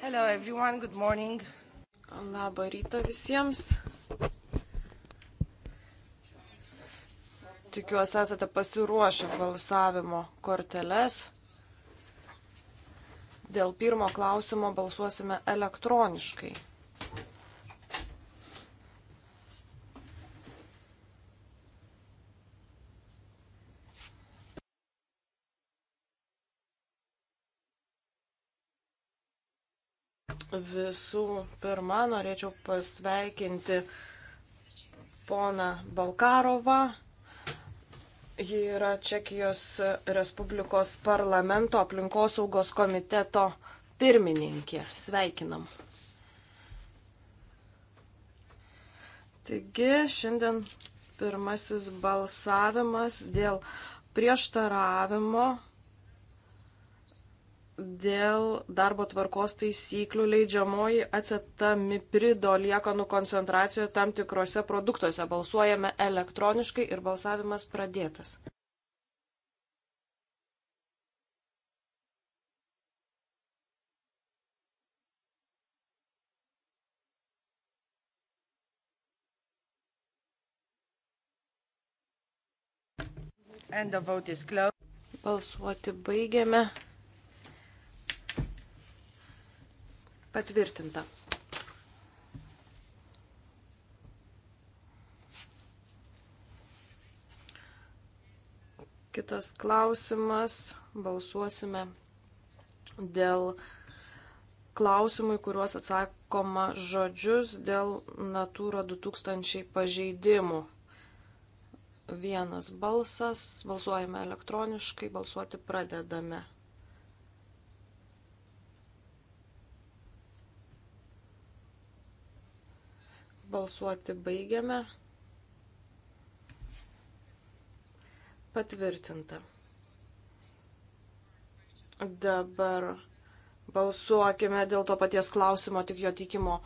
Hello everyone, good morning. Labą rytą visiems. Tikiuosi esate pasiruošę balsavimo korteles. Dėl pirmo klausimo balsuosime elektroniškai. Visų pirma, norėčiau pasveikinti poną Balkarovą. Ji yra Čekijos Respublikos parlamento aplinkosaugos komiteto pirmininkė. Sveikinam. Taigi, šiandien pirmasis balsavimas dėl prieštaravimo dėl darbo tvarkos taisyklių leidžiamoji acetamiprido liekanų koncentracija tam tikrose produktuose. Balsuojame elektroniškai ir balsavimas pradėtas. Balsuoti baigiame. Patvirtinta. Kitas klausimas. Balsuosime dėl klausimų, į kuriuos atsakoma žodžius dėl Natūro 2000 pažeidimų. Vienas balsas. Balsuojame elektroniškai. Balsuoti pradedame. Balsuoti baigiame. Patvirtinta. Dabar balsuokime dėl to paties klausimo, tik jo tikimo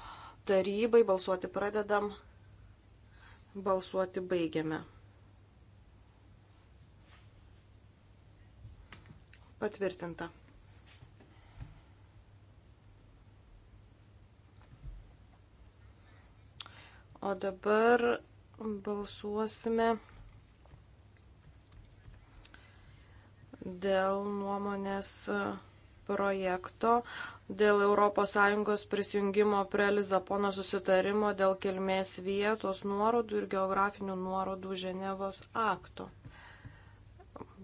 tarybai. Balsuoti pradedam. Balsuoti baigiame. Patvirtinta. O dabar balsuosime dėl nuomonės projekto dėl ES prisijungimo prie Lizapono susitarimo dėl kilmės vietos nuorodų ir geografinių nuorodų Ženevos akto.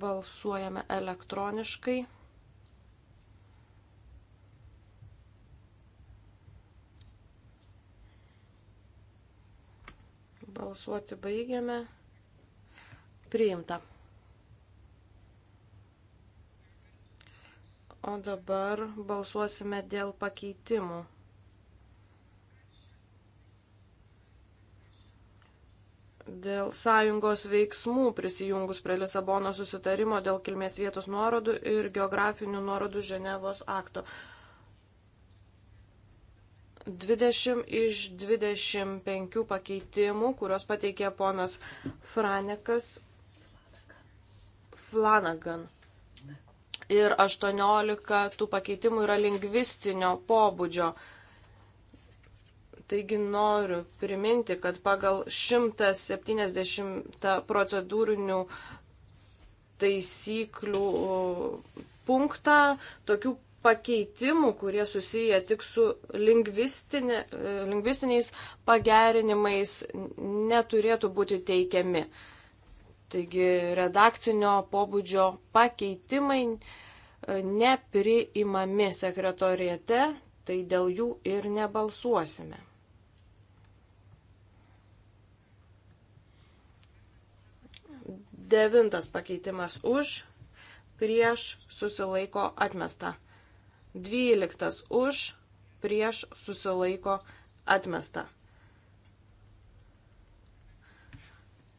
Balsuojame elektroniškai. Balsuoti baigiame. Priimta. O dabar balsuosime dėl pakeitimų. Dėl sąjungos veiksmų prisijungus prie Lisabono susitarimo dėl kilmės vietos nuorodų ir geografinių nuorodų Ženevos akto. 20 iš 25 pakeitimų, kuriuos pateikė ponas Franekas Flanagan. Ir 18 tų pakeitimų yra lingvistinio pobūdžio. Taigi noriu priminti, kad pagal 170 procedūrinių taisyklių punktą tokių pakeitimų, kurie susiję tik su lingvistinė, e, lingvistiniais pagerinimais, neturėtų būti teikiami. Taigi redakcinio pobūdžio pakeitimai e, nepriimami sekretorijate, tai dėl jų ir nebalsuosime. Devintas pakeitimas už, prieš, susilaiko atmesta. 12 už, prieš susilaiko atmesta.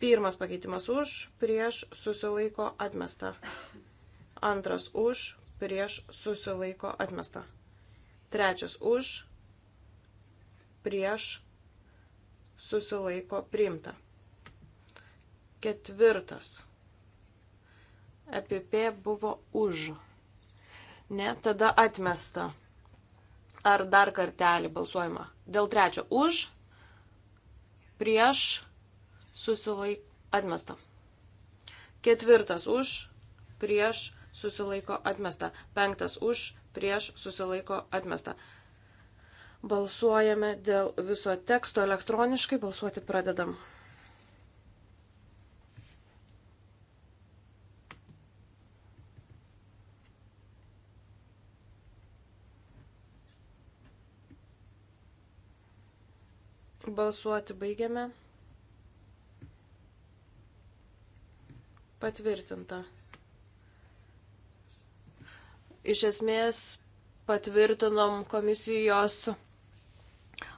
Pirmas pakeitimas už, prieš susilaiko atmesta. Antras už, prieš susilaiko atmesta. Trečias už, prieš susilaiko priimta. Ketvirtas. EPP buvo už. Ne, tada atmesta. Ar dar kartelį balsuojama? Dėl trečio. Už, prieš, susilaiko, atmesta. Ketvirtas už, prieš, susilaiko, atmesta. Penktas už, prieš, susilaiko, atmesta. Balsuojame dėl viso teksto elektroniškai, balsuoti pradedam. Balsuoti baigiame. Patvirtinta. Iš esmės patvirtinom komisijos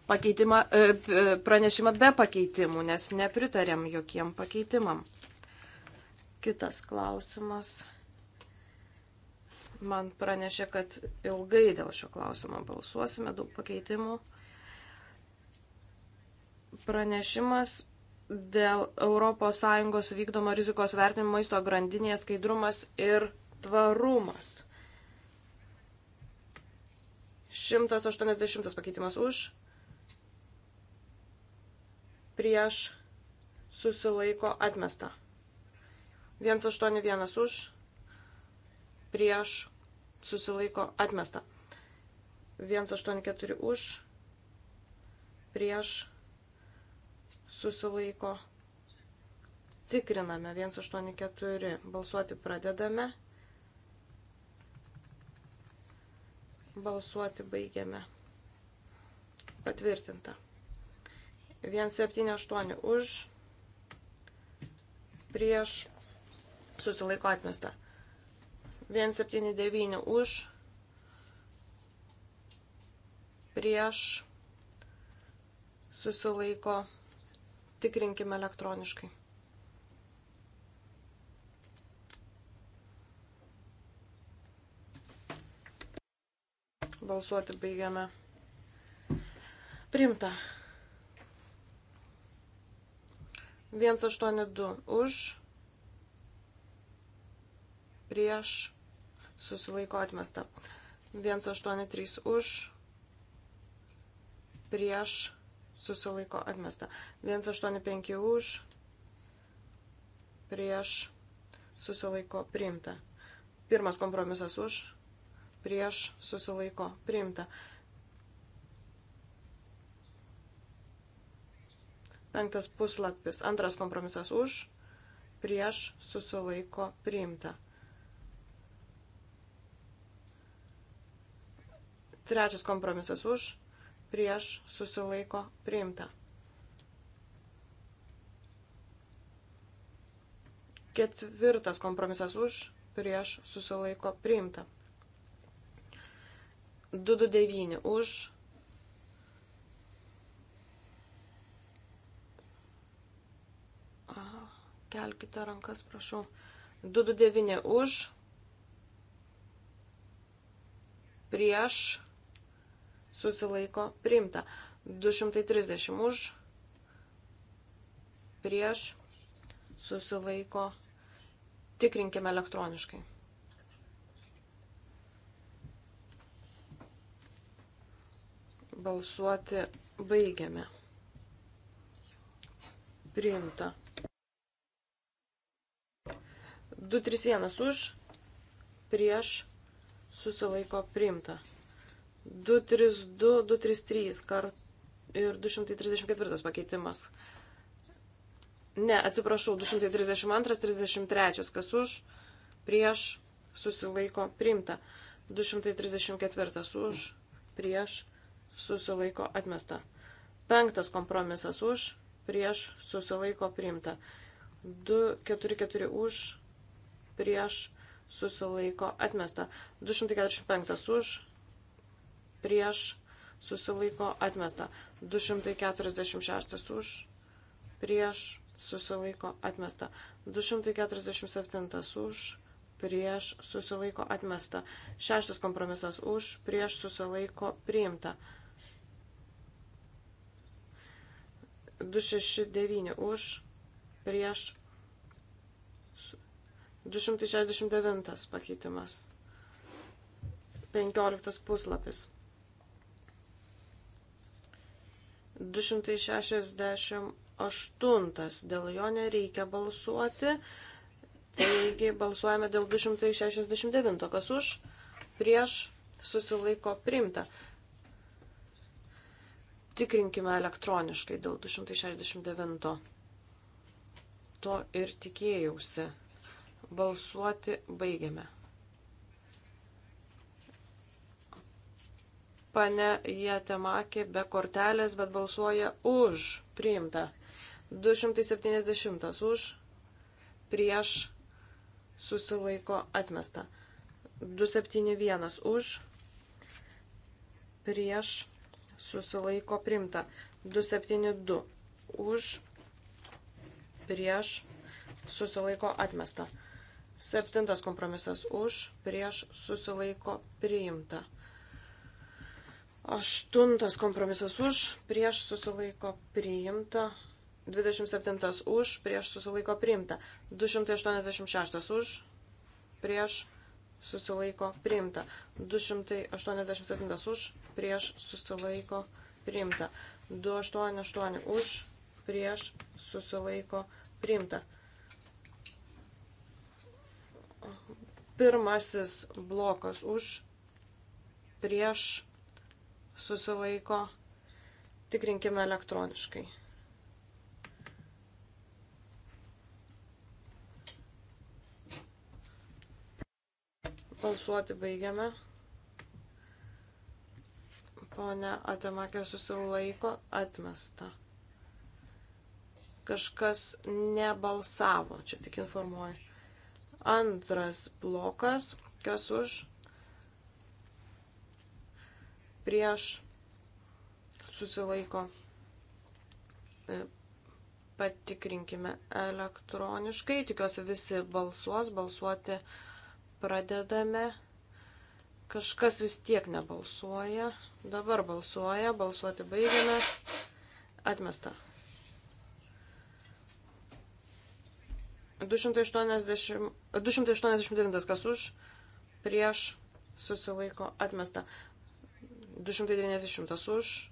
pakeitimą, e, e, pranešimą be pakeitimų, nes nepritarėm jokiem pakeitimam. Kitas klausimas. Man pranešė, kad ilgai dėl šio klausimo balsuosime, daug pakeitimų pranešimas dėl ES vykdomo rizikos vertinimo maisto grandinėje skaidrumas ir tvarumas. 180 pakeitimas už, prieš, susilaiko, atmesta. 181 už, prieš, susilaiko, atmesta. 184 už, prieš, susilaiko. Tikriname 184. Balsuoti pradedame. Balsuoti baigiame. Patvirtinta. 178 už. Prieš. Susilaiko atmesta. 179 už. Prieš. Susilaiko atmesta Tikrinkime elektroniškai. Balsuoti baigiame. Primta. 182 už, prieš, susilaiko atmesta. 183 už, prieš, susilaiko atmesta. 185 už, prieš, susilaiko priimta. Pirmas kompromisas už, prieš, susilaiko priimta. Penktas puslapis. Antras kompromisas už, prieš, susilaiko priimta. Trečias kompromisas už, prieš susilaiko priimta. Ketvirtas kompromisas už prieš susilaiko priimta. 229 už kelkite rankas, prašau. 229 už, prieš, susilaiko priimta. 230 už, prieš, susilaiko, tikrinkime elektroniškai. Balsuoti baigiame. Priimta. 231 už, prieš, susilaiko priimta. 232, 233 kart ir 234 pakeitimas. Ne, atsiprašau, 232, 33, kas už, prieš, susilaiko, primta. 234 už, prieš, susilaiko, atmesta. Penktas kompromisas už, prieš, susilaiko, primta. 244 už, prieš, susilaiko, atmesta. 245 už, prieš susilaiko atmesta. 246 už, prieš susilaiko atmesta. 247 už, prieš susilaiko atmesta. Šeštas kompromisas už, prieš susilaiko priimta. 269 už, prieš 269 pakeitimas. 15 puslapis. 268. Dėl jo nereikia balsuoti. Taigi balsuojame dėl 269. Kas už? Prieš susilaiko primta. Tikrinkime elektroniškai dėl 269. To ir tikėjausi. Balsuoti baigiame. Pane Jetemakė be kortelės, bet balsuoja už priimta. 270 už, prieš susilaiko atmesta. 271 už, prieš susilaiko priimta. 272 už, prieš susilaiko atmesta. Septintas kompromisas už, prieš susilaiko priimta. Aštuntas kompromisas už, prieš susilaiko priimta. 27 už, prieš susilaiko priimta. 286 už, prieš susilaiko priimta. 287 už, prieš susilaiko priimta. 288 už, prieš susilaiko priimta. Pirmasis blokas už, prieš susilaiko, tikrinkime elektroniškai. Balsuoti baigiame. Pone Atemakė susilaiko atmesta. Kažkas nebalsavo, čia tik informuoju. Antras blokas, kas už prieš susilaiko. E, patikrinkime elektroniškai. Tikiuosi visi balsuos. Balsuoti pradedame. Kažkas vis tiek nebalsuoja. Dabar balsuoja. Balsuoti baigiame. Atmesta. 280, 289 kas už, prieš susilaiko atmesta. 290 už,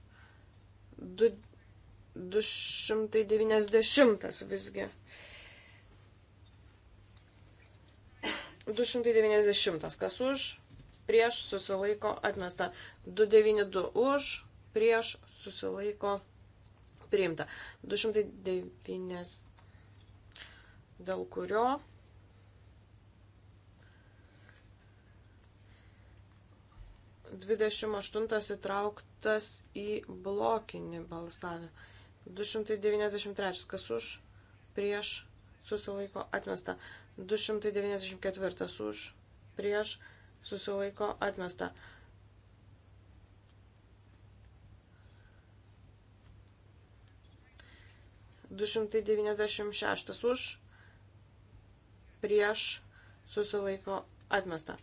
290 visgi. 290 kas už, prieš susilaiko atmesta. 292 už, prieš susilaiko priimta. 290 dėl kurio 28 įtrauktas į blokinį balsavimą. 293 kas už, prieš, susilaiko, atmesta. 294 už, prieš, susilaiko, atmesta. Du šimtai devyniasdešimt šeštas už, prieš, susilaiko, atmesta.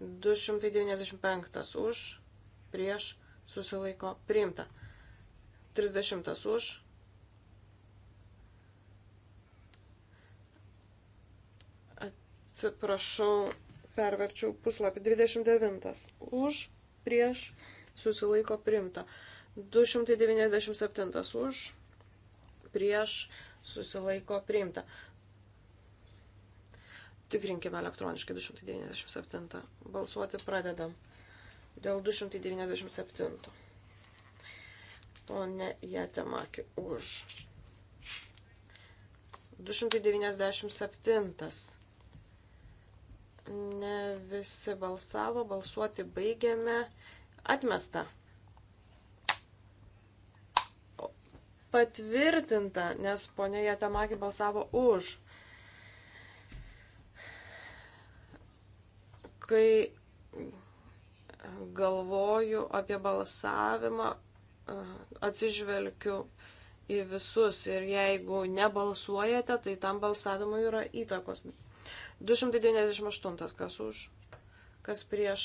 295 už, prieš, susilaiko, priimta. 30 už. Atsiprašau, perverčiau puslapį. 29 už, prieš, susilaiko, priimta. 297 už, prieš, susilaiko, priimta. Tikrinkime elektroniškai 297. Balsuoti pradedam. Dėl 297. Pone Jatemaki už. 297. Ne visi balsavo, balsuoti baigiame. Atmesta. Patvirtinta, nes ponė Jatemaki balsavo už. Kai galvoju apie balsavimą, atsižvelgiu į visus ir jeigu nebalsuojate, tai tam balsavimui yra įtakos. 298, kas už, kas prieš,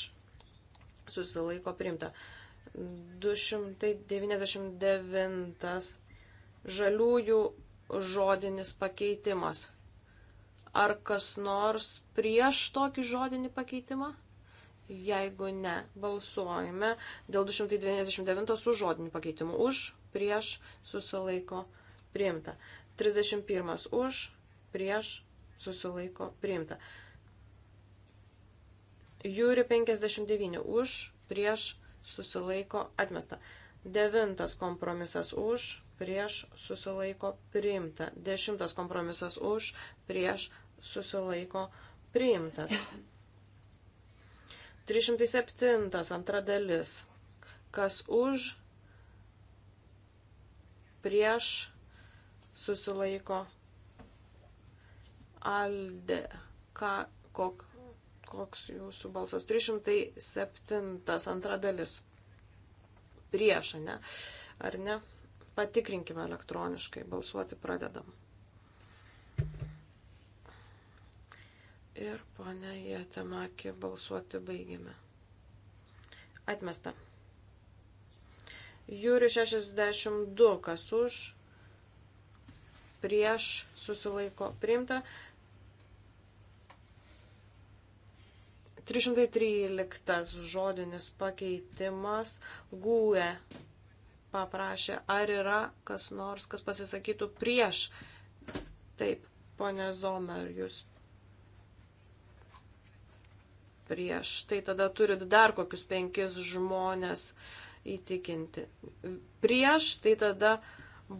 susilaiko primta. 299, žaliųjų žodinis pakeitimas. Ar kas nors prieš tokį žodinį pakeitimą? Jeigu ne, balsuojame dėl 299 su žodiniu pakeitimu. Už, prieš, susilaiko, priimta. 31 už, prieš, susilaiko, priimta. Jūri 59 už, prieš, susilaiko, atmesta. Devintas kompromisas už, prieš, susilaiko, priimta. Dešimtas kompromisas už, prieš, susilaiko priimtas. 307 antra dalis. Kas už, prieš, susilaiko Alde. Ką, kok, koks jūsų balsas? 307 antra dalis. Prieš, ne? Ar ne? Patikrinkime elektroniškai. Balsuoti pradedam. ir ponė Jatemakė balsuoti baigėme. Atmesta. Jūri 62, kas už, prieš, susilaiko, priimta. 313 žodinis pakeitimas gūė paprašė, ar yra kas nors, kas pasisakytų prieš. Taip, ponė Zomer, jūs prieš tai tada turit dar kokius penkis žmonės įtikinti. Prieš tai tada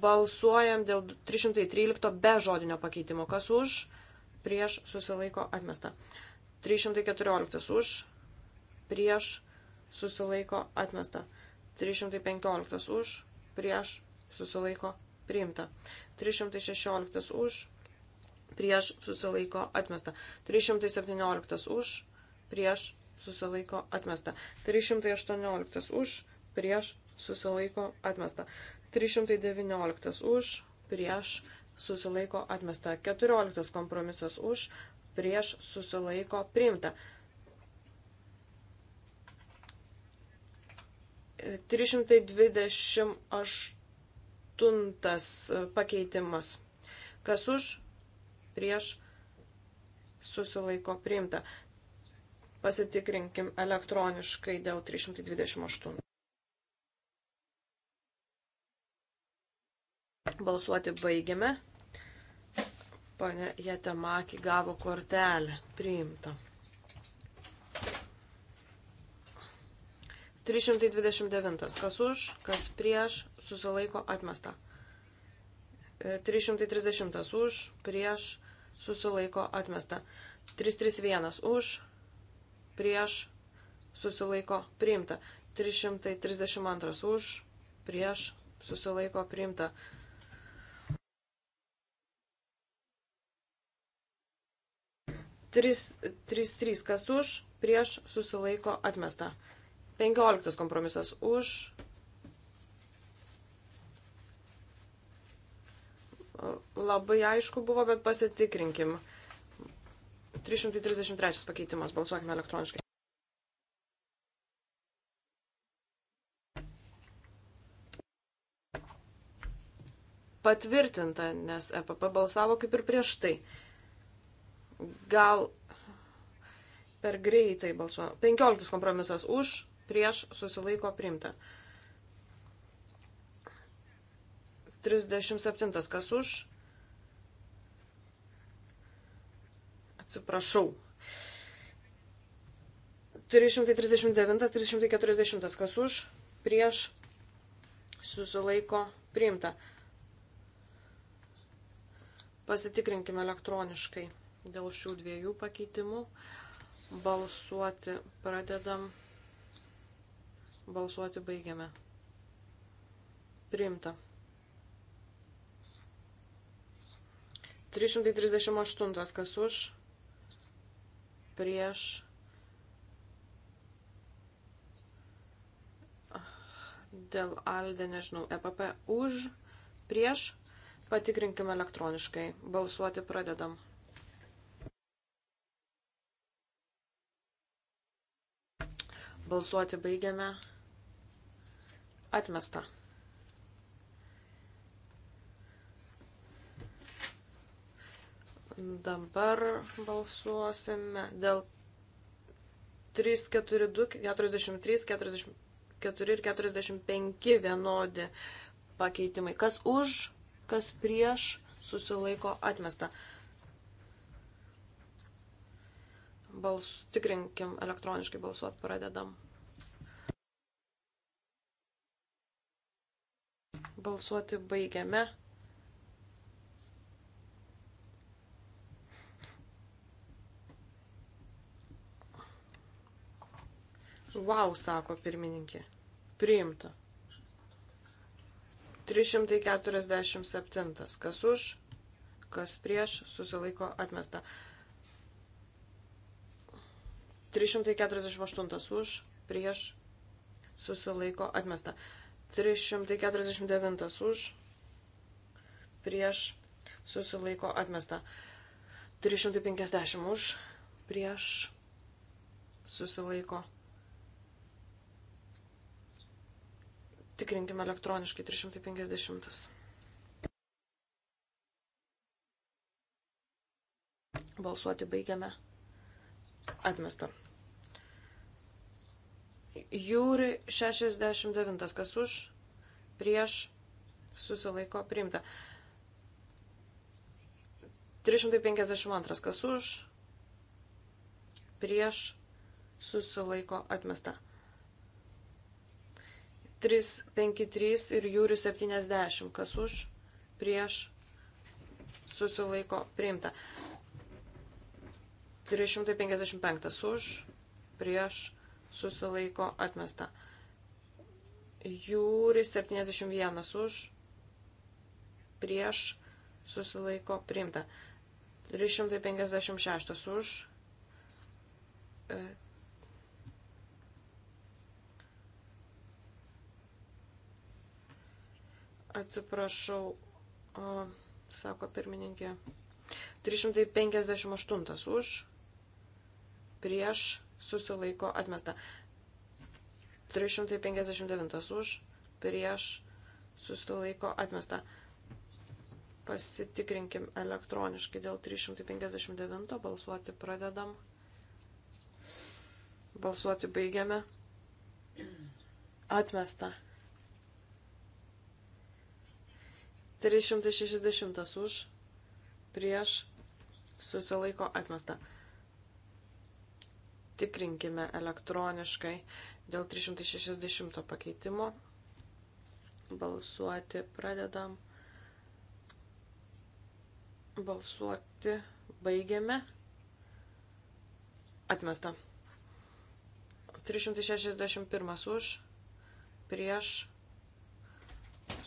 balsuojam dėl 313 be žodinio pakeitimo. Kas už, prieš susilaiko atmesta. 314 už, prieš susilaiko atmesta. 315 už, prieš susilaiko priimta. 316 už, prieš susilaiko atmesta. 317 už, prieš susilaiko atmesta. 318 už, prieš susilaiko atmesta. 319 už, prieš susilaiko atmesta. 14 kompromisas už, prieš susilaiko priimta. 328 pakeitimas. Kas už, prieš susilaiko priimta. Pasitikrinkim elektroniškai dėl 328. Balsuoti baigiame. Pane Jetemaki gavo kortelę. Priimta. 329. Kas už, kas prieš, susilaiko atmesta. 330 e, už, prieš, susilaiko atmesta. 331 už, prieš susilaiko priimta. 332 už prieš susilaiko priimta. Tris, tris, trys, kas už, prieš susilaiko atmesta. Penkioliktas kompromisas už. Labai aišku buvo, bet pasitikrinkim. 333 pakeitimas. Balsuokime elektroniškai. Patvirtinta, nes EPP balsavo kaip ir prieš tai. Gal per greitai balsuoja. 15 kompromisas už, prieš susilaiko primta. 37 kas už, Atsiprašau. 339, 340, kas už, prieš, susilaiko, priimta. Pasitikrinkime elektroniškai dėl šių dviejų pakeitimų. Balsuoti pradedam, balsuoti baigiame. Priimta. 338, kas už, prieš dėl Alde, nežinau, EPP už, prieš, patikrinkime elektroniškai. Balsuoti pradedam. Balsuoti baigiame. Atmesta. Dabar balsuosime dėl 3, 4, 2, 43, 44 ir 45 vienodi pakeitimai. Kas už, kas prieš susilaiko atmesta. Bals, tikrinkim elektroniškai balsuot pradedam. Balsuoti baigiame. Wow, sako pirmininkė. Priimta. 347. Kas už, kas prieš, susilaiko atmesta. 348 už, prieš, susilaiko atmesta. 349 už, prieš, susilaiko atmesta. 350 už, prieš, susilaiko atmesta Tikrinkime elektroniškai 350. Balsuoti baigiame. Atmesta. Jūri 69. Kas už? Prieš susilaiko priimta. 352. Kas už? Prieš susilaiko atmesta. 353 ir jūrių 70. Kas už, prieš, susilaiko priimta. 355 už, prieš, susilaiko atmesta. Jūri 71 už, prieš, susilaiko priimta. 356 už, Atsiprašau, o, sako pirmininkė. 358 už, prieš, susilaiko, atmesta. 359 už, prieš, susilaiko, atmesta. Pasitikrinkim elektroniškai dėl 359, balsuoti pradedam. Balsuoti baigiame. Atmesta. 360 už, prieš, susilaiko atmesta. Tikrinkime elektroniškai dėl 360 pakeitimo. Balsuoti pradedam. Balsuoti baigiame. Atmesta. 361 už, prieš,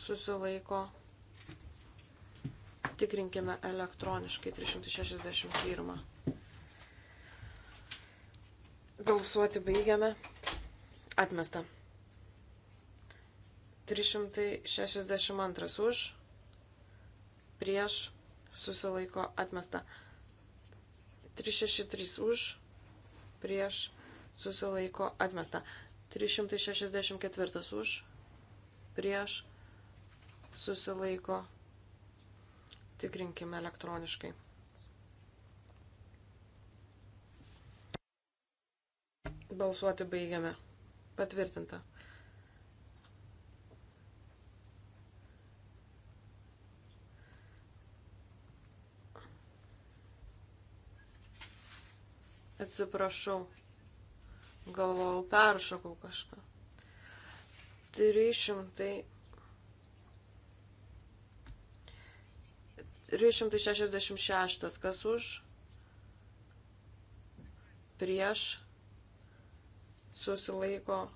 susilaiko Patikrinkime elektroniškai 361. Balsuoti baigiame. Atmesta. 362 už, prieš, susilaiko, atmesta. 363 už, prieš, susilaiko, atmesta. 364 už, prieš, susilaiko, Tikrinkime elektroniškai. Balsuoti baigiame. Patvirtinta. Atsiprašau. Galvojau, peršokau kažką. 300 366. Kas už? Prieš. Susilaiko.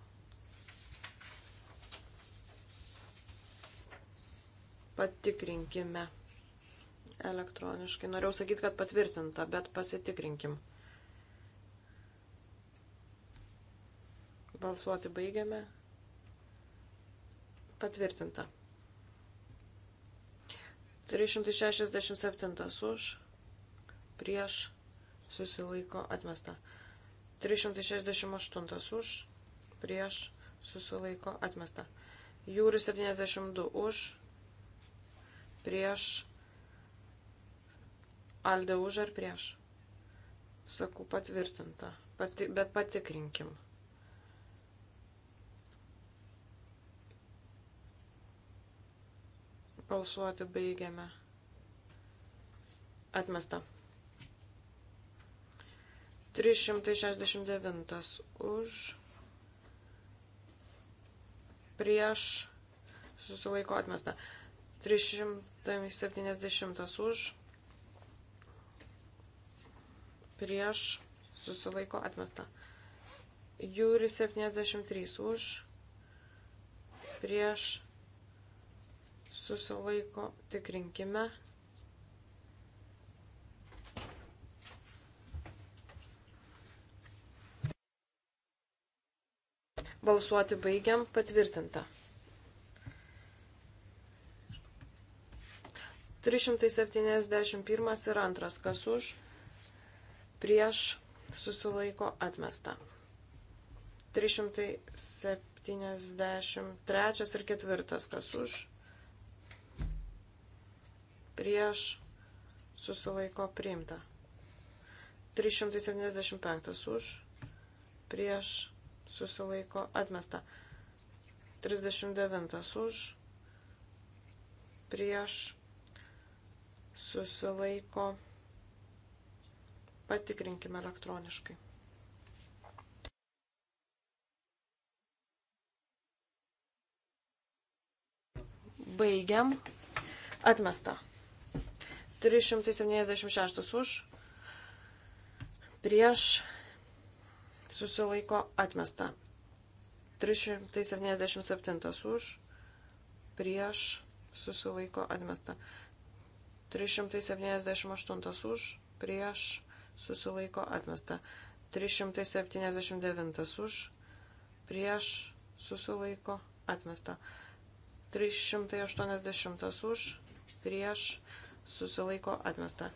Patikrinkime elektroniškai. Norėjau sakyti, kad patvirtinta, bet pasitikrinkim. Balsuoti baigiame. Patvirtinta. 367 už, prieš, susilaiko, atmesta. 368 už, prieš, susilaiko, atmesta. Jūri 72 už, prieš, Alde už ar prieš. Sakau patvirtinta, Pati, bet patikrinkim. Balsuoti baigiame. Atmesta. 369 už. Prieš. Susilaiko atmesta. 370 už. Prieš. Susilaiko atmesta. Jūri 73 už. Prieš susilaiko, tikrinkime. Balsuoti baigiam, patvirtinta. 371 ir 2, kas už, prieš, susilaiko, atmesta. 373 ir 4, kas už, prieš susilaiko priimta. 375 už prieš susilaiko atmesta. 39 už prieš susilaiko patikrinkime elektroniškai. Baigiam. Atmesta. 376 už, prieš susilaiko atmesta. 377 už, prieš susilaiko atmesta. 378 už, prieš susilaiko atmesta. 379 už, prieš susilaiko atmesta. 380 už, prieš susilaiko atmesta.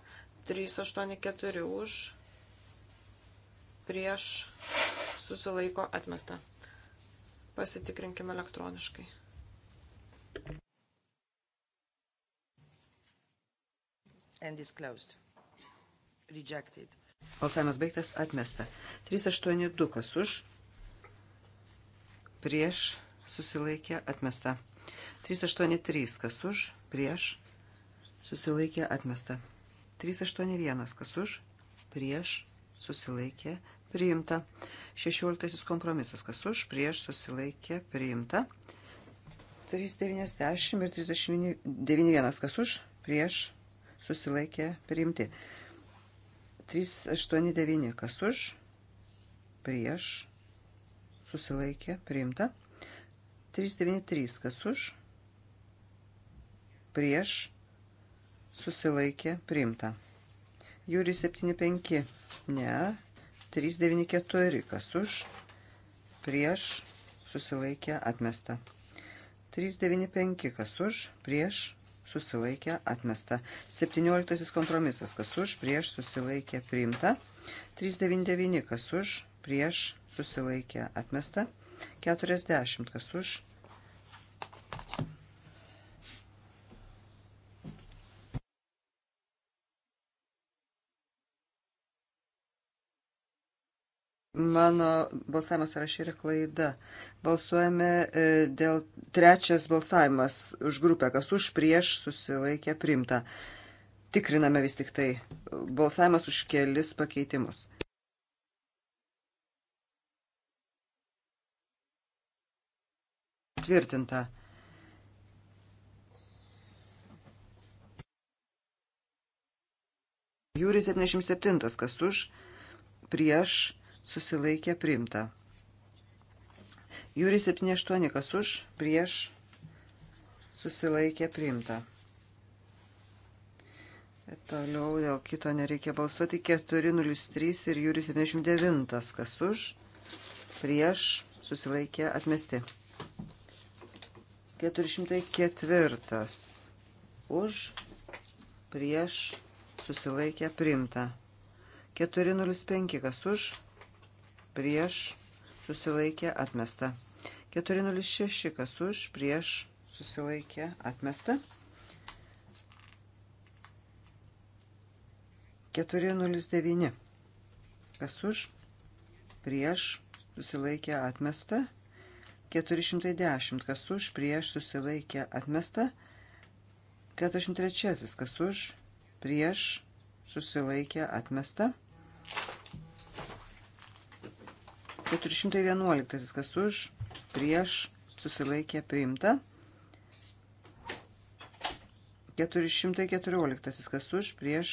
384 už, prieš, susilaiko atmesta. Pasitikrinkime elektroniškai. And is closed. Rejected. Balsavimas baigtas atmesta. 382 kas už, prieš, susilaikė atmesta. 383 kas už, prieš, susilaikė atmesta. 381 kas už, prieš, susilaikė, priimta. 16 kompromisas kas už, prieš, susilaikė, priimta. 390 ir 391 kas už, prieš, susilaikė, priimti. 389 kas už, prieš, susilaikė, priimta. 393 kas už, prieš, susilaikė priimta. Jūri 75, ne, 394, kas už, prieš, susilaikė atmesta. 395, kas už, prieš, susilaikė atmesta. 17 kompromisas, kas už, prieš, susilaikė priimta. 399, kas už, prieš, susilaikė atmesta. 40, kas už, Mano balsavimo sąrašė yra klaida. Balsuojame e, dėl trečias balsavimas už grupę, kas už prieš susilaikė primta. Tikriname vis tik tai balsavimas už kelis pakeitimus. Tvirtinta. Jūri 77, kas už prieš susilaikė priimta. Jūri 78 kas už, prieš susilaikė priimta. E, toliau dėl kito nereikia balsuoti. 403 ir Jūri 79 kas už, prieš susilaikė atmesti. 404 už, prieš susilaikė priimta. 405 kas už, prieš susilaikė atmesta. 406 kas už prieš susilaikė atmesta. 409 kas už prieš susilaikė atmesta. 410 kas už prieš susilaikė atmesta. 403 kas už prieš susilaikė atmesta. 411 kas už, prieš, susilaikė priimta. 414 kas už, prieš,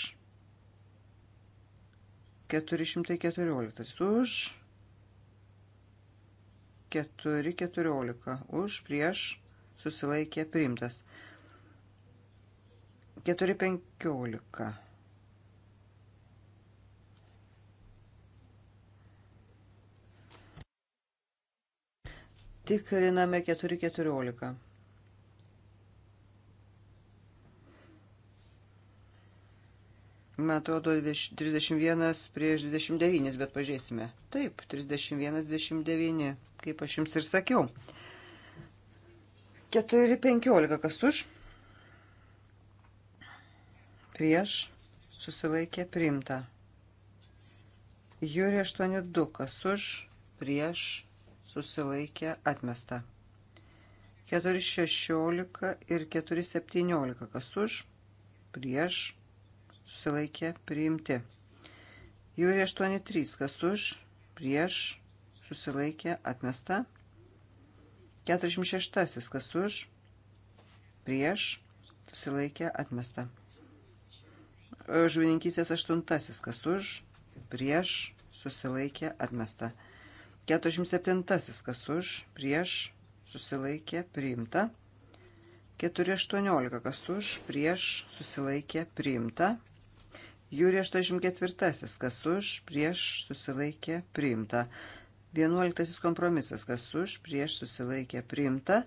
414 už, 414 už, prieš, susilaikė priimtas. 415 Tikriname 4.14. Man atrodo 31 prieš 29, bet pažiūrėsime. Taip, 31, 29, kaip aš jums ir sakiau. 4.15, kas už? Prieš susilaikė primta. Jūri 8.2, kas už? Prieš susilaikė atmesta. 4.16 ir 4.17, kas už, prieš, susilaikė, priimti. Jūri 8.3, kas už, prieš, susilaikė, atmesta. 46, kas už, prieš, susilaikė, atmesta. Žuvininkysės 8, kas už, prieš, susilaikė, atmesta. 47. Kas už, prieš, susilaikė, priimta. 4.18. Kas už, prieš, susilaikė, priimta. Jūri 84. Kas už, prieš, susilaikė, priimta. 11. Kompromisas. Kas už, prieš, susilaikė, priimta.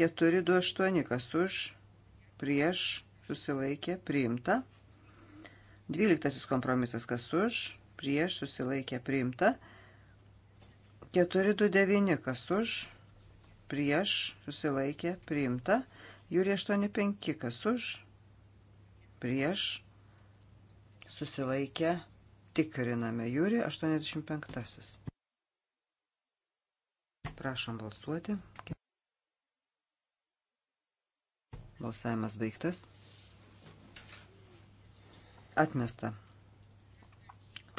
4.28. Kas už, prieš, susilaikė, priimta. 12. Kompromisas. Kas už, prieš, susilaikė, priimta. 13. 429 kas už, prieš, susilaikė, priimta. Jūri 85 kas už, prieš, susilaikė, tikriname. Jūri 85. Prašom balsuoti. Balsavimas baigtas. Atmesta.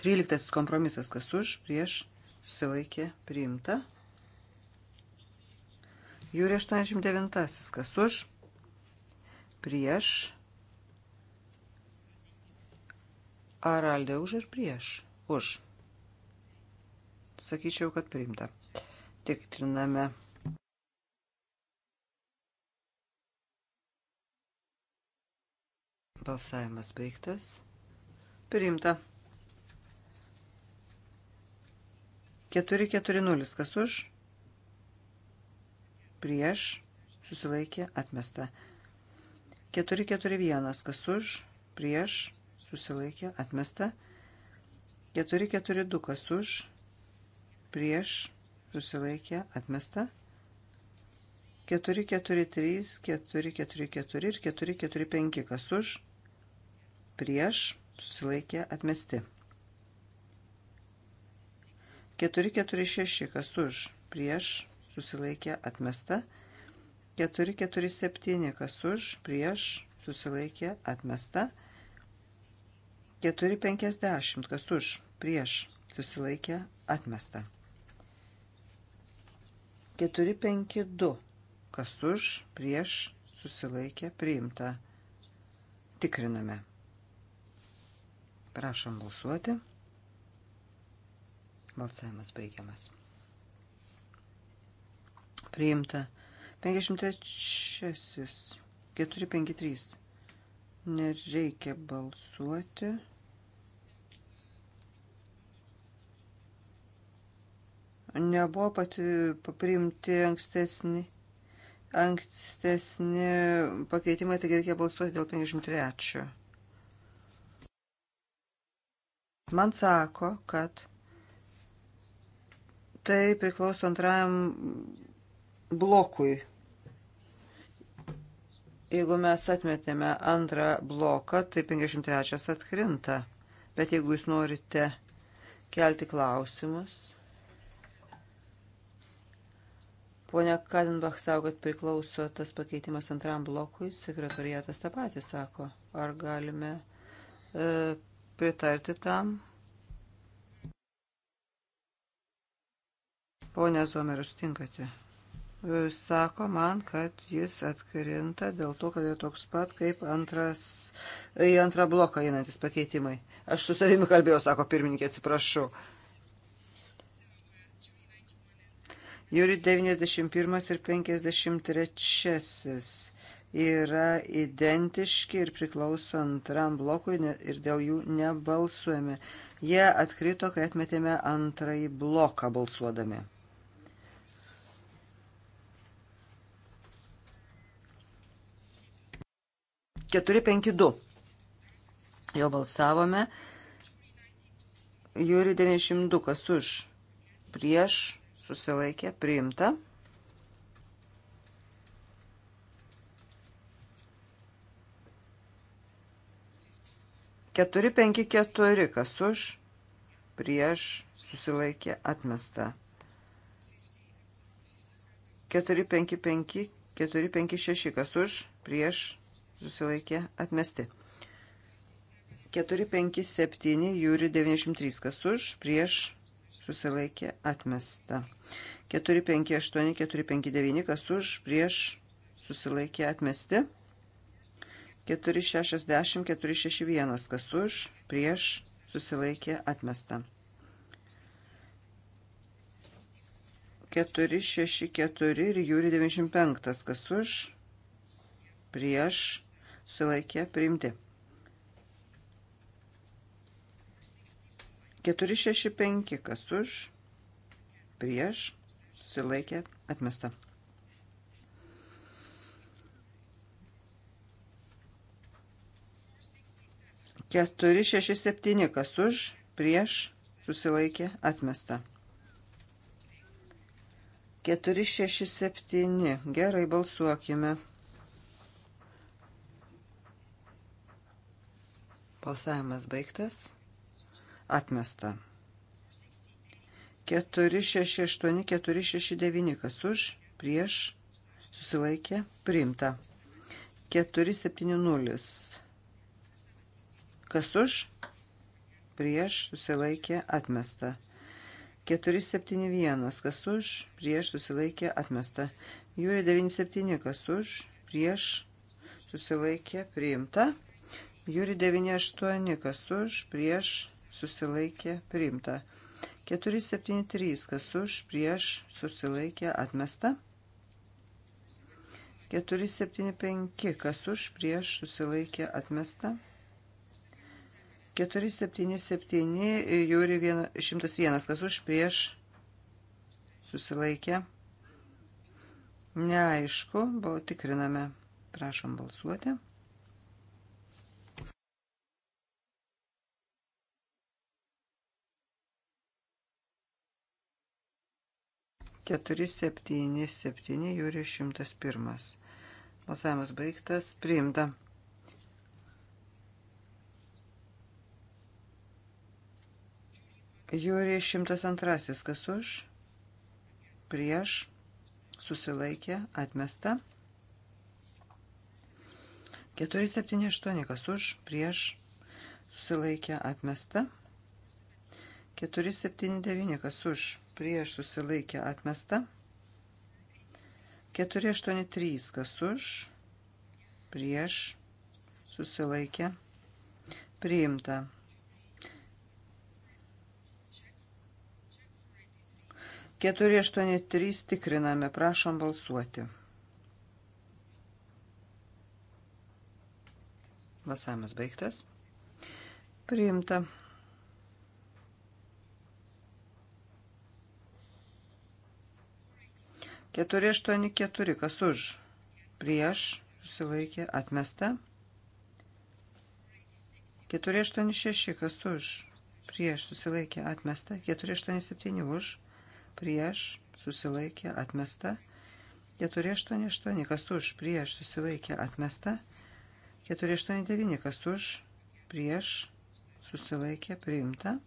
13 kompromisas kas už, prieš, susilaikė priimta. Jūri 89, kas už, prieš, ar aldė už ir prieš, už. Sakyčiau, kad priimta. Tikriname. Balsavimas baigtas. Priimta. 440 kas už, prieš, susilaikė, atmesta. 441 kas už, prieš, susilaikė, atmesta. 442 kas už, prieš, susilaikė, atmesta. 443, 444 ir 445 kas už, prieš, susilaikė, atmesti. 446 kas už, prieš, susilaikė atmesta. 447 kas už, prieš, susilaikė atmesta. 450 kas už, prieš, susilaikė atmesta. 452 kas už, prieš, susilaikė priimta. Tikriname. Prašom balsuoti. Balsavimas baigiamas. Priimta. 53. 453. Nereikia balsuoti. Nebuvo pati priimti ankstesni, ankstesni pakeitimai, taigi reikia balsuoti dėl 53. Man sako, kad tai priklauso antrajam blokui. Jeigu mes atmetėme antrą bloką, tai 53 atkrinta. Bet jeigu jūs norite kelti klausimus, Pone Kadenbach sako, kad priklauso tas pakeitimas antram blokui, sekretariatas tą patį sako. Ar galime e, pritarti tam? Pone Zomer, aš tinkate. E, sako man, kad jis atkrinta dėl to, kad yra toks pat kaip antras, į antrą bloką einantis pakeitimai. Aš su savimi kalbėjau, sako pirmininkė, atsiprašau. Juri 91 ir 53 yra identiški ir priklauso antram blokui ir dėl jų nebalsuojame. Jie atkrito, kai atmetėme antrąjį bloką balsuodami. 452. Jo balsavome. Jūri 92, kas už, prieš, susilaikė, priimta. Keturi, penki, keturi, kas už, prieš, susilaikė, atmesta. Keturi, penki, penki, keturi, penki, šeši, kas už, prieš, susilaikė atmesti. 4, 5, 7, Jūri 93, kas už, prieš susilaikė atmesta. 4, 5, 8, 4, 5, 9, kas už, prieš susilaikė atmesti. 4, 60, 4, 6, 1, kas už, prieš susilaikė atmesta. 4, 6, 4 ir Jūri 95, kas už, prieš susilaikė priimti. 465 kas už, prieš, susilaikė atmesta. Keturi, šeši, septyni, kas už, prieš, susilaikė, atmesta. 4, 6, 7. Gerai, balsuokime. Balsavimas baigtas. Atmesta. 468, 469, kas už, prieš, susilaikė, priimta. 470, kas už, prieš, susilaikė, atmesta. 471, kas už, prieš, susilaikė, atmesta. Jūri 97, kas už, prieš, susilaikė, priimta. Jūri 98, kas už, prieš, susilaikė, priimta. 473, kas už, prieš, susilaikė, atmesta. 475, kas už, prieš, susilaikė, atmesta. 477, Jūri 101, kas už, prieš, susilaikė. Neaišku, buvo tikriname. Prašom balsuoti. 477 jūri 101. Balsavimas baigtas. Priimta. Jūri 102. Kas už? Prieš. Susilaikė. Atmesta. 478. Kas už? Prieš. Susilaikė. Atmesta. 479 kas už prieš susilaikė atmesta. 483 kas už prieš susilaikė priimta. Keturi aštuoni trys tikriname, prašom balsuoti. Vasamas baigtas. Priimta. 484, kas už, prieš, susilaikė, atmesta. 486, kas už, prieš, susilaikė, atmesta. 487, už, prieš, susilaikė, atmesta. 488, kas už, prieš, susilaikė, atmesta. 489, kas už, prieš, susilaikė, priimta.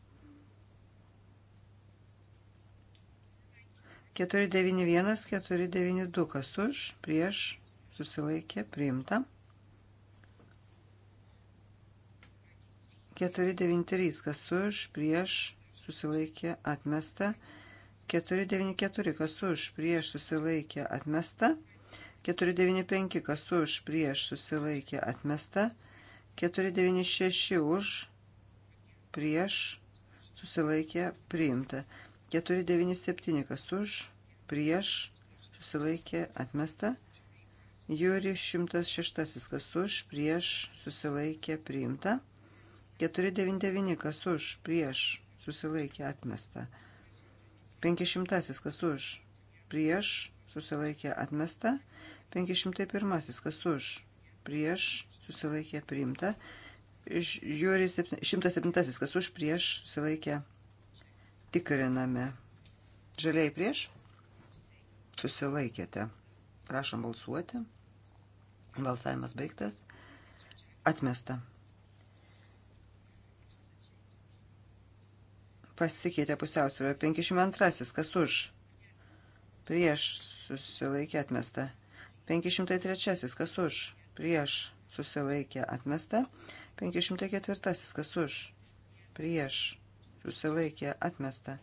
491, 492, kas už, prieš, susilaikė, priimta. 493, kas už, prieš, susilaikė, atmesta. 494, kas už, prieš, susilaikė, atmesta. 495, kas už, prieš, susilaikė, atmesta. 496 už, prieš, susilaikė, priimta. 497, 497 kas už, prieš, susilaikė, atmesta. Jūri 106 kas už, prieš, susilaikė, priimta. 499 kas už, prieš, susilaikė, atmesta. 500 kas už, prieš, susilaikė, atmesta. 501 kas už, prieš, susilaikė, priimta. Žiūri 107 kas už, prieš, susilaikė, atmesta Tikriname. Žaliai prieš? Susilaikėte. Prašom balsuoti. Balsavimas baigtas. Atmesta. Pasikeitė pusiausvyrą. 502. Kas už? Prieš susilaikė atmesta. 503. Kas už? Prieš susilaikė atmesta. 504. Kas už? Prieš susilaikė atmesta.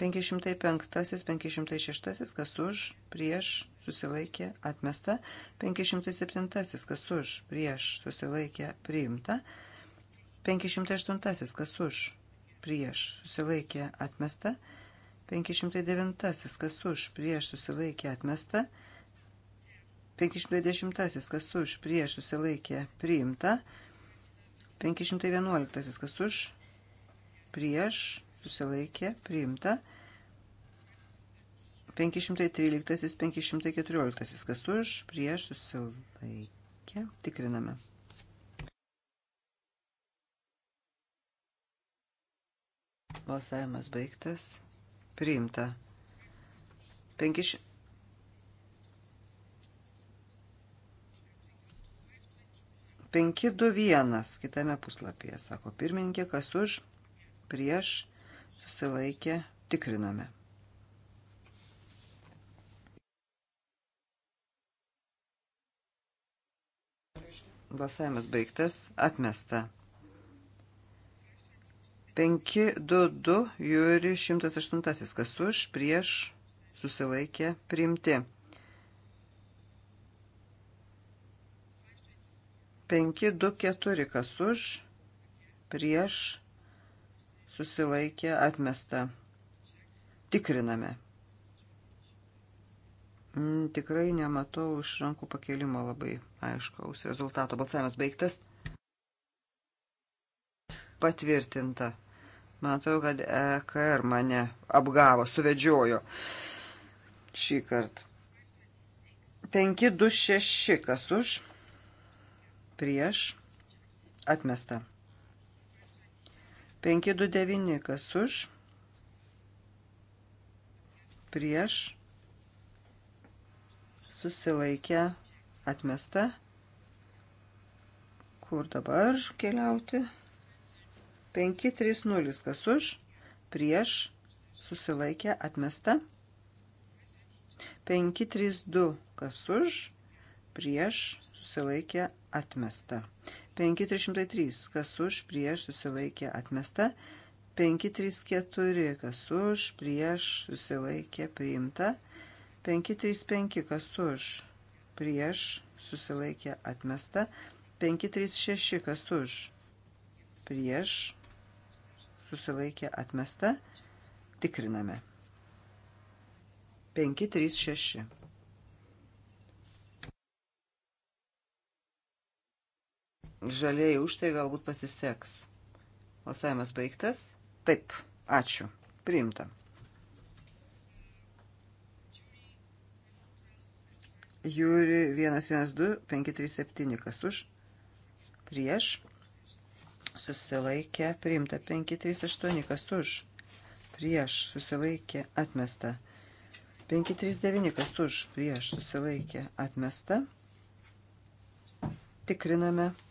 505, 506, kas už, prieš, susilaikė, atmesta. 507, kas už, prieš, susilaikė, priimta. 508, kas už, prieš, susilaikė, atmesta. 509, kas už, prieš, susilaikė, atmesta. 510, kas už, prieš, susilaikė, priimta. 511, kas už, prieš, susilaikė, priimta. 513, 514, kas už, prieš, susilaikė, tikriname. Balsavimas baigtas, priimta. 5... 521 kitame puslapyje, sako pirmininkė, kas už prieš, susilaikė, tikriname. Balsavimas baigtas, atmesta. 522 Jūri 108, kas už, prieš, susilaikė, priimti. 524, kas už, prieš, susilaikė, atmesta. Tikriname. Mm, tikrai nematau iš rankų pakelimo labai aiškaus rezultato. Balsavimas baigtas. Patvirtinta. Matau, kad EKR mane apgavo, suvedžiojo šį kartą. 5, 2, 6, kas už, prieš, atmesta. 529 kas už, prieš, susilaikę, atmesta. Kur dabar keliauti? 530 kas už, prieš, susilaikę, atmesta. 532 kas už, prieš, susilaikę, atmesta. 5303, kas už, prieš, susilaikė, atmesta. 534, kas už, prieš, susilaikė, priimta. 535, kas už, prieš, susilaikė, atmesta. 536, kas už, prieš, susilaikė, atmesta. Tikriname. 536. žaliai už tai galbūt pasiseks. Balsavimas baigtas. Taip, ačiū. Priimta. Jūri 112537, kas už, prieš, susilaikė, priimta 538, kas už, prieš, susilaikė, atmesta 539, kas už, prieš, susilaikė, atmesta. Tikriname 539.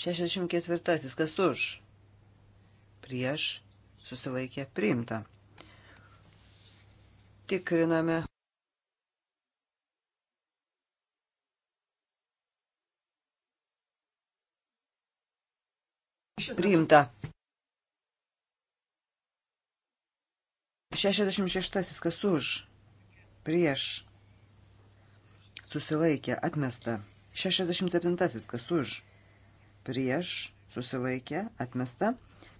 64. Kas už? Prieš susilaikė priimta. Tikriname. Priimta. 66. Kas už? Prieš susilaikė atmesta. 67. Kas už? prieš susilaikė atmesta.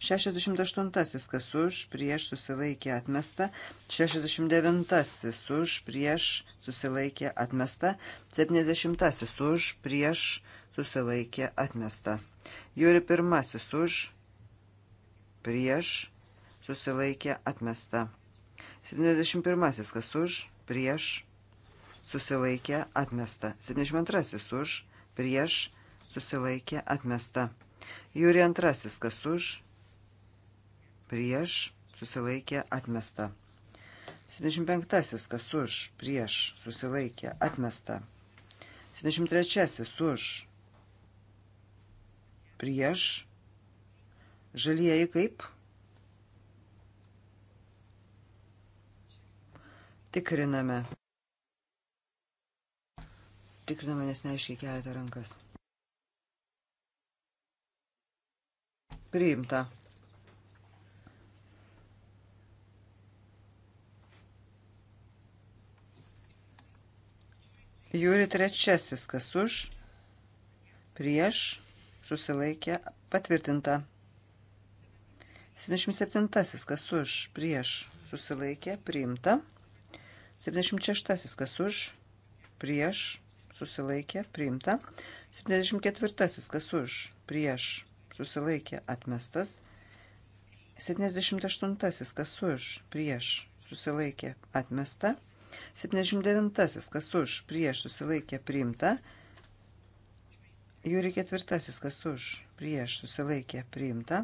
68 kas už prieš susilaikė atmesta, 69 už prieš susilaikė atmesta, 70 už prieš susilaikė atmesta. Jūri pirmasis už prieš susilaikė atmesta. 71 kas už prieš susilaikė atmesta. 72 už prieš susilaikė atmesta. Jūri antrasis, kas už, prieš, susilaikė atmesta. 75. kas už, prieš, susilaikė atmesta. 73. už, prieš, žalieji kaip? Tikriname. Tikriname, nes neaiškiai keletą rankas. Priimta. Jūri trečiasis, kas už, prieš, susilaikė, patvirtinta. 77, kas už, prieš, susilaikė, priimta. 76, kas už, prieš, susilaikė, priimta. 74, kas už, prieš, susilaikė atmestas. 78. Kas už, prieš, susilaikė atmesta. 79. Kas už, prieš, susilaikė priimta. Jūri ketvirtasis, kas už, prieš, susilaikė, priimta.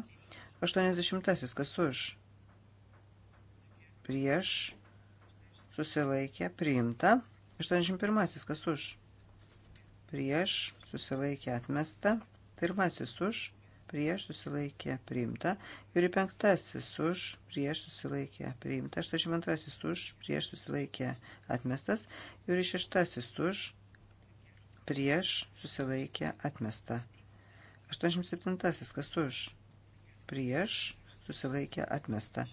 Aštuoniasdešimtasis, kas už, prieš, susilaikė, priimta. Aštuoniasdešimt pirmasis, kas už, prieš, susilaikė, atmesta. Pirmasis už, prieš susilaikė priimta. Jūri penktasis už prieš susilaikė priimta. 82 už prieš susilaikė atmestas. Jūri šeštasis už prieš susilaikė atmesta. 87 kas už prieš susilaikė atmesta.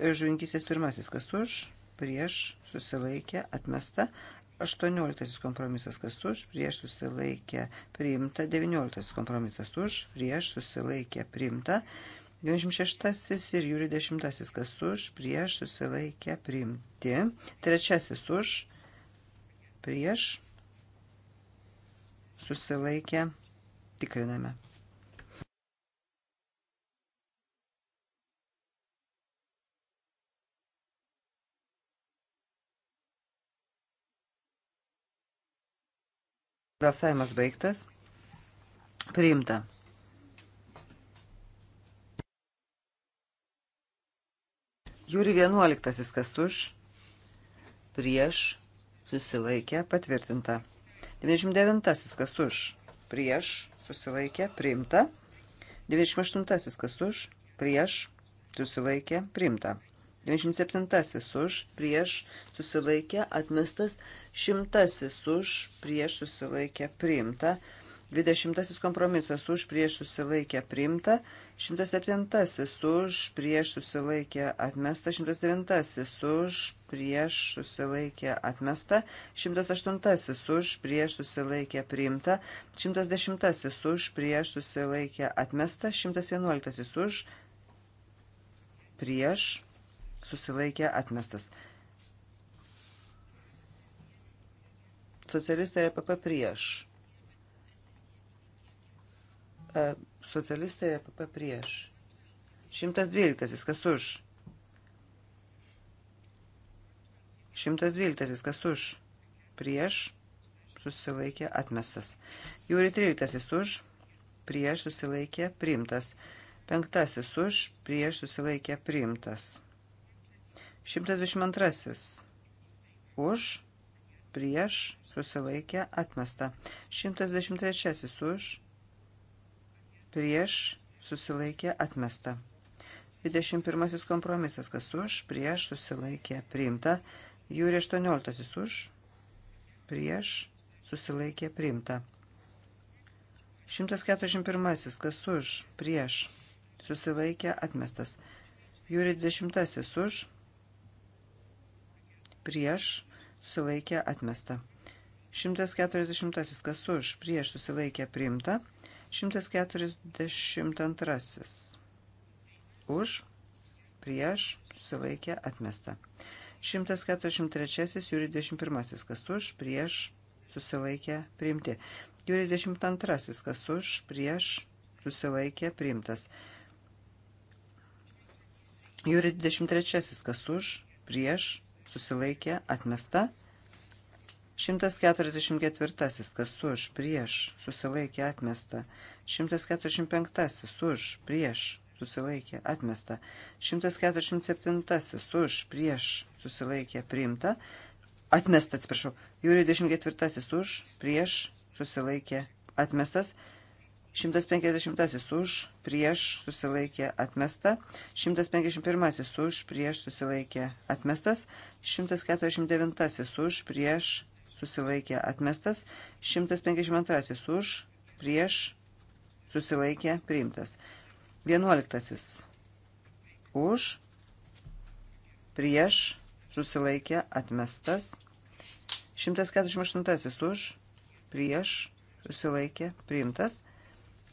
Žuvinkysės pirmasis kas už prieš susilaikė atmesta. 18 kompromisas kas už, prieš susilaikė priimta, 19 kompromisas už, prieš susilaikė priimta, 96 ir jūri 10 kas už, prieš susilaikė priimti, trečiasis už, prieš susilaikė tikriname. Balsavimas baigtas. Priimta. Jūri 11. Kas už? Prieš. Susilaikė. Patvirtinta. 99. Kas už? Prieš. Susilaikė. Priimta. 98. Kas už? Prieš. Susilaikė. Priimta. 97 už, prieš susilaikė atmestas, 100 už, prieš susilaikė priimta, 20 kompromisas už, prieš susilaikė priimta, 107 už, prieš susilaikė atmesta, 109 už, prieš susilaikė atmesta, 108 už, prieš susilaikė priimta, 110 už, prieš susilaikė atmesta, 111 už, prieš susilaikė atmestas. Socialistai ir EPP prieš. E, socialistai ir EPP prieš. 112. Kas už? 112. Kas už? Prieš. Susilaikė atmestas. Jūri 13. Už. Prieš susilaikė priimtas. Penktasis už. Prieš susilaikė priimtas. 122. Už, prieš, susilaikė, atmesta. 123. Už, prieš, susilaikė, atmesta. 21. Kompromisas. Kas už, prieš, susilaikė, priimta. Jūri 18. Už, prieš, susilaikė, priimta. 141. Kas už, prieš, susilaikė, atmestas. Jūri 20. Už, prieš susilaikė atmesta. 140. Kas už prieš susilaikė priimta. 142. Už prieš susilaikė atmesta. 143. Jūri 21. Kas už prieš susilaikė priimti. Jūri 22. Kas už prieš susilaikė priimtas. Jūri 23. Kas už prieš susilaikė, atmesta. 144. Kas už, prieš, susilaikė, atmesta. 145. Už, prieš, susilaikė, atmesta. 147. Už, prieš, susilaikė, priimta. Atmesta, atsiprašau. Jūri 24. Už, prieš, susilaikė, atmestas. 148. 150 už, prieš susilaikė atmesta, 151 už, prieš susilaikė atmestas, 149 už, prieš susilaikė atmestas, 152 už, prieš susilaikė priimtas, 11 už, prieš susilaikė atmestas, 148 už, prieš susilaikė priimtas,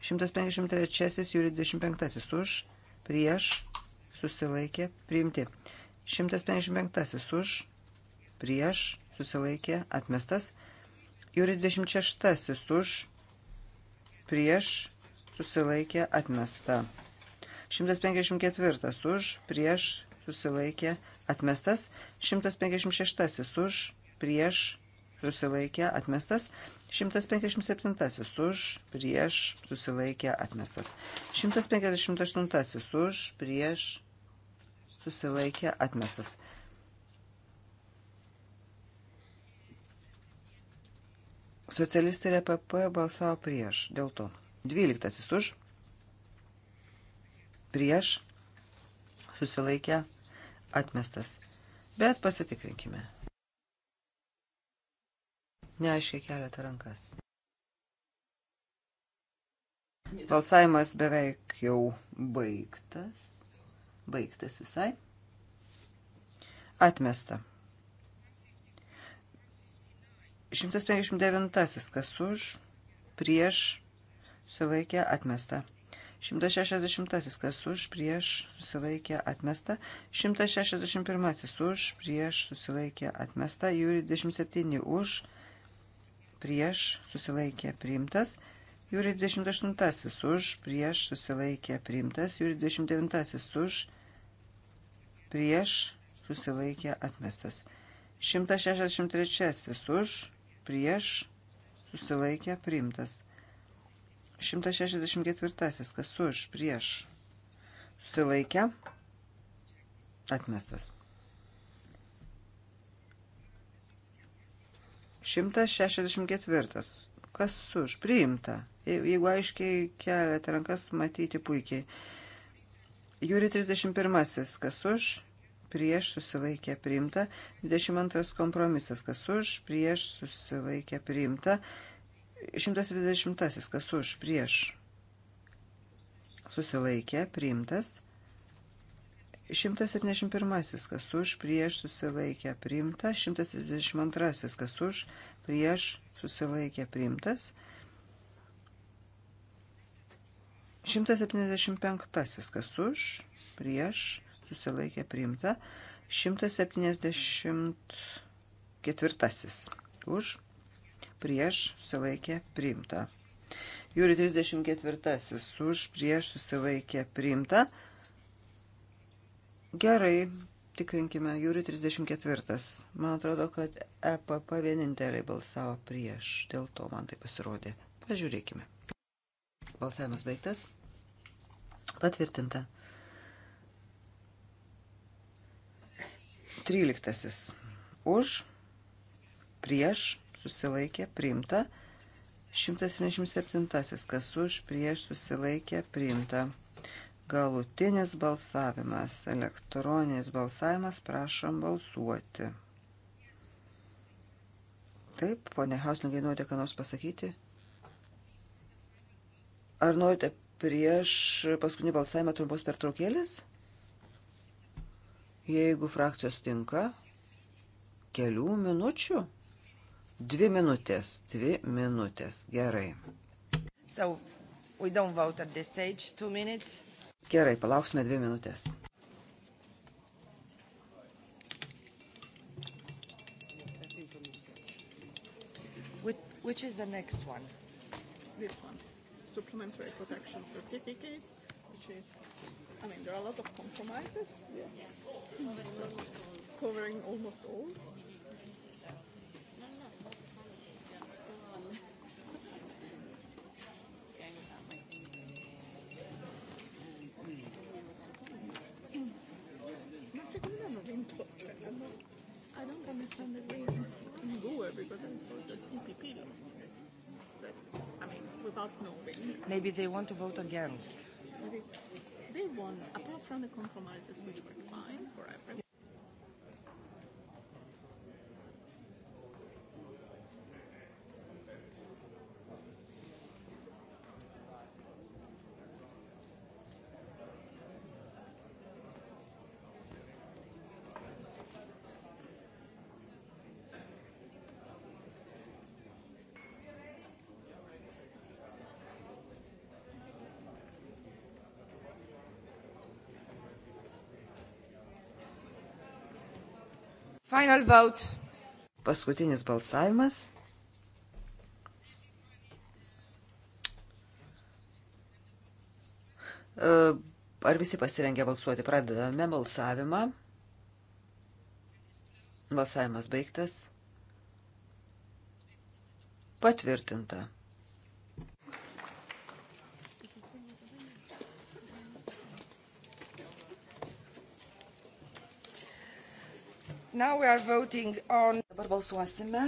153 jūri 25 už, prieš, susilaikė, priimti. 155 už, prieš, susilaikė, atmestas. Jūri 26 už, prieš, susilaikė, atmesta. 154 už, prieš, susilaikė, atmestas. 156 už, prieš, susilaikė, atmestas. 157 už, prieš, susilaikė, atmestas. 158 už, prieš, susilaikė, atmestas. Socialistai ir EPP balsavo prieš, dėl to. 12 už, prieš, susilaikė, atmestas. Bet pasitikrinkime. Neaiškiai keletą rankas. Balsavimas beveik jau baigtas. Baigtas visai. Atmesta. 159. Kas už, prieš, susilaikė, atmesta. 160. Kas už, prieš, susilaikė, atmesta. 161. Už, prieš, susilaikė, atmesta. Jūri 27. Už, prieš prieš susilaikė priimtas, Jūri 28 už, prieš susilaikė priimtas, Jūri 29 už, prieš susilaikė atmestas. 163 už, prieš susilaikė priimtas. 164 kas už, prieš susilaikė atmestas. 164. Kas už? Priimta. Jeigu aiškiai keliate rankas, matyti puikiai. Jūri 31. Kas už? Prieš susilaikė priimta. 22. Kompromisas. Kas už? Prieš susilaikė priimta. 120. Kas už? Prieš susilaikė priimtas. 171. Kas už prieš susilaikė priimta. 172. Kas už prieš susilaikė priimtas. 175. Kas už prieš susilaikė priimta. 174. Už prieš susilaikė priimta. Jūri 34. Už prieš susilaikė priimta. Gerai, tikrinkime, Jūri 34. Man atrodo, kad EPP vieninteliai balsavo prieš, dėl to man tai pasirodė. Pažiūrėkime. Balsavimas baigtas. Patvirtinta. 13. Už, prieš, susilaikė, priimta. 177. Kas už, prieš, susilaikė, priimta. Galutinis balsavimas, elektroninis balsavimas, prašom balsuoti. Taip, ponė Hauslingai, norite ką nors pasakyti? Ar norite prieš paskutinį balsavimą trumpos pertraukėlis? Jeigu frakcijos tinka, kelių minučių? Dvi minutės, dvi minutės, gerai. So, we don't vote at this stage, two minutes. Gerai, palauksime dvi minutės. Which is the next one? This one. Supplementary protection certificate, which is, I mean, there are a lot of compromises. Yes. Mm -hmm. so, covering almost all. when the raisins in Goa because I thought that EPP lost. But, I mean, without knowing. Maybe they want to vote against. They, they won, apart from the compromises which were fine for everyone. Final vote. Paskutinis balsavimas. E, ar visi pasirengę balsuoti? Pradedame balsavimą. Balsavimas baigtas. Patvirtinta. On... Dabar balsuosime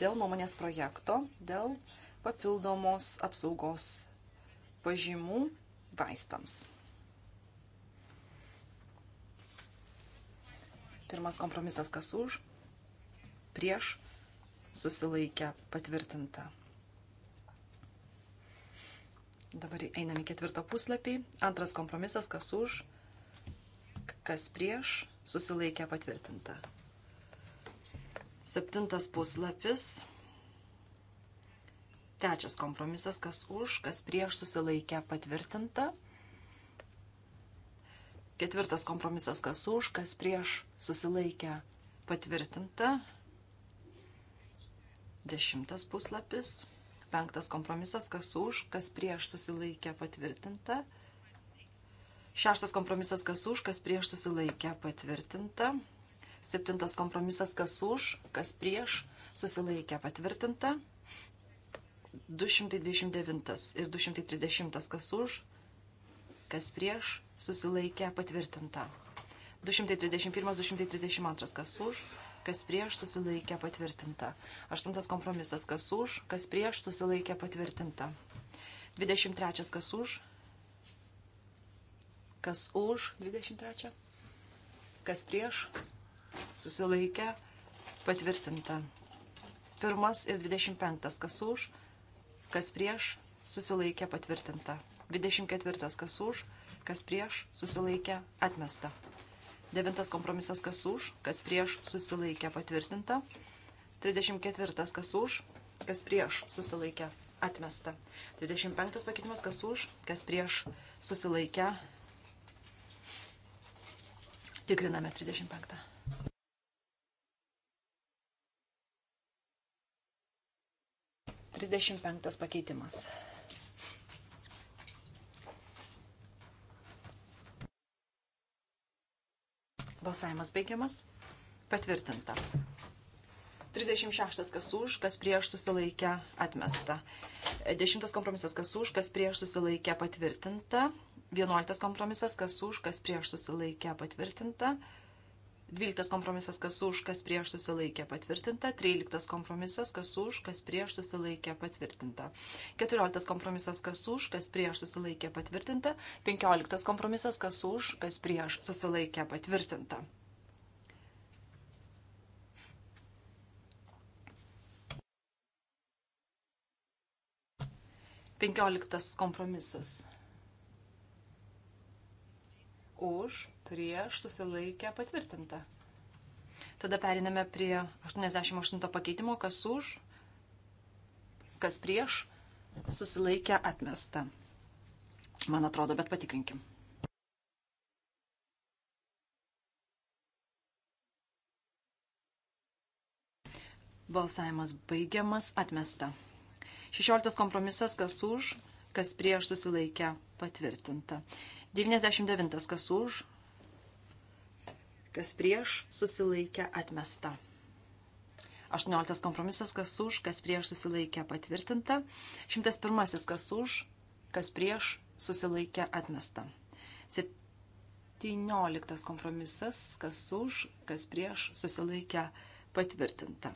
dėl nuomonės projekto, dėl papildomos apsaugos pažymų vaistams. Pirmas kompromisas kas už, prieš, susilaikę, patvirtinta. Dabar einame į ketvirtą puslapį. Antras kompromisas kas už, kas prieš, susilaikę patvirtinta. Septintas puslapis. Trečias kompromisas, kas už, kas prieš susilaikę patvirtinta. Ketvirtas kompromisas, kas už, kas prieš susilaikę patvirtinta. Dešimtas puslapis. Penktas kompromisas, kas už, kas prieš susilaikę patvirtinta. Šeštas kompromisas kas už, kas prieš susilaikė patvirtinta. Septintas kompromisas kas už, kas prieš susilaikė patvirtinta. 229 ir 230 kas už, kas prieš susilaikė patvirtinta. 231-232 kas už, kas prieš susilaikė patvirtinta. Aštuntas kompromisas kas už, kas prieš susilaikė patvirtinta. 23 kas už, Kas už 23? Kas prieš? Susilaikę. Patvirtinta. Pirmas ir 25. Kas už? Kas prieš? Susilaikė patvirtinta. 24. Kas už? Kas prieš? Susilaikė atmesta. 9. Kompromisas. Kas už? Kas prieš? Susilaikė patvirtinta. 34. Kas už? Kas prieš? Susilaikė atmesta. 25. Pakeitimas. Kas už? Kas prieš? Susilaikė Tikriname 35. Trisdešimt penktas pakeitimas. Balsavimas baigiamas. Patvirtinta. 36 kas už, kas prieš susilaikę atmesta. 10 kompromisas kas už, kas prieš susilaikę patvirtinta. 11 kompromisas, kas už, kas prieš susilaikę patvirtinta. 12 kompromisas, kas už, kas prieš susilaikė patvirtinta. 13 kompromisas, kas už, kas prieš susilaikė patvirtinta. 14 kompromisas, kas už, kas prieš susilaikė patvirtinta. 15 kompromisas, kas už, kas prieš susilaikė patvirtinta. Penkioliktas kompromisas už, prieš, susilaikę, patvirtinta. Tada periname prie 88 pakeitimo, kas už, kas prieš, susilaikę, atmesta. Man atrodo, bet patikrinkim. Balsavimas baigiamas, atmesta. 16 kompromisas, kas už, kas prieš susilaikę, patvirtinta. 99. Kas už, kas prieš, susilaikė atmesta. 18. Kompromisas. Kas už, kas prieš, susilaikė patvirtinta. 101. Kas už, kas prieš, susilaikė atmesta. 17 kompromisas, kas už, kas prieš, susilaikę patvirtinta.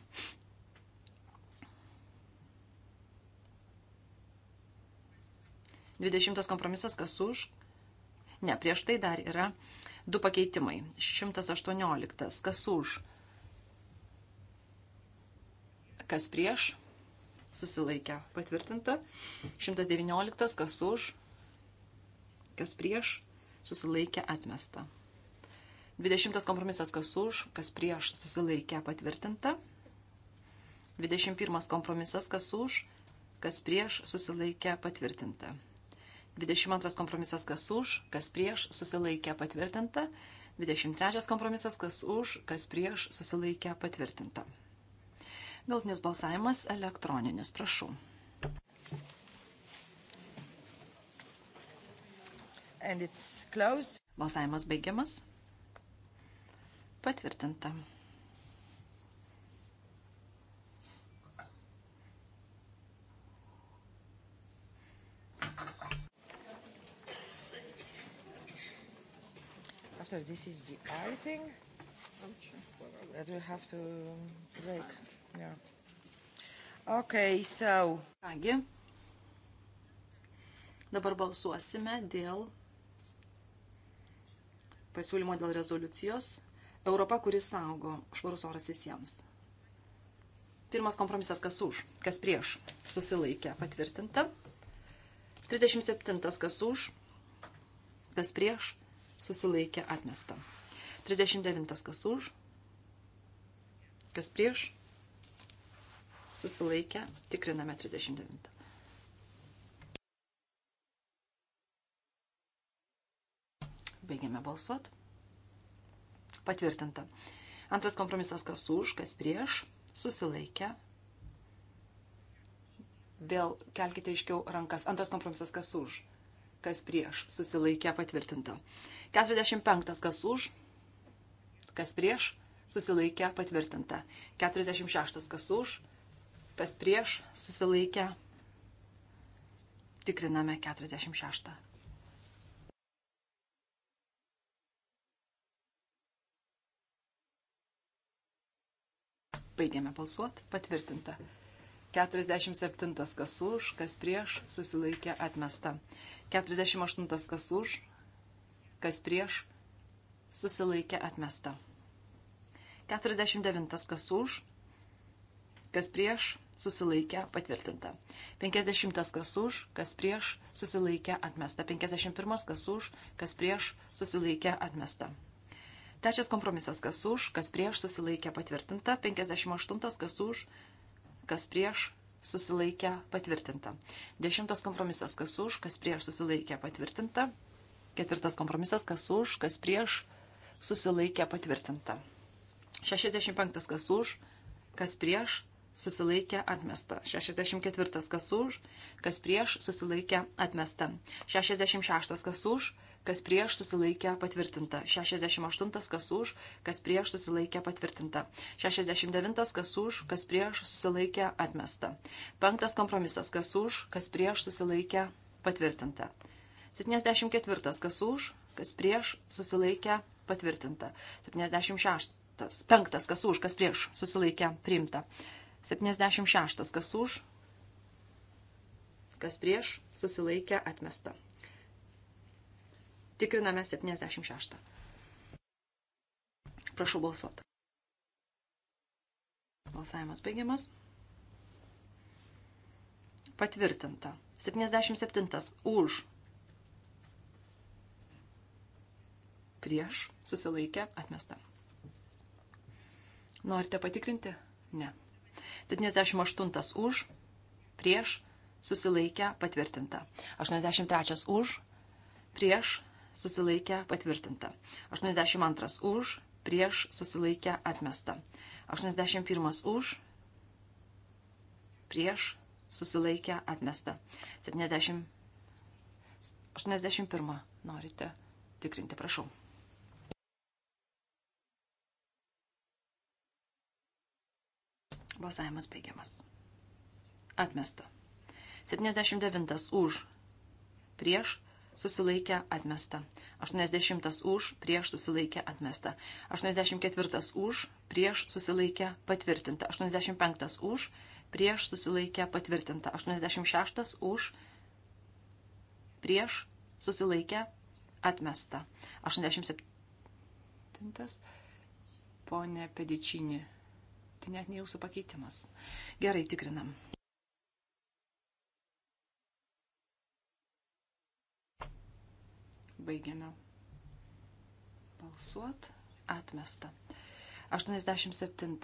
Dvidešimtas kompromisas, kas už, Ne, prieš tai dar yra du pakeitimai. 118. Kas už? Kas prieš? Susilaikę. Patvirtinta. 119. Kas už? Kas prieš? Susilaikę. Atmesta. 20. Kompromisas. Kas už? Kas prieš? Susilaikę. Patvirtinta. 21 kompromisas, kas už, kas prieš susilaikė patvirtinta. 22 kompromisas kas už, kas prieš susilaikė patvirtinta. 23 kompromisas kas už, kas prieš susilaikė patvirtinta. Galtinis balsavimas elektroninis, prašau. Balsavimas baigiamas. Patvirtinta. after this is the eye thing that we have to break. Yeah. Okay, so. Kągi, dabar balsuosime dėl pasiūlymo dėl rezoliucijos Europa, kuris saugo švarus oras visiems. Pirmas kompromisas, kas už, kas prieš, susilaikė, patvirtinta. 37, kas už, kas prieš, susilaikė atmesta. 39 kas už, kas prieš, susilaikė, tikriname 39. Baigiame balsuot. Patvirtinta. Antras kompromisas kas už, kas prieš, susilaikė. Vėl kelkite aiškiau rankas. Antras kompromisas kas už, kas prieš, susilaikė patvirtinta. 45. Kas už, kas prieš, susilaikė patvirtinta. 46. Kas už, kas prieš, susilaikė. Tikriname 46. Baigiame balsuoti. Patvirtinta. 47 kas už, kas prieš, susilaikė atmesta. 48 kas už, kas prieš, susilaikė atmesta. 49. kas už, kas prieš, susilaikė patvirtinta. 50. kas už, kas prieš, susilaikė atmesta. 51. kas už, kas prieš, susilaikė atmesta. Trečias kompromisas, kas už, kas prieš, susilaikė patvirtinta. 58. kas už, kas prieš, susilaikė patvirtinta. Dešimtas kompromisas, kas už, kas prieš susilaikė patvirtinta. Ketvirtas kompromisas, kas už, kas prieš, susilaikė patvirtinta. 65 kas už, kas prieš, susilaikė atmesta. 64 kas už, kas prieš, susilaikė atmesta. 66 kas už, kas prieš susilaikė patvirtinta. 68 kas už, kas prieš susilaikė patvirtinta. 69 kas už, kas prieš susilaikė atmesta. 5 kompromisas kas už, kas prieš susilaikė patvirtinta. 74. Kas už, kas prieš, susilaikė, patvirtinta. 76. 5. Kas už, kas prieš, susilaikė, priimta. 76. Kas už, kas prieš, susilaikė, atmesta. Tikriname 76. Prašau balsuoti. Balsavimas baigiamas. Patvirtinta. 77. Už. prieš, susilaikė, atmesta. Norite patikrinti? Ne. 78 už, prieš, susilaikė, patvirtinta. 83 už, prieš, susilaikė, patvirtinta. 82 už, prieš, susilaikė, atmesta. 81 už, prieš, susilaikė, atmesta. 70, 81 norite tikrinti, prašau. Balsavimas baigiamas. Atmesta. 79 už, prieš, susilaikė, atmesta. 80 už, prieš, susilaikė, atmesta. 84 už, prieš, susilaikė, patvirtinta. 85 už, prieš, susilaikė, patvirtinta. 86 už, prieš, susilaikė, atmesta. 87. Pone Pedičinė. Tai net ne jūsų pakeitimas. Gerai, tikrinam. Baigiame balsuot. Atmesta. 87.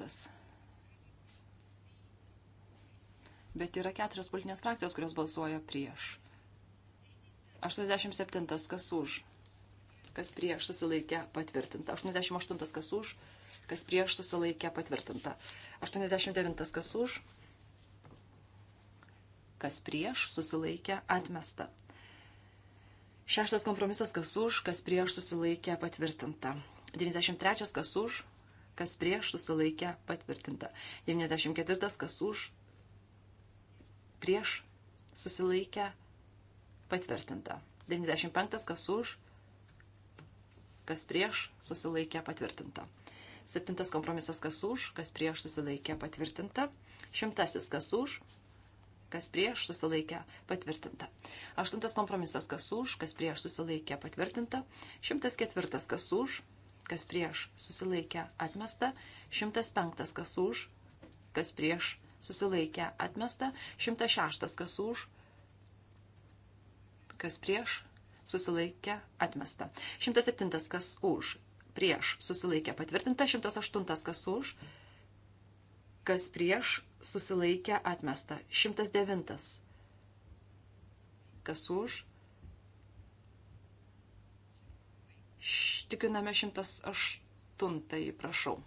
Bet yra keturios politinės frakcijos, kurios balsuoja prieš. 87. Kas už? Kas prieš susilaikė patvirtinta. 88. Kas už? kas prieš susilaikė patvirtinta. 89 kas už, kas prieš susilaikė atmesta. Šeštas kompromisas kas už, kas prieš susilaikė patvirtinta. 93 kas už, kas prieš susilaikė patvirtinta. 94 kas už, prieš susilaikė patvirtinta. 95 kas už, kas prieš susilaikė patvirtinta. Septintas kompromisas kas už, kas prieš susilaikė patvirtinta. Šimtasis kas už, kas prieš susilaikė patvirtinta. Aštuntas kompromisas kas už, kas prieš susilaikė patvirtinta. Šimtas ketvirtas kas už, kas prieš susilaikė atmesta. Šimtas penktas kas už, kas prieš susilaikė atmesta. Šimtas šeštas kas už, kas prieš susilaikė atmesta. Šimtas septintas kas už, prieš susilaikė patvirtinta, 108 kas už, kas prieš susilaikė atmesta, 109 kas už, tikriname 108, prašau.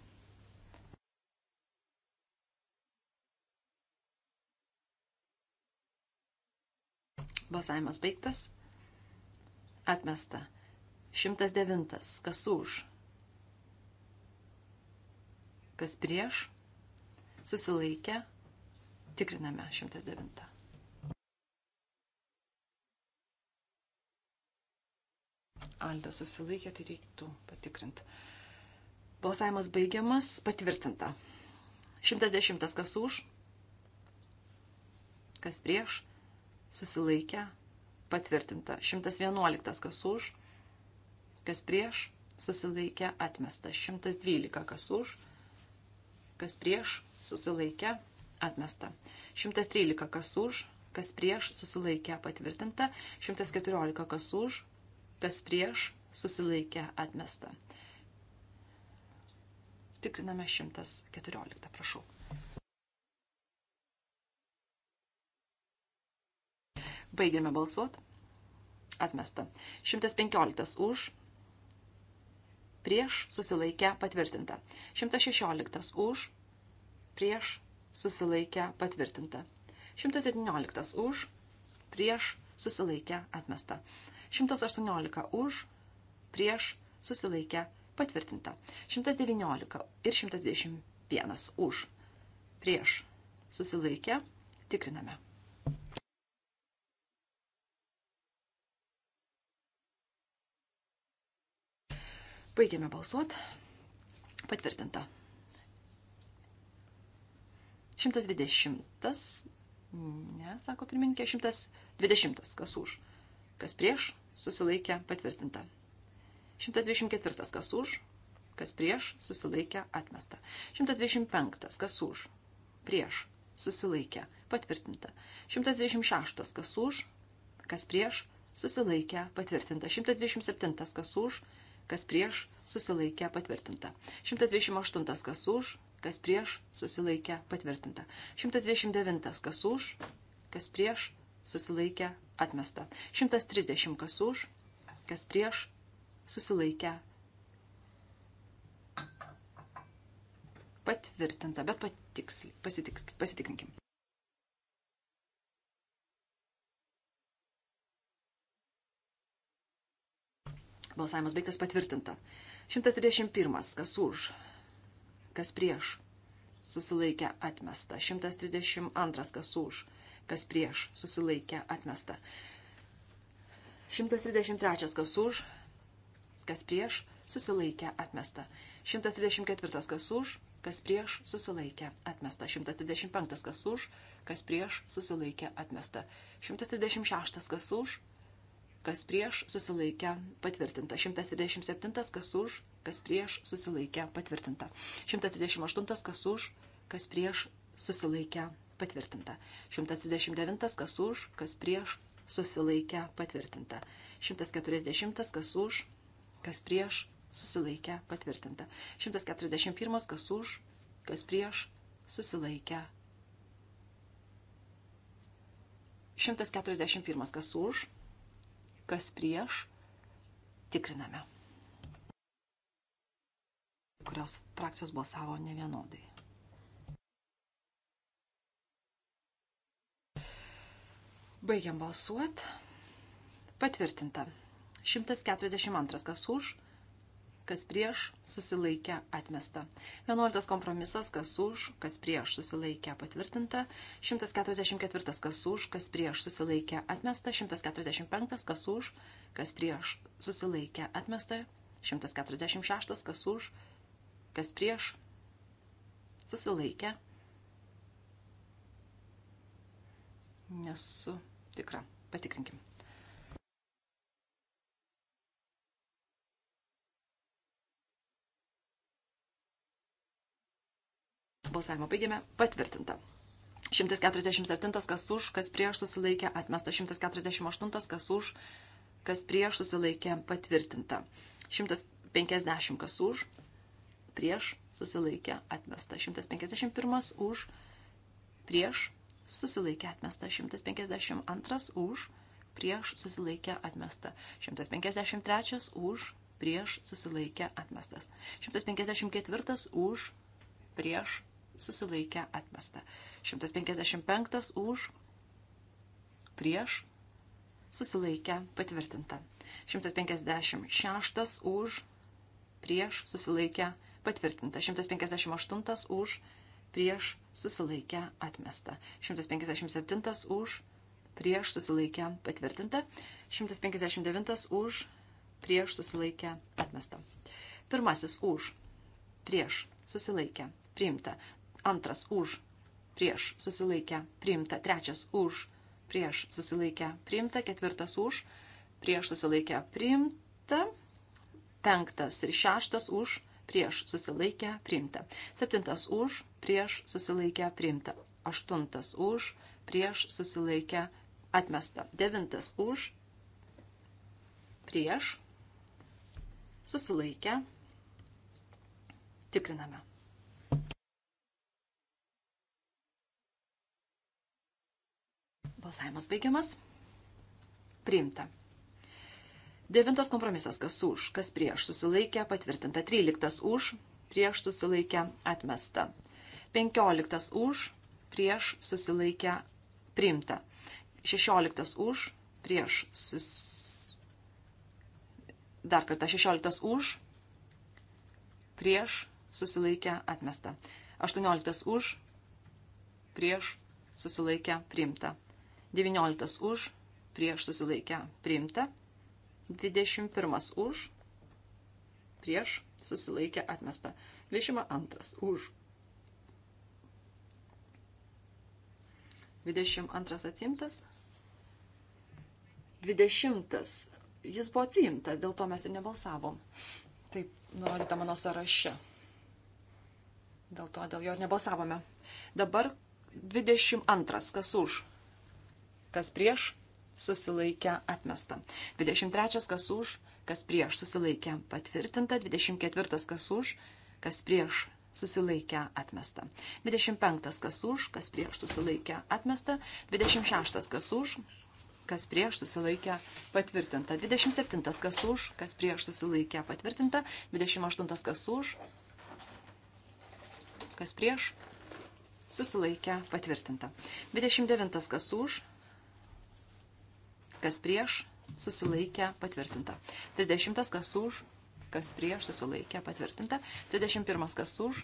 Balsavimas baigtas. Atmesta. 109. Kas už? kas prieš, susilaikę, tikriname 109. Alda susilaikė, tai reiktų patikrinti. Balsavimas baigiamas, patvirtinta. 110 kas už, kas prieš, susilaikė, patvirtinta. 111 kas už, kas prieš, susilaikė, atmesta. 112 kas už, atmesta kas prieš, susilaikė, atmesta. 113 kas už, kas prieš, susilaikė, patvirtinta. 114 kas už, kas prieš, susilaikė, atmesta. Tikriname 114, prašau. Baigiame balsuot. Atmesta. 115 už, prieš susilaikę patvirtinta. 116 už, prieš susilaikę patvirtinta. 117 už, prieš susilaikę atmesta. 118 už, prieš susilaikę patvirtinta. 119 ir 121 už, prieš susilaikę tikriname. Baigėme balsuoti. Patvirtinta. 120. Ne, sako pirmininkė, 120. Kas už? Kas prieš? Susilaikė patvirtinta. 124. Kas už? Kas prieš? Susilaikė atmesta. 125. Kas už? Prieš? Susilaikė patvirtinta. 126. Kas už? Kas prieš? Susilaikė patvirtinta. 127. Kas už? kas prieš, susilaikė patvirtinta. 128 kas už, kas prieš, susilaikė patvirtinta. 129 kas už, kas prieš, susilaikė atmesta. 130 kas už, kas prieš, susilaikė patvirtinta, bet patiksli, pasitik, pasitikrinkim. Balsavimas baigtas patvirtinta. 131. Kas už? Kas prieš? Susilaikė atmesta. 132. Kas už? Kas prieš? Susilaikė atmesta. 133. Kas už? Kas prieš? Susilaikė atmesta. 134. Kas už? kas prieš susilaikė atmesta. 135 kas už, kas prieš susilaikė atmesta. 136 kas už, kas prieš susilaikę patvirtinta. 137, kas už, kas prieš susilaikę patvirtinta. 138, kas už, kas prieš susilaikę patvirtinta. 139, kas už, kas prieš susilaikę patvirtinta. 140, kas už, kas prieš susilaikę patvirtinta. 141, kas už, kas prieš susilaikę 141 kas už, kas prieš, tikriname. Kurios frakcijos balsavo ne vienodai. Baigiam balsuoti. Patvirtinta. 142 kas už, kas prieš, susilaikė, atmesta. 11 kompromisas, kas už, kas prieš, susilaikė, patvirtinta. 144, kas už, kas prieš, susilaikė, atmesta. 145, kas už, kas prieš, susilaikė, atmesta. 146, kas už, kas prieš, susilaikė. Nesu tikra. Patikrinkim. Balsavimą baigėme. Patvirtinta. 147 kas už, kas prieš susilaikė, atmesta 148 kas už, kas prieš susilaikė, patvirtinta. 150 kas už, prieš susilaikė, atmesta 151 už, prieš susilaikė, atmesta 152 už, prieš susilaikė, atmesta 153 už, prieš susilaikė, atmestas 154 už, prieš susilaikę atmesta. 155 už, prieš, susilaikę patvirtinta. 156 už, prieš, susilaikę patvirtinta. 158 už, prieš, susilaikę atmesta. 157 už, prieš, susilaikę patvirtinta. 159 už, prieš, susilaikę atmesta. Pirmasis už, prieš, susilaikę priimta. Antras už, prieš susilaikę priimta. Trečias už, prieš susilaikę priimta. Ketvirtas už, prieš susilaikę priimta. Penktas ir šeštas už, prieš susilaikę priimta. Septintas už, prieš susilaikę priimta. Aštuntas už, prieš susilaikę atmesta. Devintas už, prieš susilaikę tikriname. Balsavimas baigiamas. Priimta. Devintas kompromisas, kas už, kas prieš susilaikė, patvirtinta. Tryliktas už, prieš susilaikė, atmesta. Penkioliktas už, prieš susilaikė, priimta. Šešioliktas už, prieš susilaikė. Dar kartą, šešioliktas už, prieš susilaikė, atmesta. Aštuonioliktas už, prieš susilaikė, priimta. 19 už, prieš susilaikę priimta, 21 už, prieš susilaikę atmesta, 22 už. 22 atsimtas, 20 jis buvo atsiimtas, dėl to mes ir nebalsavom. Taip, nurodyta mano sąraše. Dėl to dėl jo ir nebalsavome. Dabar 22. Kas už? kas prieš, susilaikę atmesta. 23 kas už, kas prieš, susilaikę patvirtinta. 24 kas už, kas prieš, susilaikę atmesta. 25 kas už, kas prieš, susilaikę atmesta. 26 kas už, kas prieš susilaikė patvirtinta. 27 kas už, kas prieš susilaikė patvirtinta. 28 kas už, kas prieš susilaikė patvirtinta. 29 kas už, kas prieš, susilaikė, patvirtinta. 30 kas už, kas prieš, susilaikė, patvirtinta. 31 kas už,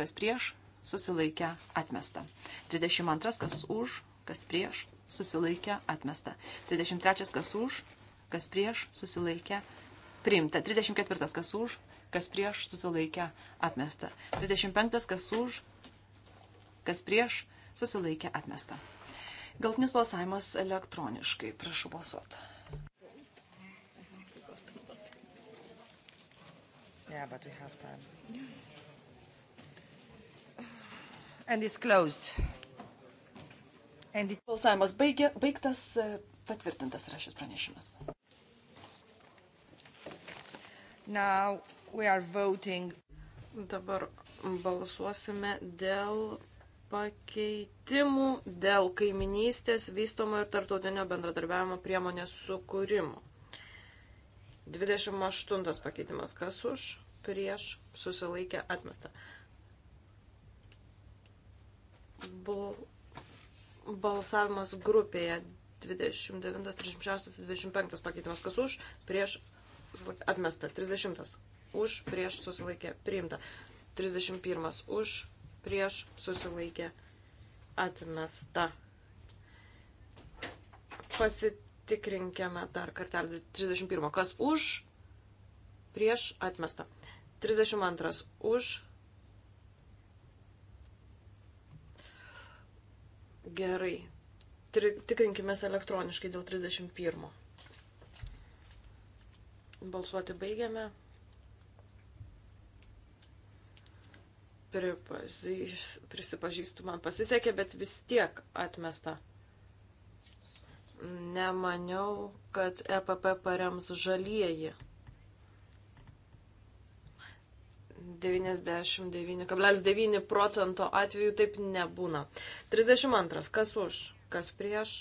kas prieš, susilaikė, atmesta. 32 kas už, kas prieš, susilaikė, atmesta. 33 kas už, kas prieš, susilaikė, priimta. 34 kas už, kas prieš, susilaikė, atmesta. 35 kas už, kas prieš, susilaikė, atmesta. Galtinis balsavimas elektroniškai. Prašau balsuoti. Yeah, but we have time. And it's closed. And it... Balsavimas baigė, baigtas, patvirtintas yra šis pranešimas. Now we are voting. Dabar balsuosime dėl pakeitimų dėl kaiminystės vystomo ir tartautinio bendradarbiavimo priemonės sukūrimo. 28 pakeitimas kas už, prieš, susilaikė, atmesta. Balsavimas grupėje 29, 36, 25 pakeitimas kas už, prieš, atmesta. 30 už, prieš, susilaikė, priimta. 31 už, prieš susilaikė atmesta. Pasitikrinkime dar kartelį 31. Kas už, prieš atmesta. 32. Už. Gerai. Tikrinkime elektroniškai dėl 31. Balsuoti baigiame. pripažįs, prisipažįstu, man pasisekė, bet vis tiek atmesta. Nemaniau, kad EPP parems žalieji. 99,9 procento atveju taip nebūna. 32. Kas už, kas prieš,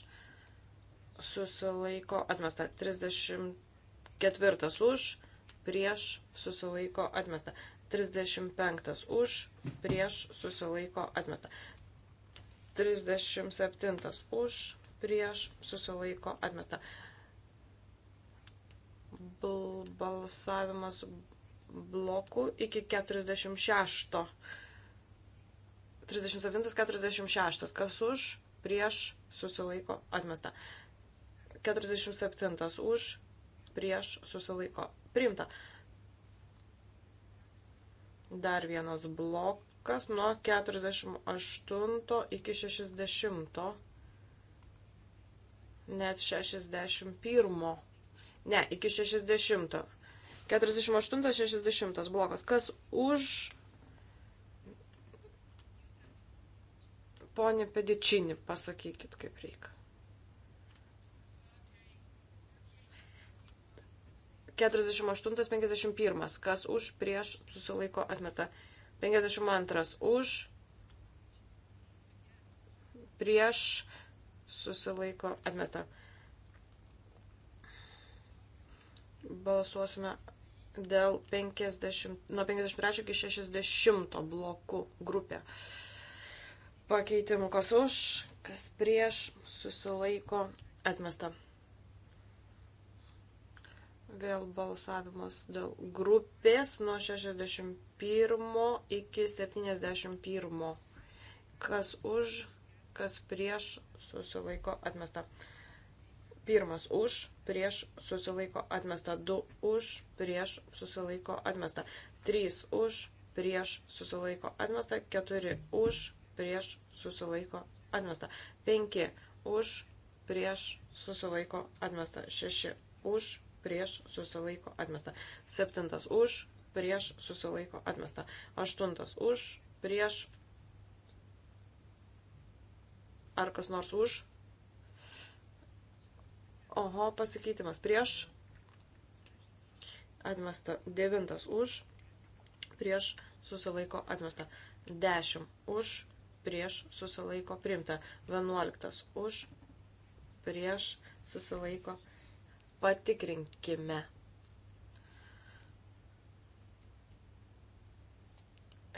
susilaiko atmesta. 34. Už, prieš, susilaiko atmesta. 35 už, prieš susilaiko atmesta. 37 už, prieš susilaiko atmesta. Balsavimas blokų iki 46. 37, 46. Kas už, prieš susilaiko atmesta. 47 už, prieš susilaiko priimta. Dar vienas blokas nuo 48 iki 60. Net 61. Ne, iki 60. 48-60 blokas. Kas už ponį pedičinį, pasakykit, kaip reikia. 48-51, kas už, prieš, susilaiko, atmesta. 52 už, prieš, susilaiko, atmesta. Balsuosime dėl 50, nuo 53 iki 60 blokų grupė. Pakeitimų kas už, kas prieš, susilaiko, atmesta. Vėl balsavimas dėl grupės nuo 61 iki 71. Kas už, kas prieš susilaiko atmesta. Pirmas už, prieš susilaiko atmesta. Du už, prieš susilaiko atmesta. Trys už, prieš susilaiko atmesta. Keturi už, prieš susilaiko atmesta. Penki už, prieš susilaiko atmesta. Šeši už, prieš susilaiko atmesta. Septintas už, prieš susilaiko atmesta. Aštuntas už, prieš. Ar kas nors už? Oho, pasikeitimas prieš. Atmesta. Devintas už, prieš susilaiko atmesta. Dešimt už, prieš susilaiko primta. Vienuoliktas už, prieš susilaiko primta patikrinkime.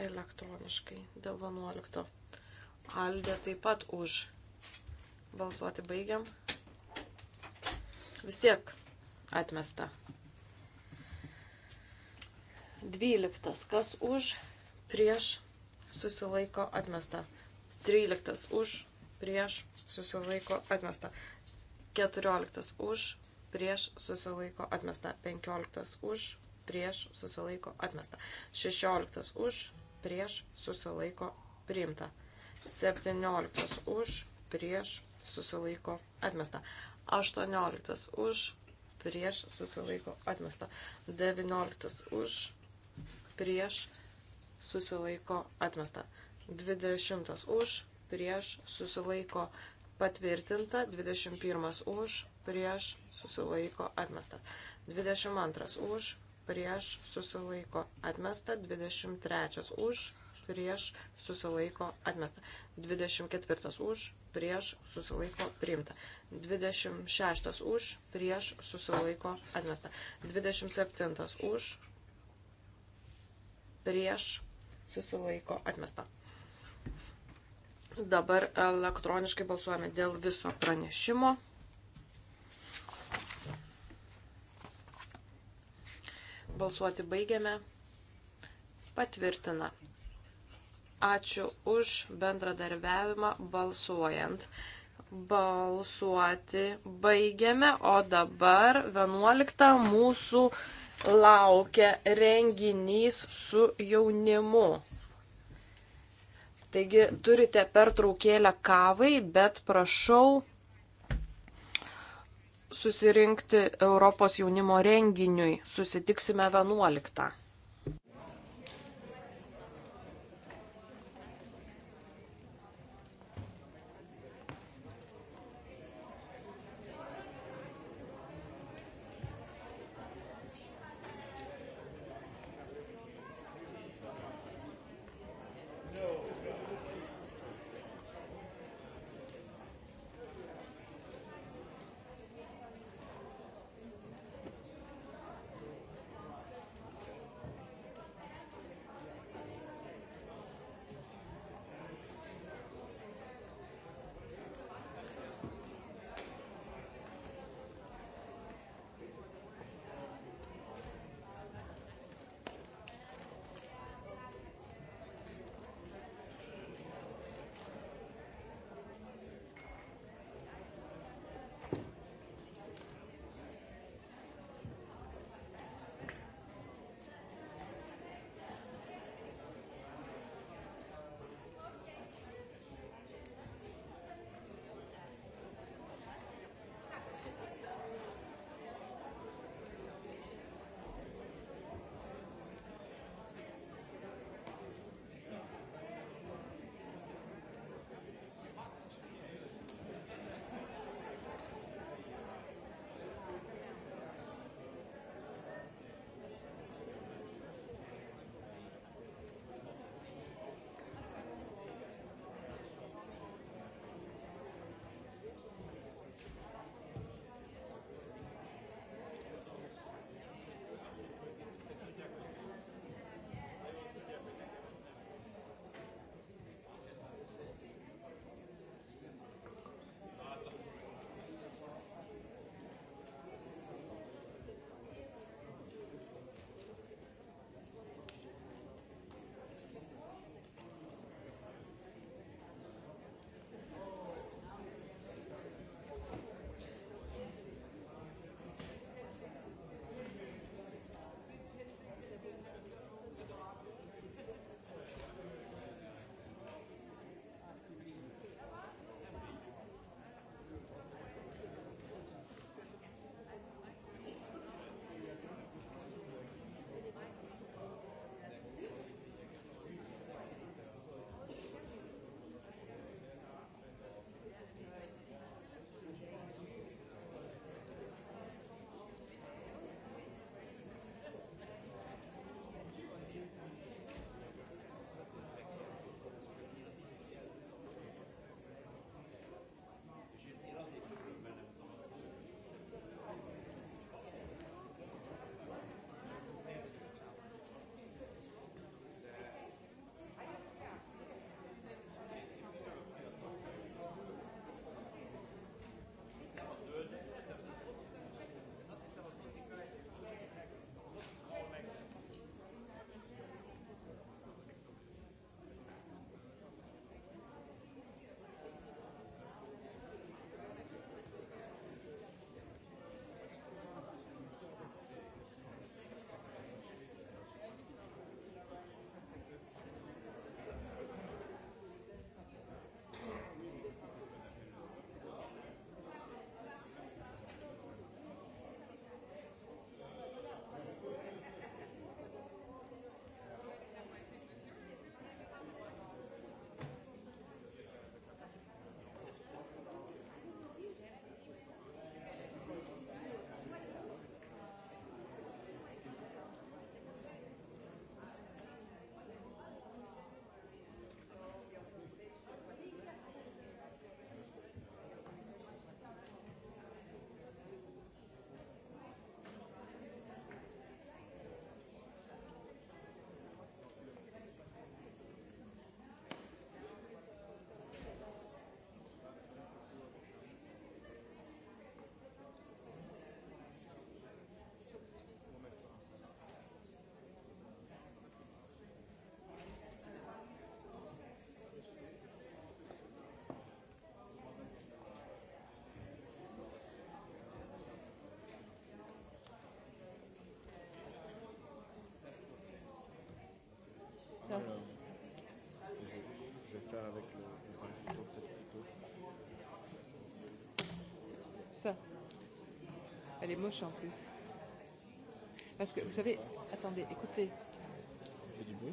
Elektroniškai dėl 11. Aldė taip pat už. Balsuoti baigiam. Vis tiek atmesta. 12. Kas už, prieš, susilaiko atmesta. 13. Už, prieš, susilaiko atmesta. 14. Už, prieš susilaiko atmesta. 15 už, prieš susilaiko atmesta. 16 už, prieš susilaiko priimta. 17 už, prieš susilaiko atmesta. 18 už, prieš susilaiko atmesta. 19 už, prieš susilaiko atmesta. 20 už, prieš susilaiko patvirtinta. 21 už, prieš susilaiko atmesta. 22 už, prieš susilaiko atmesta. 23 už, prieš susilaiko atmesta. 24 už, prieš susilaiko priimta. 26 už, prieš susilaiko atmesta. 27 už, prieš susilaiko atmesta. Dabar e, elektroniškai balsuojame dėl viso pranešimo. Balsuoti baigiame. Patvirtina. Ačiū už bendradarbiavimą balsuojant. Balsuoti baigiame, o dabar 11 mūsų laukia renginys su jaunimu. Taigi turite pertraukėlę kavai, bet prašau susirinkti Europos jaunimo renginiui. Susitiksime 11. Elle est moche en plus. Parce que vous savez, attendez, écoutez. Il fait du bruit.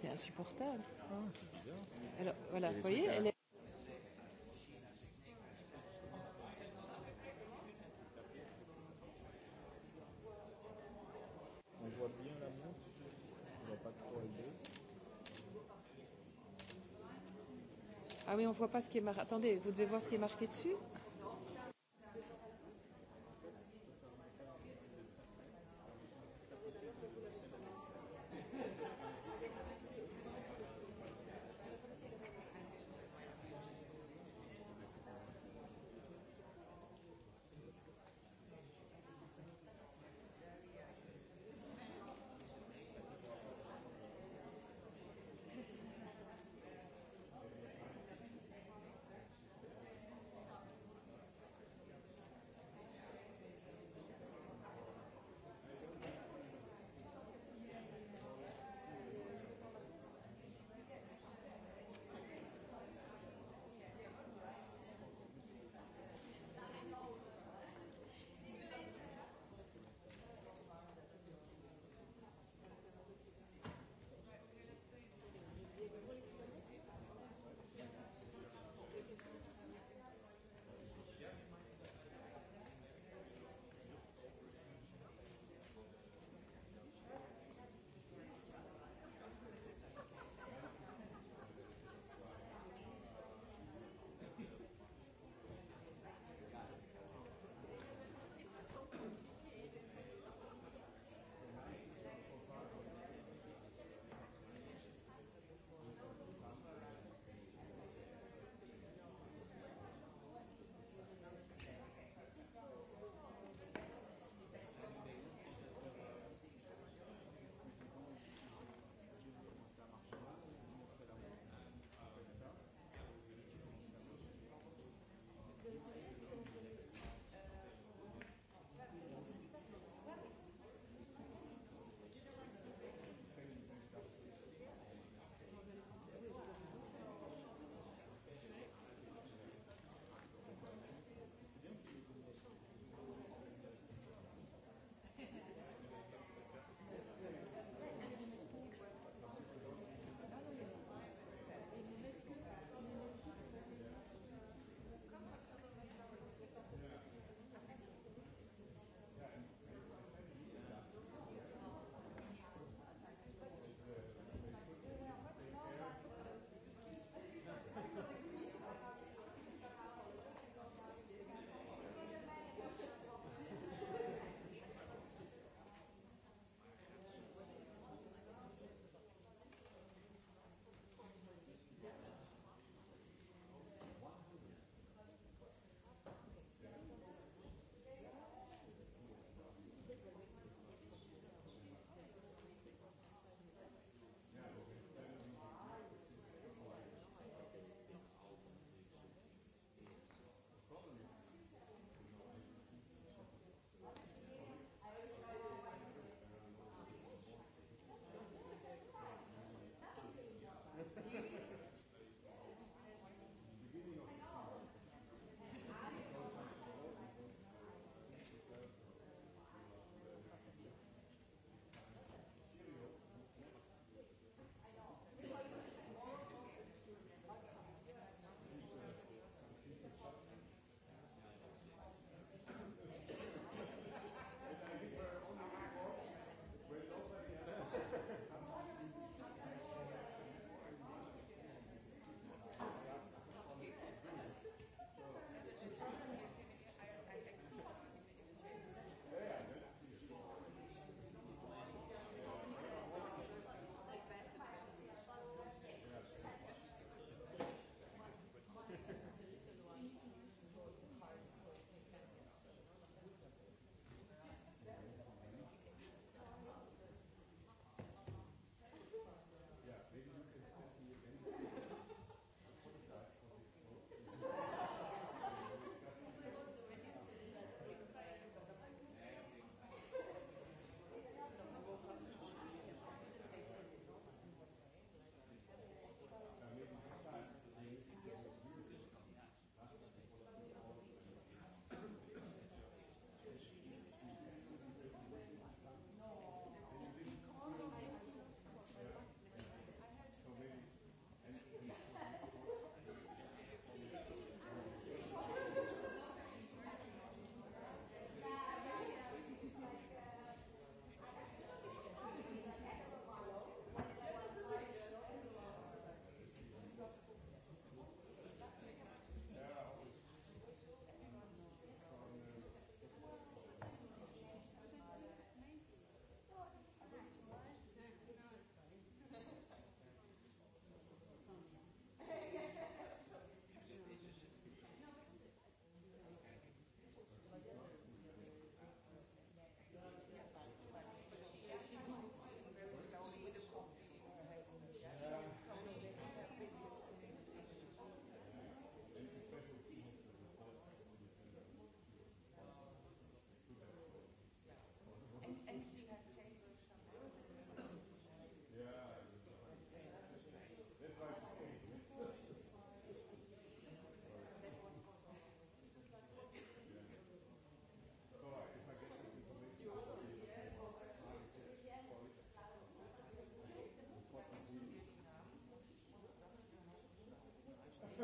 C'est insupportable. Ah, c'est bizarre. Alors voilà, vous voyez, elle est. On voit bien la montre, on ne voit pas trop elle Ah oui, on ne voit pas ce qui est marqué. Attendez, vous devez voir ce qui est marqué dessus. Ah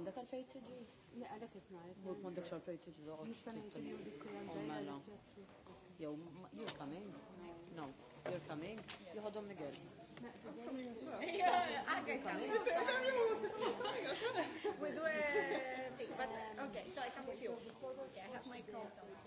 għandek għalfej tiġi, għalek it-najt. Mut eh, mandek għalfej tiġi doħ. Nistan jiġi li dik għanġela. Jow, you're coming. No, you're coming. Joħodom Miguel. We do a thing, but okay, so I come with you. Okay, I have my coat on.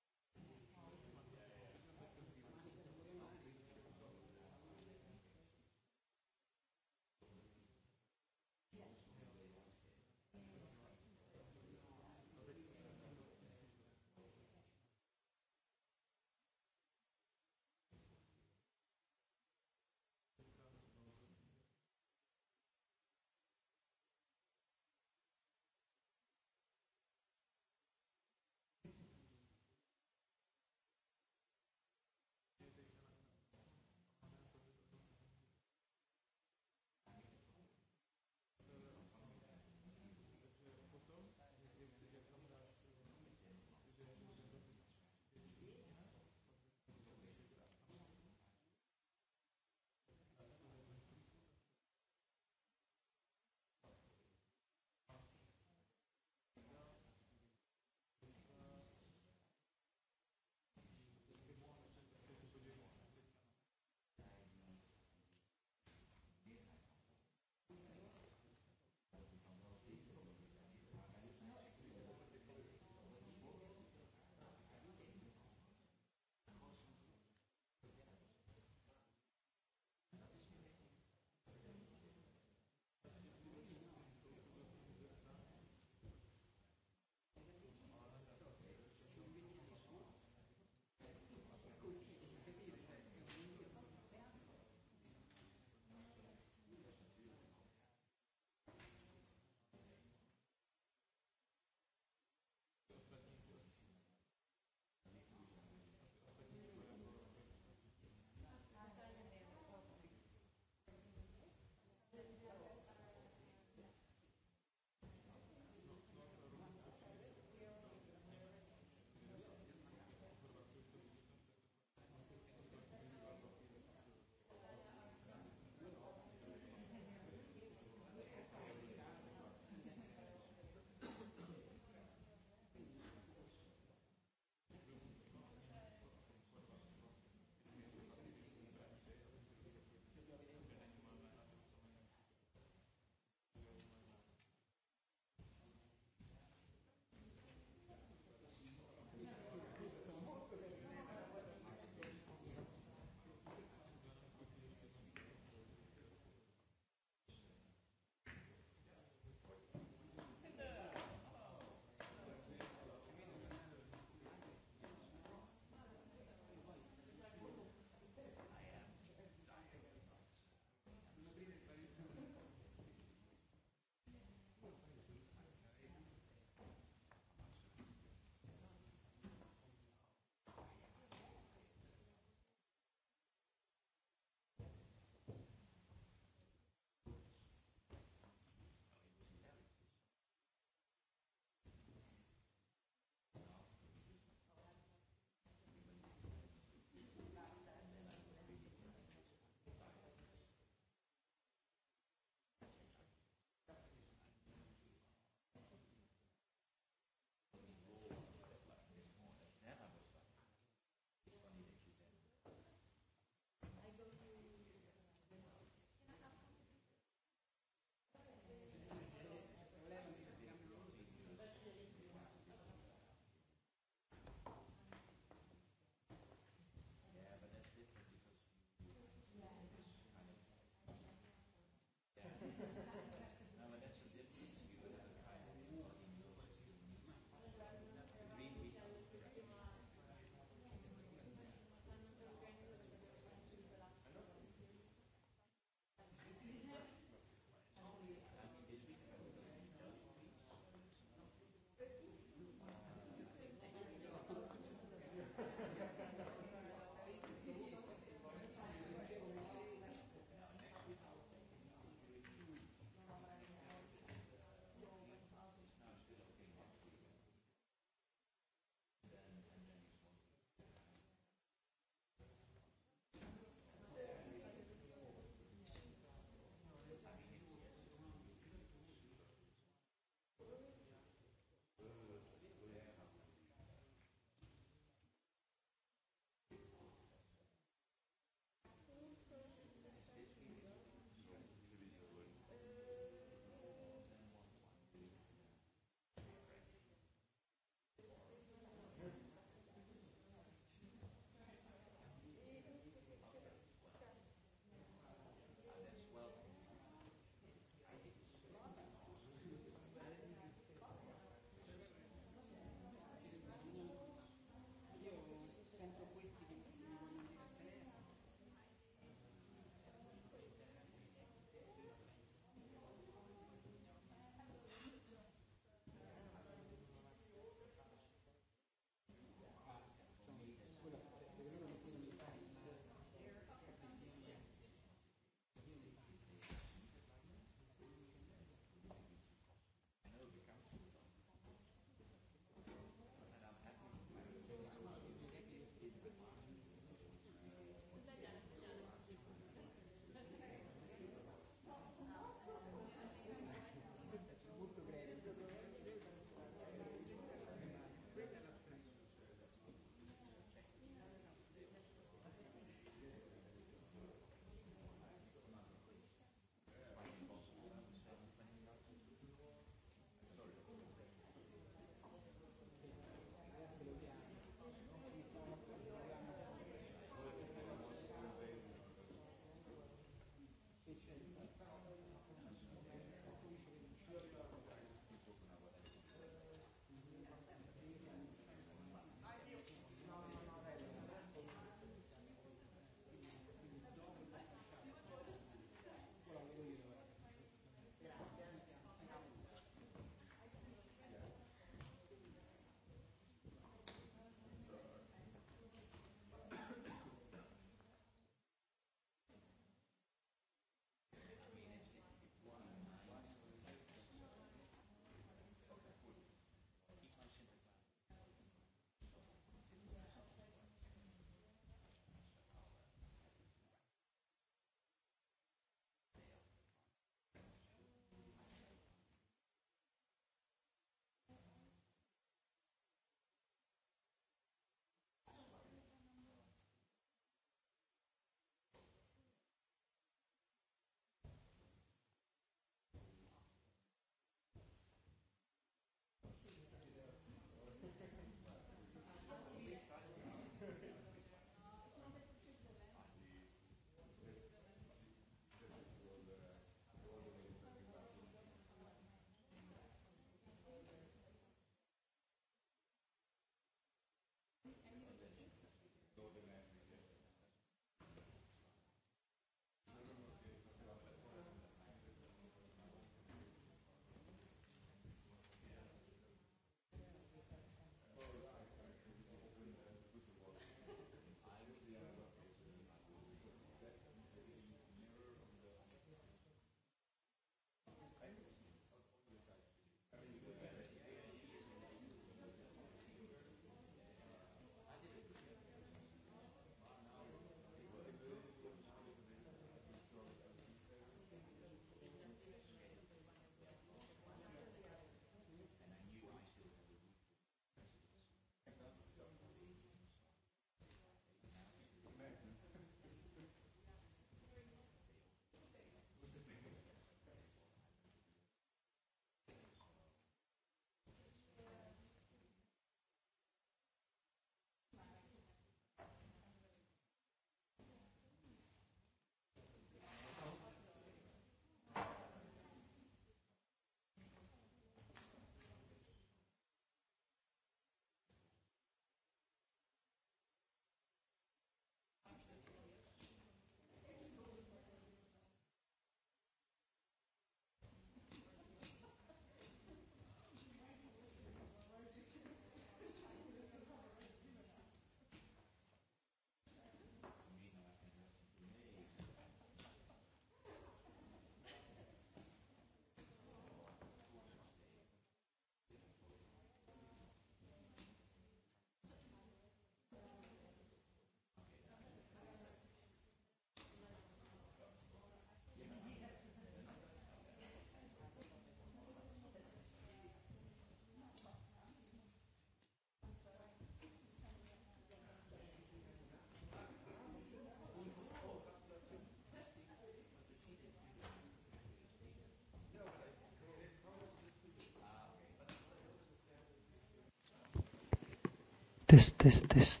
Test, test, test.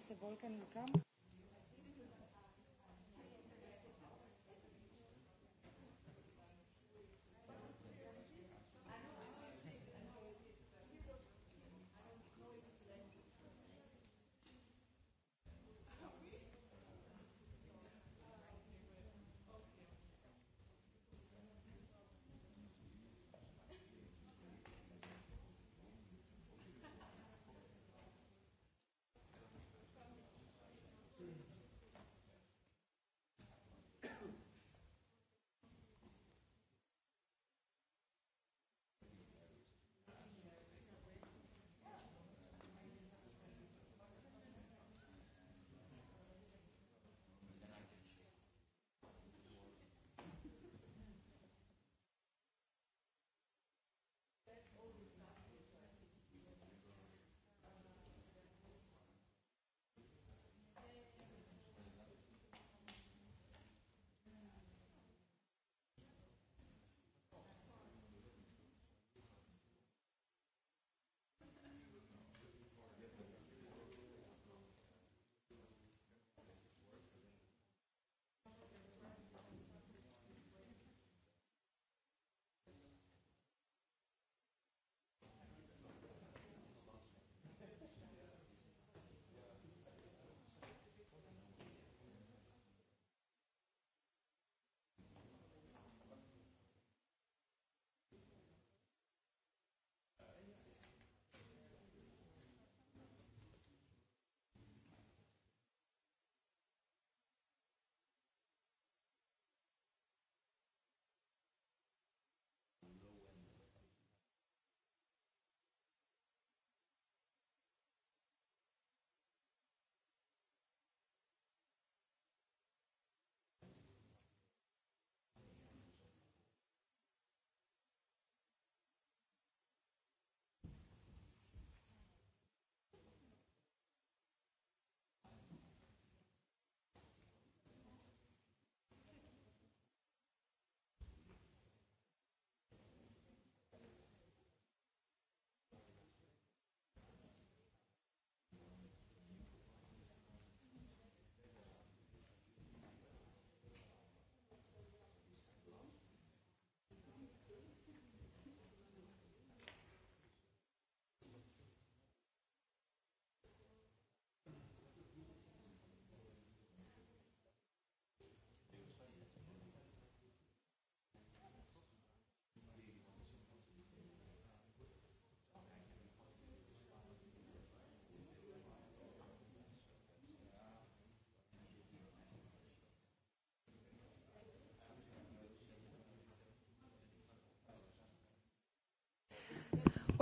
Mr. Volkan will come.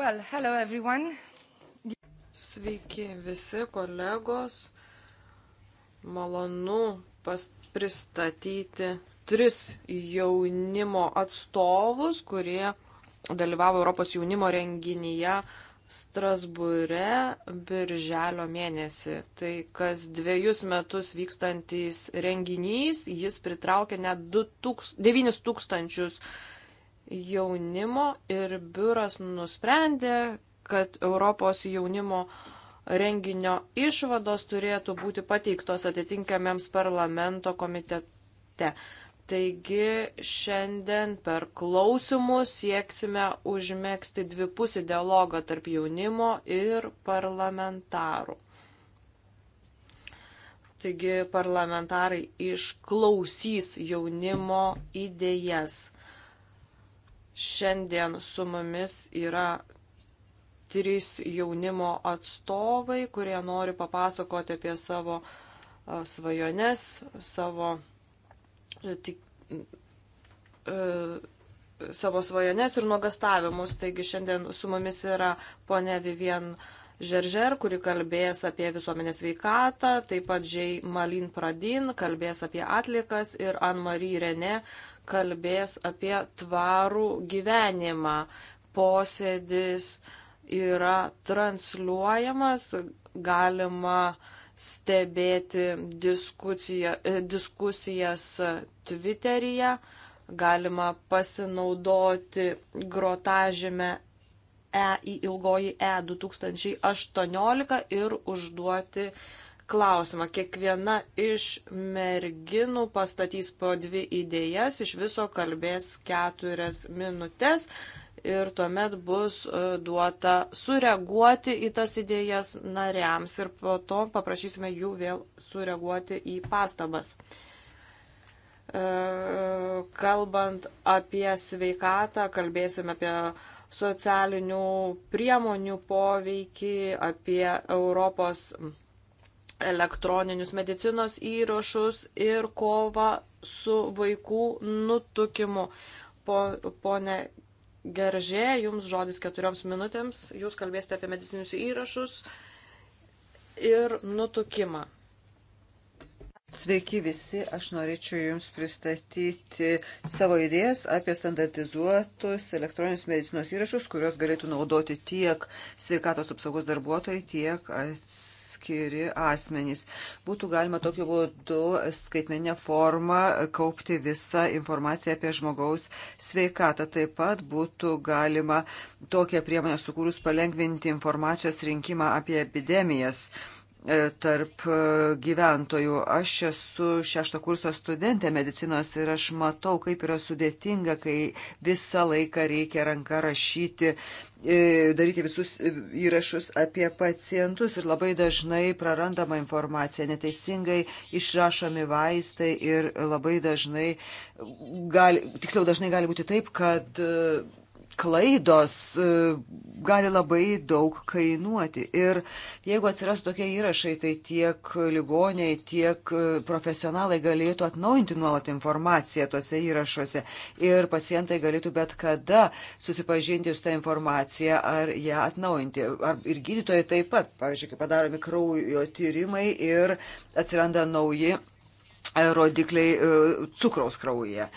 Well, hello everyone. Sveiki visi kolegos. Malonu pas, pristatyti tris jaunimo atstovus, kurie dalyvavo Europos jaunimo renginyje Strasbūre birželio mėnesį. Tai kas dviejus metus vykstantis renginys, jis pritraukė net 9 tūkstančius jaunimo ir biuras nusprendė, kad Europos jaunimo renginio išvados turėtų būti pateiktos atitinkamiems parlamento komitete. Taigi šiandien per klausimus sieksime užmėgsti dvipusį dialogą tarp jaunimo ir parlamentarų. Taigi parlamentarai išklausys jaunimo idėjas. Šiandien su mumis yra trys jaunimo atstovai, kurie nori papasakoti apie savo svajones, savo, e, tik, e, savo svajones ir nuogastavimus. Taigi šiandien su mumis yra ponė Vivien Žeržer, kuri kalbės apie visuomenės veikatą, taip pat Žei Malin Pradin kalbės apie atlikas ir Anne-Marie Rene. Uh, kalbės apie tvarų gyvenimą. Posėdis yra transliuojamas, galima stebėti diskusiją, e, diskusijas Twitteryje, galima pasinaudoti grotažymę EI ilgoji E2018 ir užduoti uh, klausimą. Kiekviena iš merginų pastatys po dvi idėjas, iš viso kalbės keturias minutės ir tuomet bus e, duota sureaguoti į tas idėjas nariams ir po to paprašysime jų vėl sureaguoti į pastabas. E, kalbant apie sveikatą, kalbėsime apie socialinių priemonių poveikį, apie Europos elektroninius medicinos įrašus ir kovą su vaikų nutukimu. Po, pone Geržė, jums žodis keturioms minutėms, jūs kalbėsite apie medicinius įrašus ir nutukimą. Sveiki visi, aš norėčiau Jums pristatyti savo idėjas apie standartizuotus elektroninius medicinos įrašus, kuriuos galėtų naudoti tiek sveikatos apsaugos darbuotojai, tiek ats atskiri asmenys. Būtų galima tokiu būdu skaitmenė forma kaupti visą informaciją apie žmogaus sveikatą. Taip pat būtų galima tokią priemonę sukūrus palengvinti informacijos rinkimą apie epidemijas E, tarp e, gyventojų. Aš esu šešto kurso studentė medicinos ir aš matau, kaip yra sudėtinga, kai visą laiką reikia ranka rašyti, e, daryti visus įrašus apie pacientus ir labai dažnai prarandama informacija, neteisingai išrašomi vaistai ir labai dažnai, gali, tiksliau dažnai gali būti taip, kad klaidos e, gali labai daug kainuoti. Ir jeigu atsiras tokie įrašai, tai tiek ligoniai, tiek e, profesionalai galėtų atnaujinti nuolat informaciją tuose įrašuose ir pacientai galėtų bet kada susipažinti su tą informaciją ar ją atnaujinti. Ar ir gydytojai taip pat, pavyzdžiui, kai padaromi kraujo tyrimai ir atsiranda nauji e, rodikliai cukraus kraujyje.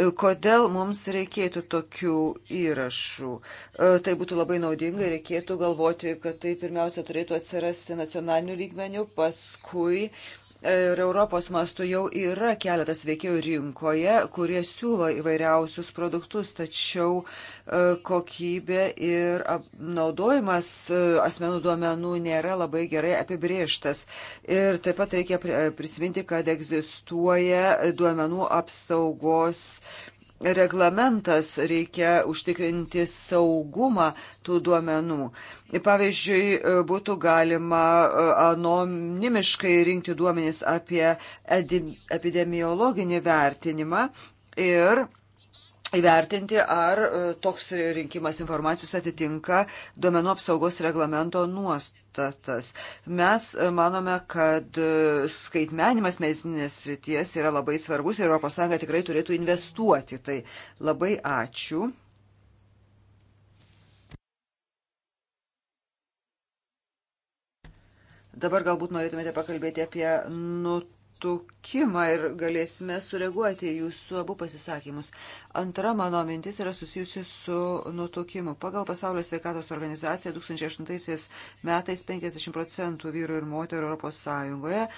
E, kodėl mums reikėtų tokių įrašų? E, tai būtų labai naudinga, reikėtų galvoti, kad tai pirmiausia turėtų atsirasti nacionalinių lygmenių, paskui uh, Ir Europos mastu jau yra keletas veikėjų rinkoje, kurie siūlo įvairiausius produktus, tačiau e, kokybė ir naudojimas e, asmenų duomenų nėra labai gerai apibrieštas. Ir taip pat reikia e, prisiminti, kad egzistuoja duomenų apsaugos reglamentas, reikia užtikrinti saugumą tų duomenų. Pavyzdžiui, būtų galima e, anonimiškai rinkti duomenys apie epidemiologinį vertinimą ir įvertinti, ar e, toks rinkimas informacijos atitinka duomenų apsaugos reglamento nuostatas. Mes e, manome, kad e, skaitmenimas medicinės ryties yra labai svarbus ir ES tikrai turėtų investuoti. Tai labai ačiū. Dabar galbūt norėtumėte pakalbėti apie nutraukimą nutukimą ir galėsime sureaguoti jūsų abu pasisakymus. Antra mano mintis yra susijusi su nutukimu. Pagal Pasaulio sveikatos organizaciją 2008 metais 50 procentų vyrų ir moterų Europos Sąjungoje e,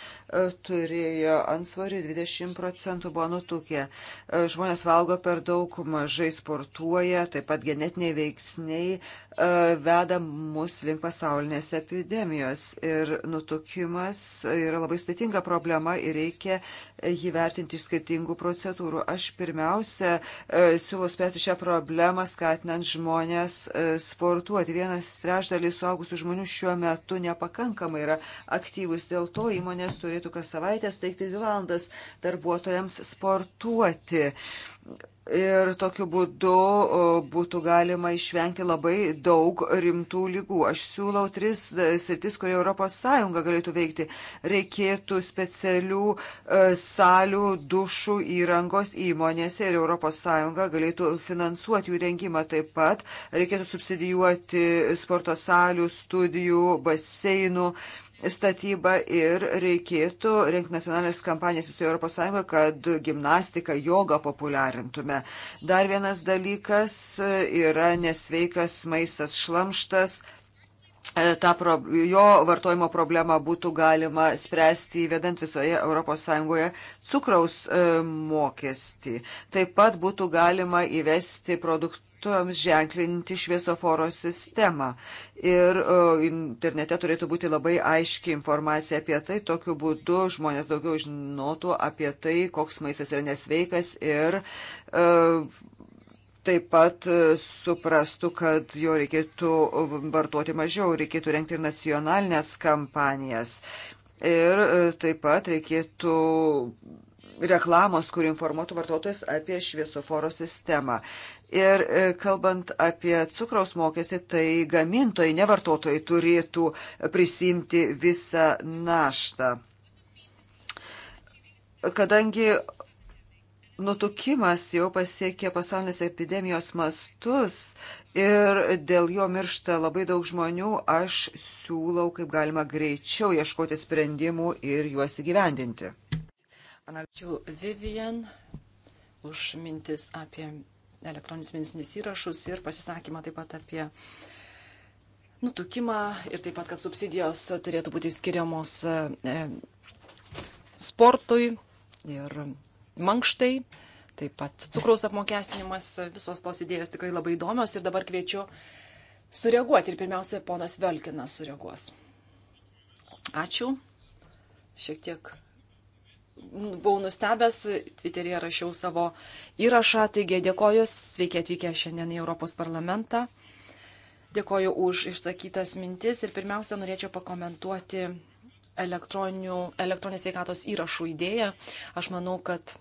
turėjo ansvarį, 20 procentų buvo nutukę. E, žmonės valgo per daug, mažai sportuoja, taip pat genetiniai veiksniai E, veda mus link pasaulinės epidemijos. Ir nutukimas yra labai sudėtinga problema ir reikia jį vertinti iš skirtingų procedūrų. Aš pirmiausia e, siūlau spręsti šią problemą, skatinant žmonės e, sportuoti. Vienas trešdalis suaugusių žmonių šiuo metu nepakankamai yra aktyvus. Dėl to įmonės turėtų kas savaitę suteikti dvi valandas darbuotojams sportuoti Ir tokiu būdu būtų galima išvengti labai daug rimtų lygų. Aš siūlau tris e, sritis, kurie ES galėtų veikti. Reikėtų specialių e, salių, dušų įrangos įmonėse ir ES galėtų finansuoti jų rengimą taip pat. Reikėtų subsidijuoti sporto salių, studijų, baseinų. Uh, statybą ir reikėtų rengti nacionalinės kampanijas visoje Europos Sąjungoje, kad gimnastiką, jogą populiarintume. Dar vienas dalykas e, yra nesveikas maistas šlamštas. E, ta pro, jo vartojimo problemą būtų galima spręsti įvedant visoje ES cukraus e, mokestį. Taip pat būtų galima įvesti produkt, vartotojams ženklinti šviesoforo sistemą. Ir e, internete turėtų būti labai aiški informacija apie tai, tokiu būdu žmonės daugiau žinotų apie tai, koks maistas yra nesveikas ir e, taip pat e, suprastų, kad jo reikėtų vartoti mažiau, reikėtų renkti ir nacionalinės kampanijas. Ir taip pat reikėtų reklamos, kur informuotų vartotojus apie šviesoforo sistemą. Ir e, kalbant apie cukraus mokestį, tai gamintojai, ne vartotojai turėtų prisimti visą naštą. Kadangi nutukimas jau pasiekė pasaulinės epidemijos mastus ir dėl jo miršta labai daug žmonių, aš siūlau kaip galima greičiau ieškoti sprendimų ir juos įgyvendinti. Ačiū Vivian už mintis apie elektroninius medicinius įrašus ir pasisakymą taip pat apie nutukimą ir taip pat, kad subsidijos turėtų būti skiriamos e, sportui ir mankštai, taip pat cukraus apmokestinimas, visos tos idėjos tikrai labai įdomios ir dabar kviečiu sureaguoti ir pirmiausia, ponas Velkinas sureaguos. Ačiū. Šiek tiek buvau nustebęs, Twitter'yje rašiau savo įrašą, taigi dėkoju, sveiki atvykę šiandien į Europos parlamentą. Dėkoju už išsakytas mintis ir pirmiausia, norėčiau pakomentuoti elektroninės sveikatos įrašų idėją. Aš manau, kad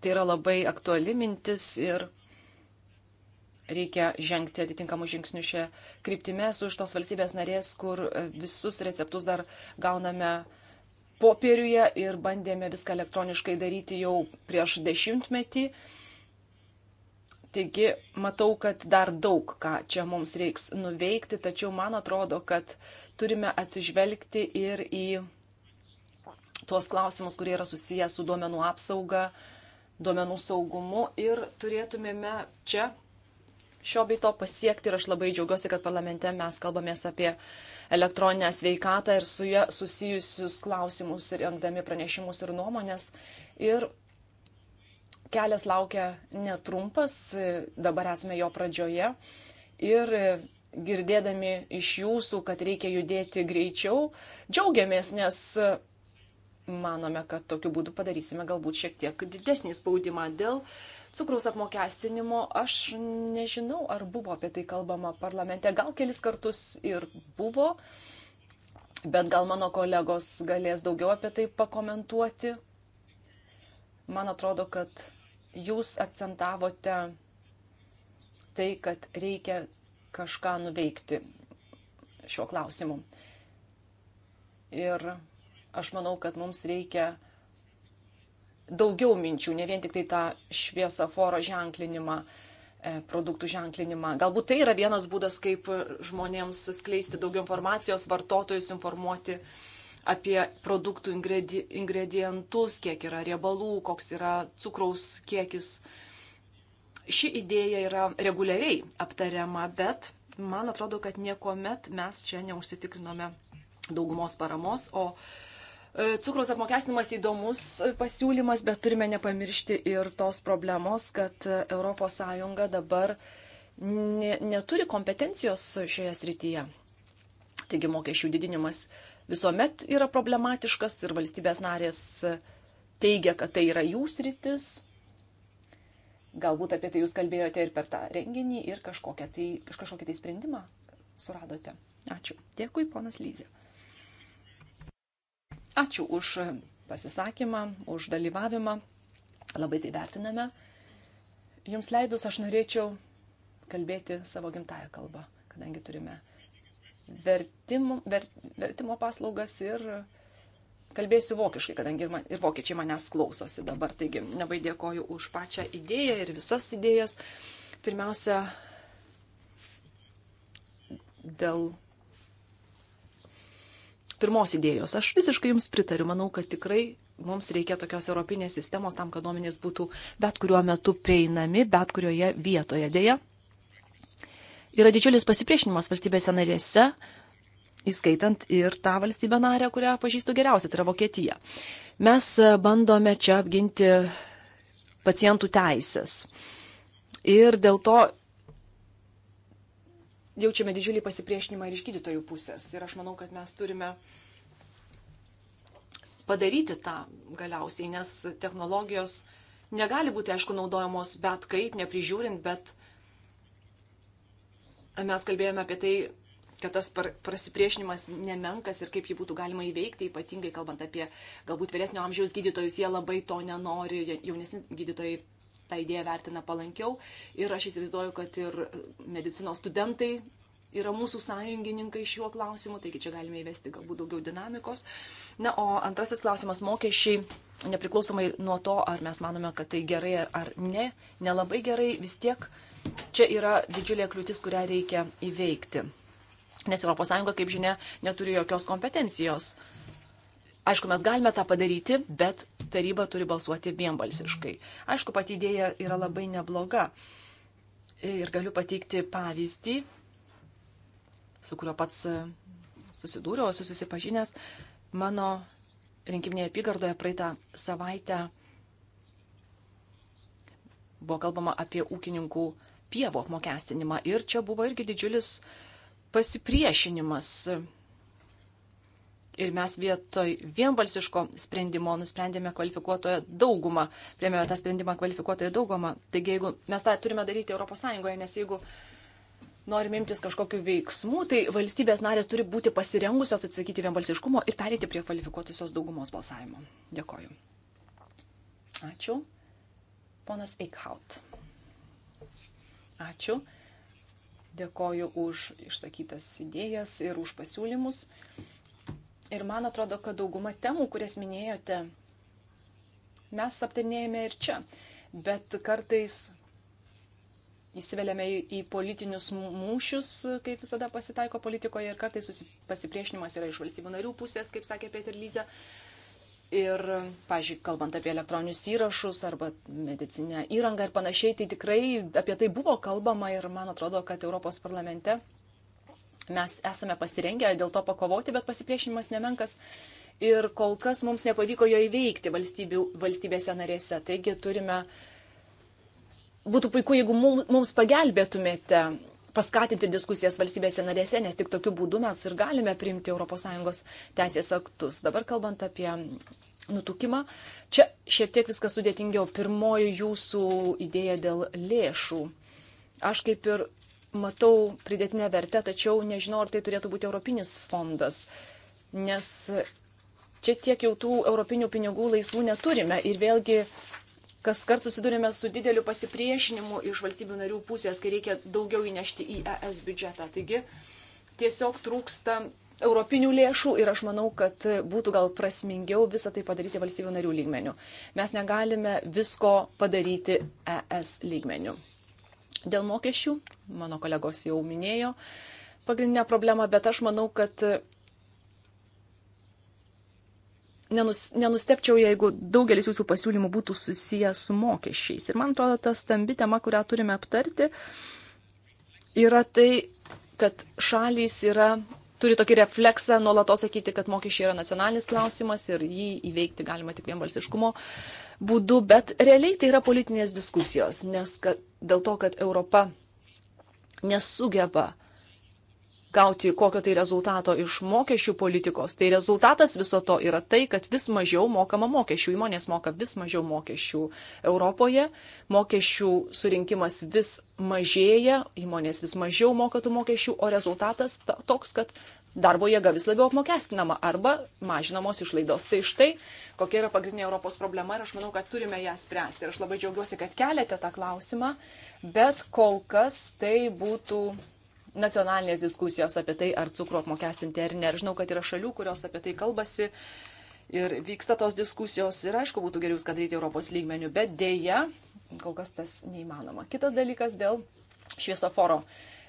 tai yra labai aktuali mintis ir reikia žengti atitinkamų žingsnių šią kryptimę su iš tos valstybės narės, kur visus receptus dar gauname popieriuje ir bandėme viską elektroniškai daryti jau prieš dešimtmetį. Taigi matau, kad dar daug ką čia mums reiks nuveikti, tačiau man atrodo, kad turime atsižvelgti ir į tuos klausimus, kurie yra susiję su duomenų apsauga, duomenų saugumu ir turėtumėme čia šio bei to pasiekti ir aš labai džiaugiuosi, kad parlamente mes kalbamės apie elektroninę sveikatą ir su ją susijusius klausimus ir rengdami pranešimus ir nuomonės. Ir kelias laukia netrumpas, dabar esame jo pradžioje. Ir girdėdami iš jūsų, kad reikia judėti greičiau, džiaugiamės, nes manome, kad tokiu būdu padarysime galbūt šiek tiek didesnį spaudimą dėl uh, cukraus apmokestinimo, aš nežinau, ar buvo apie tai kalbama parlamente. Gal kelis kartus ir buvo, bet gal mano kolegos galės daugiau apie tai pakomentuoti. Man atrodo, kad jūs akcentavote tai, kad reikia kažką nuveikti šiuo klausimu. Ir aš manau, kad mums reikia daugiau minčių, ne vien tik tai tą šviesaforo ženklinimą, e, produktų ženklinimą. Galbūt tai yra vienas būdas, kaip žmonėms skleisti daugiau informacijos, vartotojus informuoti apie produktų ingredi ingredientus, kiek yra riebalų, koks yra cukraus kiekis. Ši idėja yra reguliariai aptariama, bet man atrodo, kad niekuomet mes čia neužsitikrinome daugumos paramos, o uh, E, cukraus apmokestinimas įdomus pasiūlymas, bet turime nepamiršti ir tos problemos, kad ES dabar ne, neturi kompetencijos šioje srityje. Taigi mokesčių didinimas visuomet yra problematiškas ir valstybės narės teigia, kad tai yra jų sritis. Galbūt apie tai jūs kalbėjote ir per tą renginį ir kažkokią tai, kažkokią tai sprendimą suradote. Ačiū. Dėkui, ponas Lyzė. Ačiū už pasisakymą, už dalyvavimą. Labai tai vertiname. Jums leidus aš norėčiau kalbėti savo gimtają kalbą, kadangi turime vertimo, ver, vertimo paslaugas ir kalbėsiu vokiškai, kadangi ir, man, ir vokiečiai manęs klausosi dabar. Taigi, labai dėkoju už pačią idėją ir visas idėjas. Pirmiausia, dėl pirmos idėjos. Aš visiškai jums pritariu. Manau, kad tikrai mums reikia tokios europinės sistemos tam, kad duomenys būtų bet kuriuo metu prieinami, bet kurioje vietoje. Deja, yra didžiulis pasipriešinimas valstybėse narėse, įskaitant ir tą valstybę narę, kurią pažįstu geriausiai, tai yra Vokietija. Mes e, bandome čia apginti pacientų teisės. Ir dėl to jaučiame didžiulį pasipriešinimą ir iš gydytojų pusės. Ir aš manau, kad mes turime padaryti tą galiausiai, nes technologijos negali būti, aišku, naudojamos bet kaip, neprižiūrint, bet mes kalbėjome apie tai, kad tas prasipriešinimas nemenkas ir kaip jį būtų galima įveikti, ypatingai kalbant apie galbūt vyresnio amžiaus gydytojus, jie labai to nenori, jaunesni gydytojai tą idėją vertina palankiau. Ir aš įsivaizduoju, kad ir medicinos studentai yra mūsų sąjungininkai šiuo klausimu, taigi čia galime įvesti galbūt daugiau dinamikos. Na, o antrasis klausimas - mokesčiai. Nepriklausomai nuo to, ar mes manome, kad tai gerai ar ne, nelabai gerai, vis tiek čia yra didžiulė kliūtis, kurią reikia įveikti. Nes ES, kaip žinia, neturi jokios kompetencijos uh, Aišku, mes galime tą padaryti, bet taryba turi balsuoti vienbalsiškai. Aišku, pati idėja yra labai nebloga. Ir galiu pateikti pavyzdį, su kuriuo pats e, susidūriau, esu susipažinęs. Mano rinkiminėje apygardoje praeitą savaitę buvo kalbama apie ūkininkų pievų apmokestinimą. Ir čia buvo irgi didžiulis pasipriešinimas Ir mes vietoj vienbalsiško sprendimo nusprendėme kvalifikuotoje daugumą, priemėme tą sprendimą kvalifikuotoje daugumą. Taigi, jeigu mes tą turime daryti ES, nes jeigu norime imtis kažkokių veiksmų, tai valstybės narės turi būti pasirengusios atsakyti vienbalsiškumo ir perėti prie kvalifikuotusios daugumos balsavimo. Dėkoju. Ačiū. Ponas Eichhaut. Ačiū. Dėkoju už išsakytas idėjas ir už pasiūlymus. Ir man atrodo, kad dauguma temų, kurias minėjote, mes aptarnėjame ir čia. Bet kartais įsiveliame į politinius mūšius, kaip visada pasitaiko politikoje, ir kartais pasipriešinimas yra iš valstybių narių pusės, kaip sakė Peter Lyze. Ir, pažiūrėjau, kalbant apie elektroninius įrašus arba medicinę įrangą ir panašiai, tai tikrai apie tai buvo kalbama ir man atrodo, kad Europos parlamente Mes esame pasirengę dėl to pakovoti, bet pasipriešinimas nemenkas ir kol kas mums nepavyko jo įveikti valstybėse narėse. Taigi turime, būtų puiku, jeigu mums pagelbėtumėte paskatinti diskusijas valstybėse narėse, nes tik tokiu būdu mes ir galime priimti ES teisės aktus. Dabar kalbant apie nutukimą, čia šiek tiek viskas sudėtingiau. Pirmoji jūsų idėja dėl lėšų. Aš kaip ir matau pridėtinę vertę, tačiau nežinau, ar tai turėtų būti Europinis fondas, nes čia tiek jau tų europinių pinigų laisvų neturime ir vėlgi kas kart susidurime su dideliu pasipriešinimu iš valstybių narių pusės, kai reikia daugiau įnešti į ES biudžetą. Taigi tiesiog trūksta europinių lėšų ir aš manau, kad būtų gal prasmingiau visą tai padaryti valstybių narių lygmenių. Mes negalime visko padaryti ES lygmenių dėl mokesčių. Mano kolegos jau minėjo pagrindinę problemą, bet aš manau, kad e, nenus, nenustepčiau, jeigu daugelis jūsų pasiūlymų būtų susiję su mokesčiais. Ir man atrodo, ta stambi tema, kurią turime aptarti, yra tai, kad šalys yra, turi tokį refleksą nuolatos sakyti, kad mokesčiai yra nacionalinis klausimas ir jį įveikti galima tik vienbalsiškumo būdu, bet realiai tai yra politinės diskusijos, nes kad, dėl to, kad Europa nesugeba gauti kokio tai rezultato iš mokesčių politikos. Tai rezultatas viso to yra tai, kad vis mažiau mokama mokesčių. Įmonės moka vis mažiau mokesčių Europoje, mokesčių surinkimas vis mažėja, įmonės vis mažiau moka tų mokesčių, o rezultatas toks, kad darbo jėga vis labiau apmokestinama arba mažinamos išlaidos. Tai štai kokia yra pagrindinė Europos problema ir aš manau, kad turime ją spręsti. Ir aš labai džiaugiuosi, kad keliate tą klausimą, bet kol kas tai būtų nacionalinės diskusijos apie tai, ar cukrų apmokestinti ar ne. Aš žinau, kad yra šalių, kurios apie tai kalbasi ir vyksta tos diskusijos ir aišku būtų geriau viską daryti Europos lygmenių, bet dėja, kol kas tas neįmanoma. Kitas dalykas dėl šviesoforo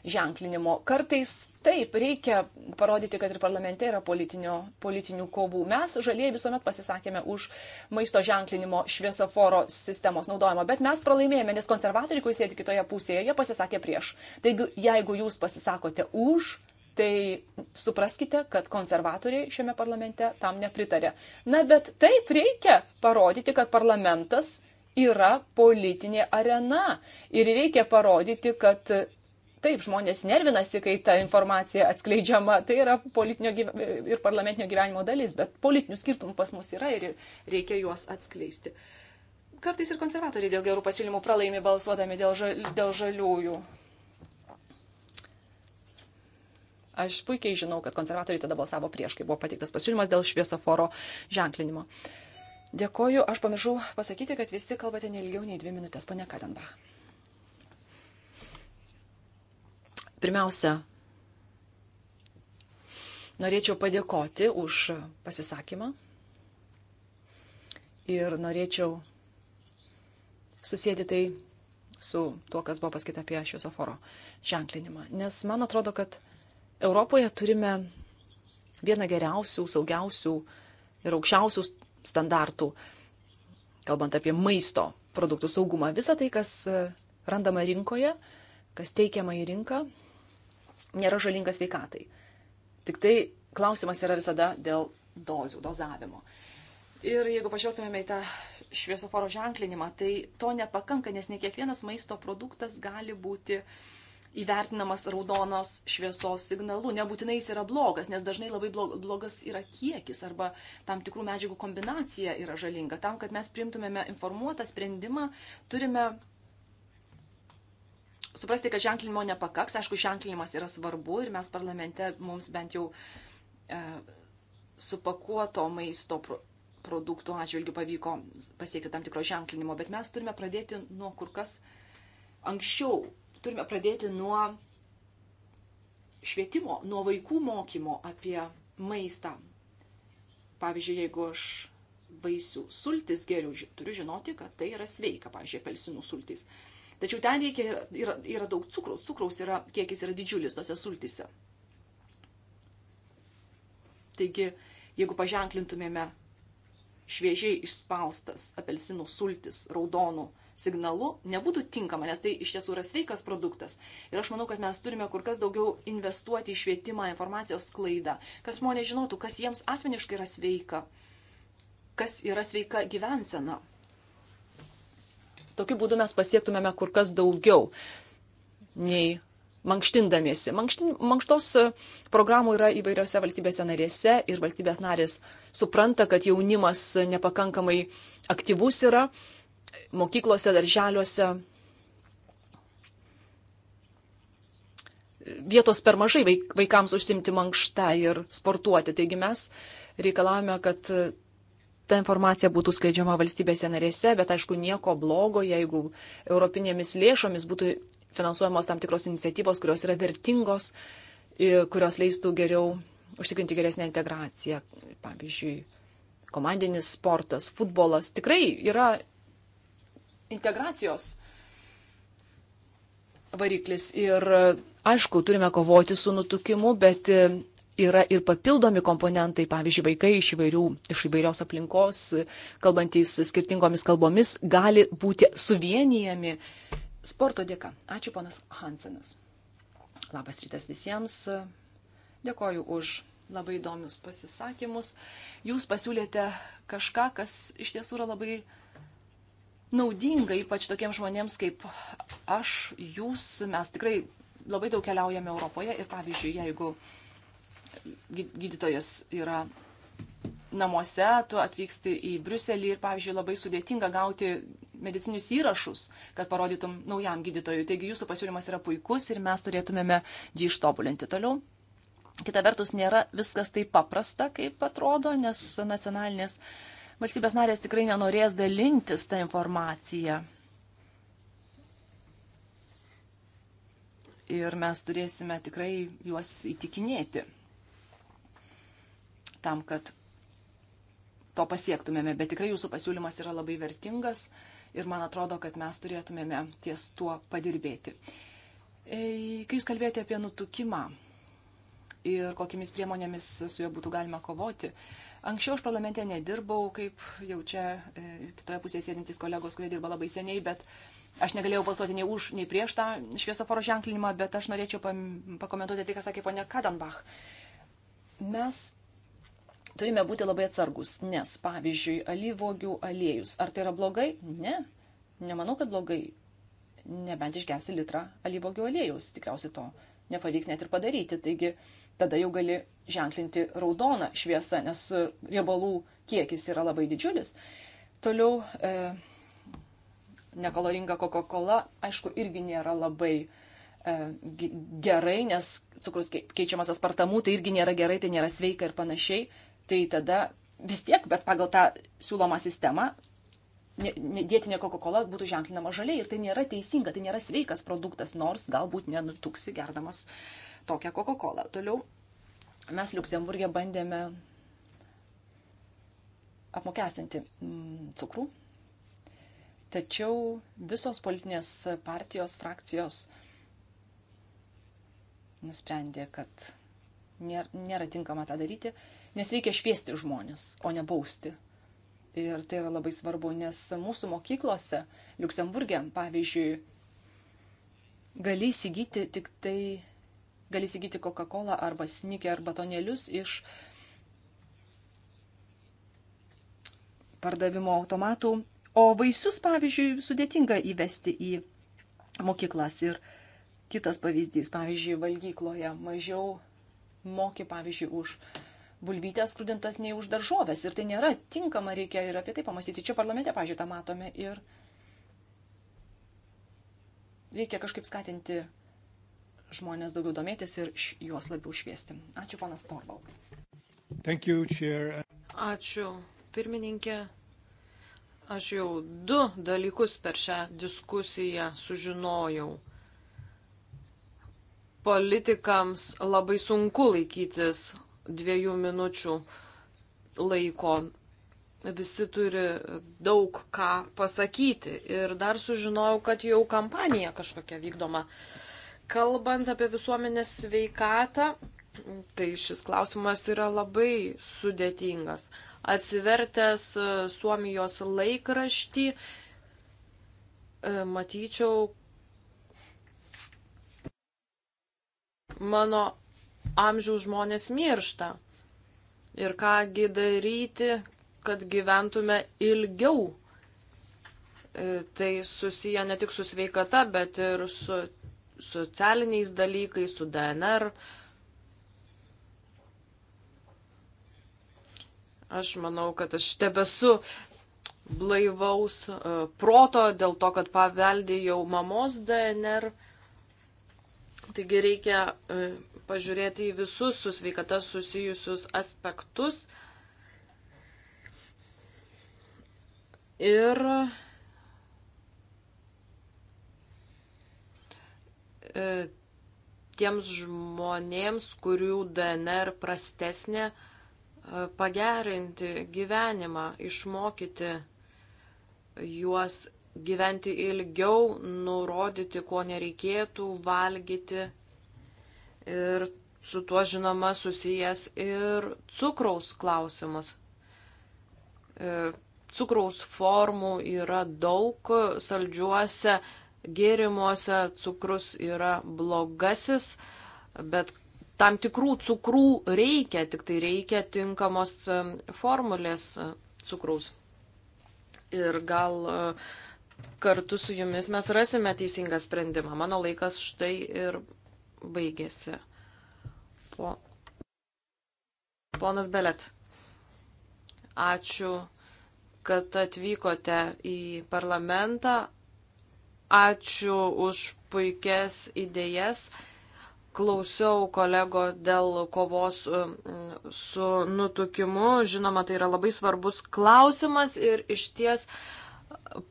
ženklinimo. Kartais taip reikia parodyti, kad ir parlamente yra politinių kovų. Mes žalieji visuomet pasisakėme už maisto ženklinimo šviesoforo sistemos naudojimą, bet mes pralaimėjome, nes konservatoriai, kurie sėdi kitoje pusėje, jie pasisakė prieš. Taigi, jeigu jūs pasisakote už, tai supraskite, kad konservatoriai šiame parlamente tam nepritarė. Na, bet taip reikia parodyti, kad parlamentas yra politinė arena ir reikia parodyti, kad Taip, žmonės nervinasi, kai ta informacija atskleidžiama. Tai yra politinio ir parlamentinio gyvenimo dalis, bet politinių skirtumų pas mus yra ir reikia juos atskleisti. Kartais ir konservatoriai dėl gerų pasiūlymų pralaimi balsuodami dėl, žal, dėl žaliųjų. Aš puikiai žinau, kad konservatoriai tada balsavo prieš, kai buvo pateiktas pasiūlymas dėl šviesoforo ženklinimo. Dėkoju, aš pamiršau pasakyti, kad visi kalbate neilgiau nei dvi minutės, pane Kadenbach. Pirmiausia, norėčiau padėkoti už pasisakymą ir norėčiau susijęti tai su tuo, kas buvo pasakyta apie šviesoforo ženklinimą. Nes man atrodo, kad Europoje turime vieną geriausių, saugiausių ir aukščiausių standartų, kalbant apie maisto produktų saugumą. Visą tai, kas randama rinkoje, kas teikiama į rinką, nėra žalingas veikatai. Tik tai klausimas yra visada dėl dozių, dozavimo. Ir jeigu pažvelgtumėme į tą šviesoforo ženklinimą, tai to nepakanka, nes ne kiekvienas maisto produktas gali būti įvertinamas raudonos šviesos signalu. Nebūtinai jis yra blogas, nes dažnai labai blogas yra kiekis arba tam tikrų medžiagų kombinacija yra žalinga. Tam, kad mes primtumėme informuotą sprendimą, turime suprasti, kad ženklinimo nepakaks. Aišku, ženklinimas yra svarbu ir mes parlamente mums bent jau e, supakuoto maisto pro, produktų atžvilgių pavyko pasiekti tam tikro ženklinimo, bet mes turime pradėti nuo kur kas anksčiau. Turime pradėti nuo švietimo, nuo vaikų mokymo apie maistą. Pavyzdžiui, jeigu aš vaisių sultis geriau turiu žinoti, kad tai yra sveika, pavyzdžiui, pelsinų sultis. Uh, Tačiau ten reikia, yra, yra daug cukraus, cukraus yra, kiekis yra didžiulis tose sultise. Taigi, jeigu paženklintumėme šviežiai išspaustas apelsinų sultis raudonų signalu, nebūtų tinkama, nes tai iš tiesų yra sveikas produktas. Ir aš manau, kad mes turime kur kas daugiau investuoti į švietimą, informacijos sklaidą, kad žmonės žinotų, kas jiems asmeniškai yra sveika, kas yra sveika gyvensena. Tokiu būdu mes pasiektumėme kur kas daugiau nei mankštindamiesi. Mankštin, mankštos e, programų yra įvairiose valstybėse narėse ir valstybės narės supranta, kad jaunimas nepakankamai aktyvus yra mokyklose, darželiuose. Vietos per mažai vaikams užsimti mankštą ir sportuoti. Taigi mes reikalavome, kad ta informacija būtų skleidžiama valstybėse narėse, bet aišku, nieko blogo, jeigu europinėmis lėšomis būtų finansuojamos tam tikros iniciatyvos, kurios yra vertingos, kurios leistų geriau užtikrinti geresnę integraciją. Pavyzdžiui, komandinis sportas, futbolas tikrai yra integracijos variklis. Ir aišku, turime kovoti su nutukimu, bet yra ir papildomi komponentai, pavyzdžiui, vaikai iš, įvairių, iš įvairios aplinkos, kalbantys skirtingomis kalbomis, gali būti suvienijami sporto dėka. Ačiū, ponas Hansenas. Labas rytas visiems. Dėkoju už labai įdomius pasisakymus. Jūs pasiūlėte kažką, kas iš tiesų yra labai naudinga, ypač tokiems žmonėms kaip aš, jūs. Mes tikrai labai daug keliaujame Europoje ir pavyzdžiui, jeigu gydytojas yra namuose, tu atvyksti į Briuselį ir, pavyzdžiui, labai sudėtinga gauti medicinius įrašus, kad parodytum naujam gydytojui. Taigi jūsų pasiūlymas yra puikus ir mes turėtumėme jį ištobulinti toliau. Kita vertus, nėra viskas taip paprasta, kaip atrodo, nes nacionalinės valstybės narės tikrai nenorės dalintis tą informaciją. Ir mes turėsime tikrai juos įtikinėti tam, kad to pasiektumėme. Bet tikrai jūsų pasiūlymas yra labai vertingas ir man atrodo, kad mes turėtumėme ties tuo padirbėti. E, kai jūs kalbėjote apie nutukimą ir kokiamis priemonėmis su juo būtų galima kovoti, anksčiau aš parlamente nedirbau, kaip jau čia e, kitoje pusėje sėdintys kolegos, kurie dirba labai seniai, bet aš negalėjau balsuoti nei už, nei prieš tą šviesoforo ženklinimą, bet aš norėčiau pakomentuoti tai, ką sakė ponia Kadanbach. Mes turime būti labai atsargus, nes, pavyzdžiui, alyvogių aliejus. Ar tai yra blogai? Ne, nemanau, kad blogai. Nebent išgesi litrą alyvogių aliejus, tikriausiai to nepavyks net ir padaryti. Taigi tada jau gali ženklinti raudoną šviesą, nes riebalų kiekis yra labai didžiulis. Toliau e, nekaloringa Coca-Cola, aišku, irgi nėra labai e, gerai, nes cukrus keičiamas aspartamų, tai irgi nėra gerai, tai nėra sveika ir panašiai tai tada vis tiek, bet pagal tą siūlomą sistemą, dietinė Coca-Cola būtų ženklinama žaliai ir tai nėra teisinga, tai nėra sveikas produktas, nors galbūt nenutuksi gerdamas tokią Coca-Cola. Toliau mes Luksemburgė bandėme apmokestinti mm, cukrų, tačiau visos politinės partijos, frakcijos nusprendė, kad nėra tinkama tą daryti nes reikia šviesti žmonės, o ne bausti. Ir tai yra labai svarbu, nes mūsų mokyklose, Luksemburgė, pavyzdžiui, gali įsigyti tik tai, gali įsigyti Coca-Cola arba Snickers arba tonėlius iš pardavimo automatų, o vaisius, pavyzdžiui, sudėtinga įvesti į mokyklas. Ir kitas pavyzdys, pavyzdžiui, valgykloje mažiau moki, pavyzdžiui, už bulvytės skrudintas nei už daržovės. Ir tai nėra tinkama, reikia ir apie tai pamastyti. Čia parlamente, pažiūrėjau, tą matome ir reikia kažkaip skatinti žmonės daugiau domėtis ir juos labiau šviesti. Ačiū, ponas Torvalds. Ačiū, pirmininkė. Aš jau du dalykus per šią diskusiją sužinojau. Politikams labai sunku laikytis dviejų minučių laiko. Visi turi daug ką pasakyti. Ir dar sužinojau, kad jau kampanija kažkokia vykdoma. Kalbant apie visuomenės sveikatą, tai šis klausimas yra labai sudėtingas. Atsivertęs e, Suomijos laikraštį, e, matyčiau mano amžiaus žmonės miršta. Ir kągi daryti, kad gyventume ilgiau. E, tai susiję ne tik su sveikata, bet ir su socialiniais dalykais, su DNR. Aš manau, kad aš tebesu blaivaus e, proto dėl to, kad paveldėjau mamos DNR. Taigi reikia e, pažiūrėti į visus su sveikata susijusius aspektus. Ir e, tiems žmonėms, kurių DNR prastesnė, e, pagerinti gyvenimą, išmokyti juos gyventi ilgiau, nurodyti, ko nereikėtų valgyti Ir su tuo žinoma susijęs ir cukraus klausimas. E, cukraus formų yra daug saldžiuose gėrimuose, cukrus yra blogasis, bet tam tikrų cukrų reikia, tik tai reikia tinkamos e, formulės e, cukraus. Ir gal kartu su jumis mes rasime teisingą sprendimą. Mano laikas štai ir baigėsi. Po... Ponas Belet, ačiū, kad atvykote į parlamentą. Ačiū už puikias idėjas. Klausiau kolego dėl kovos mm, su nutukimu. Žinoma, tai yra labai svarbus klausimas ir iš ties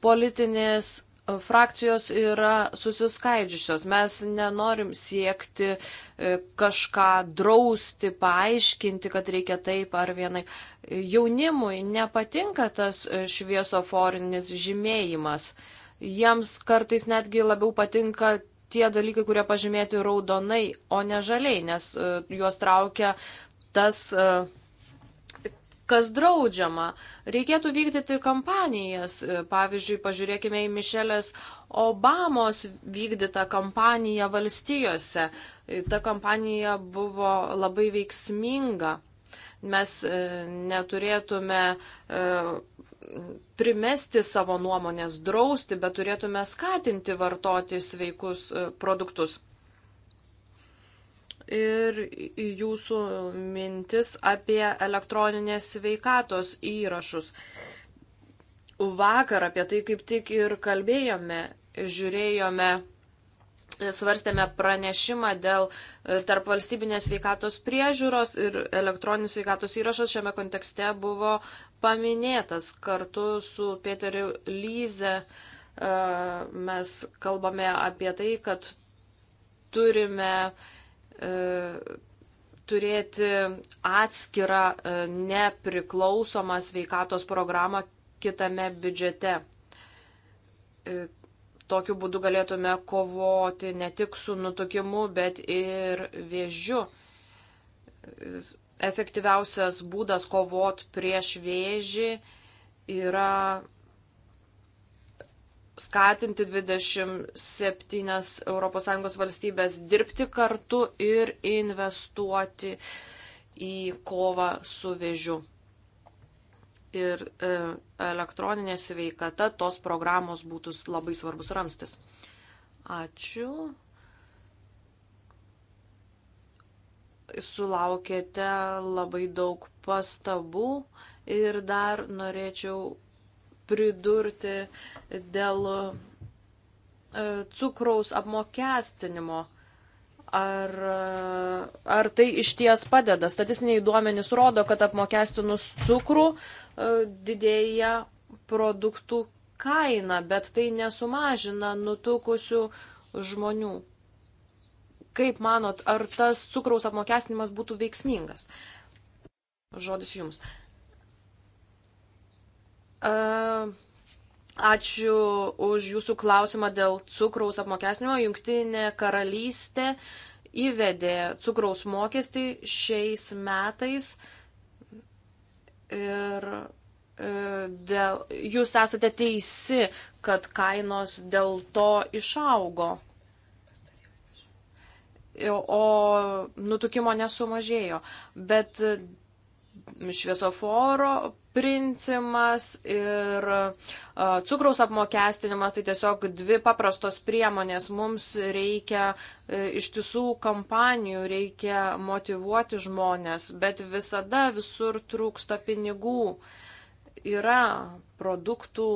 politinės frakcijos yra susiskaidžiusios. Mes nenorim siekti e, kažką drausti, paaiškinti, kad reikia taip ar vienai. Jaunimui nepatinka tas e, šviesoforinis žymėjimas. Jiems kartais netgi labiau patinka tie dalykai, kurie pažymėti raudonai, o ne žaliai, nes e, juos traukia tas uh, kas draudžiama. Reikėtų vykdyti kampanijas. E, pavyzdžiui, pažiūrėkime į Mišelės Obamos vykdytą kampaniją valstijose. E, ta kampanija buvo labai veiksminga. Mes e, neturėtume primesti savo nuomonės, drausti, bet turėtume skatinti vartoti sveikus produktus ir jūsų mintis apie elektroninės sveikatos įrašus. Vakar apie tai kaip tik ir kalbėjome, žiūrėjome, svarstėme pranešimą dėl e, tarp valstybinės sveikatos priežiūros ir elektroninis sveikatos įrašas šiame kontekste buvo paminėtas kartu su Pieteriu Lyze. E, mes kalbame apie tai, kad turime uh, E, turėti atskirą e, nepriklausomą sveikatos programą kitame biudžete. E, tokiu būdu galėtume kovoti ne tik su nutukimu, bet ir vėžiu. Efektyviausias būdas kovot prieš vėžį yra skatinti 27 ES valstybės dirbti kartu ir investuoti į kovą su vėžiu. Ir e, elektroninė sveikata tos programos būtų labai svarbus ramstis. Ačiū. Sulaukėte labai daug pastabų ir dar norėčiau pridurti dėl e, cukraus apmokestinimo. Ar, e, ar tai iš ties padeda? Statistiniai duomenys rodo, kad apmokestinus cukrų e, didėja produktų kaina, bet tai nesumažina nutukusių žmonių. Kaip manot, ar tas cukraus apmokestinimas būtų veiksmingas? Žodis jums. Ačiū už jūsų klausimą dėl cukraus apmokesnimo. Junktinė karalystė įvedė cukraus mokestį šiais metais. Ir e, dėl, jūs esate teisi, kad kainos dėl to išaugo. O nutukimo nesumažėjo. Bet šviesoforo princimas ir cukraus apmokestinimas, tai tiesiog dvi paprastos priemonės. Mums reikia e, iš tiesų kampanijų, reikia motivuoti žmonės, bet visada visur trūksta pinigų. Yra produktų,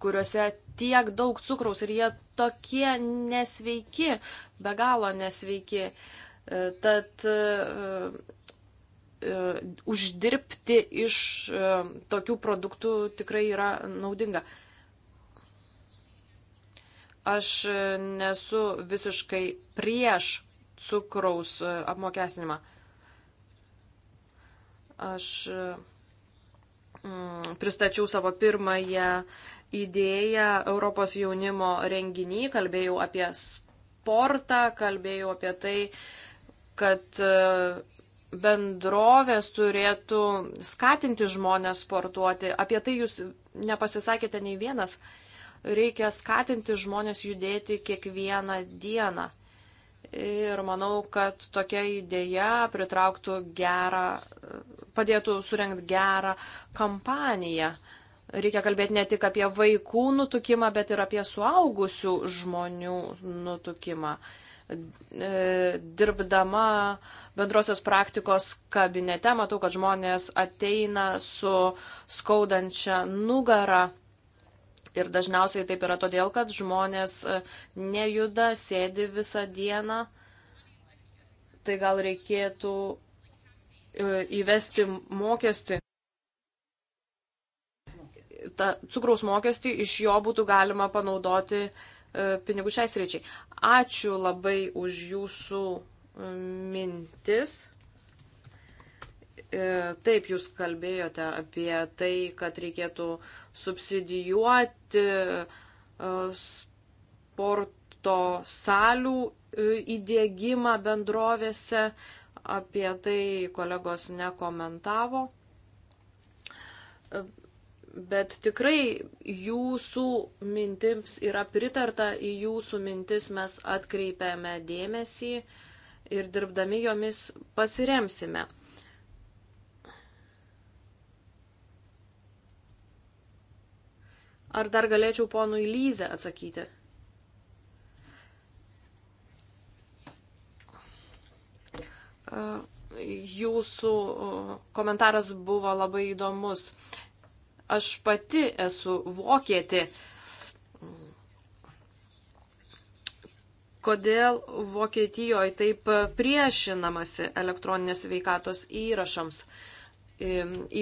kuriuose tiek daug cukraus ir jie tokie nesveiki, be galo nesveiki. E, tad e, E, uždirbti iš e, tokių produktų tikrai yra naudinga. Aš nesu visiškai prieš cukraus e, apmokestinimą. Aš mm, pristačiau savo pirmąją idėją Europos jaunimo renginį, kalbėjau apie sportą, kalbėjau apie tai, kad bendrovės turėtų skatinti žmonės sportuoti. Apie tai jūs nepasisakėte nei vienas. Reikia skatinti žmonės judėti kiekvieną dieną. Ir manau, kad tokia idėja pritrauktų gerą, padėtų surenkti gerą kampaniją. Reikia kalbėti ne tik apie vaikų nutukimą, bet ir apie suaugusių žmonių nutukimą. Uh, E, dirbdama bendrosios praktikos kabinete, matau, kad žmonės ateina su skaudančia nugara. Ir dažniausiai taip yra todėl, kad žmonės e, nejuda, sėdi visą dieną. Tai gal reikėtų e, įvesti mokestį. Ta cukraus mokestį iš jo būtų galima panaudoti uh, E, pinigų šiais reičiai. Ačiū labai už jūsų e, mintis. E, taip, jūs kalbėjote apie tai, kad reikėtų subsidijuoti sporto salių įdėgymą bendrovėse. Apie tai kolegos nekomentavo bet tikrai jūsų mintims yra pritarta, į jūsų mintis mes atkreipiame dėmesį ir dirbdami jomis pasiremsime. Ar dar galėčiau ponui Lyze atsakyti? Jūsų komentaras buvo labai įdomus Aš pati esu vokietė. Kodėl Vokietijoje taip priešinamasi elektroninės veikatos įrašams,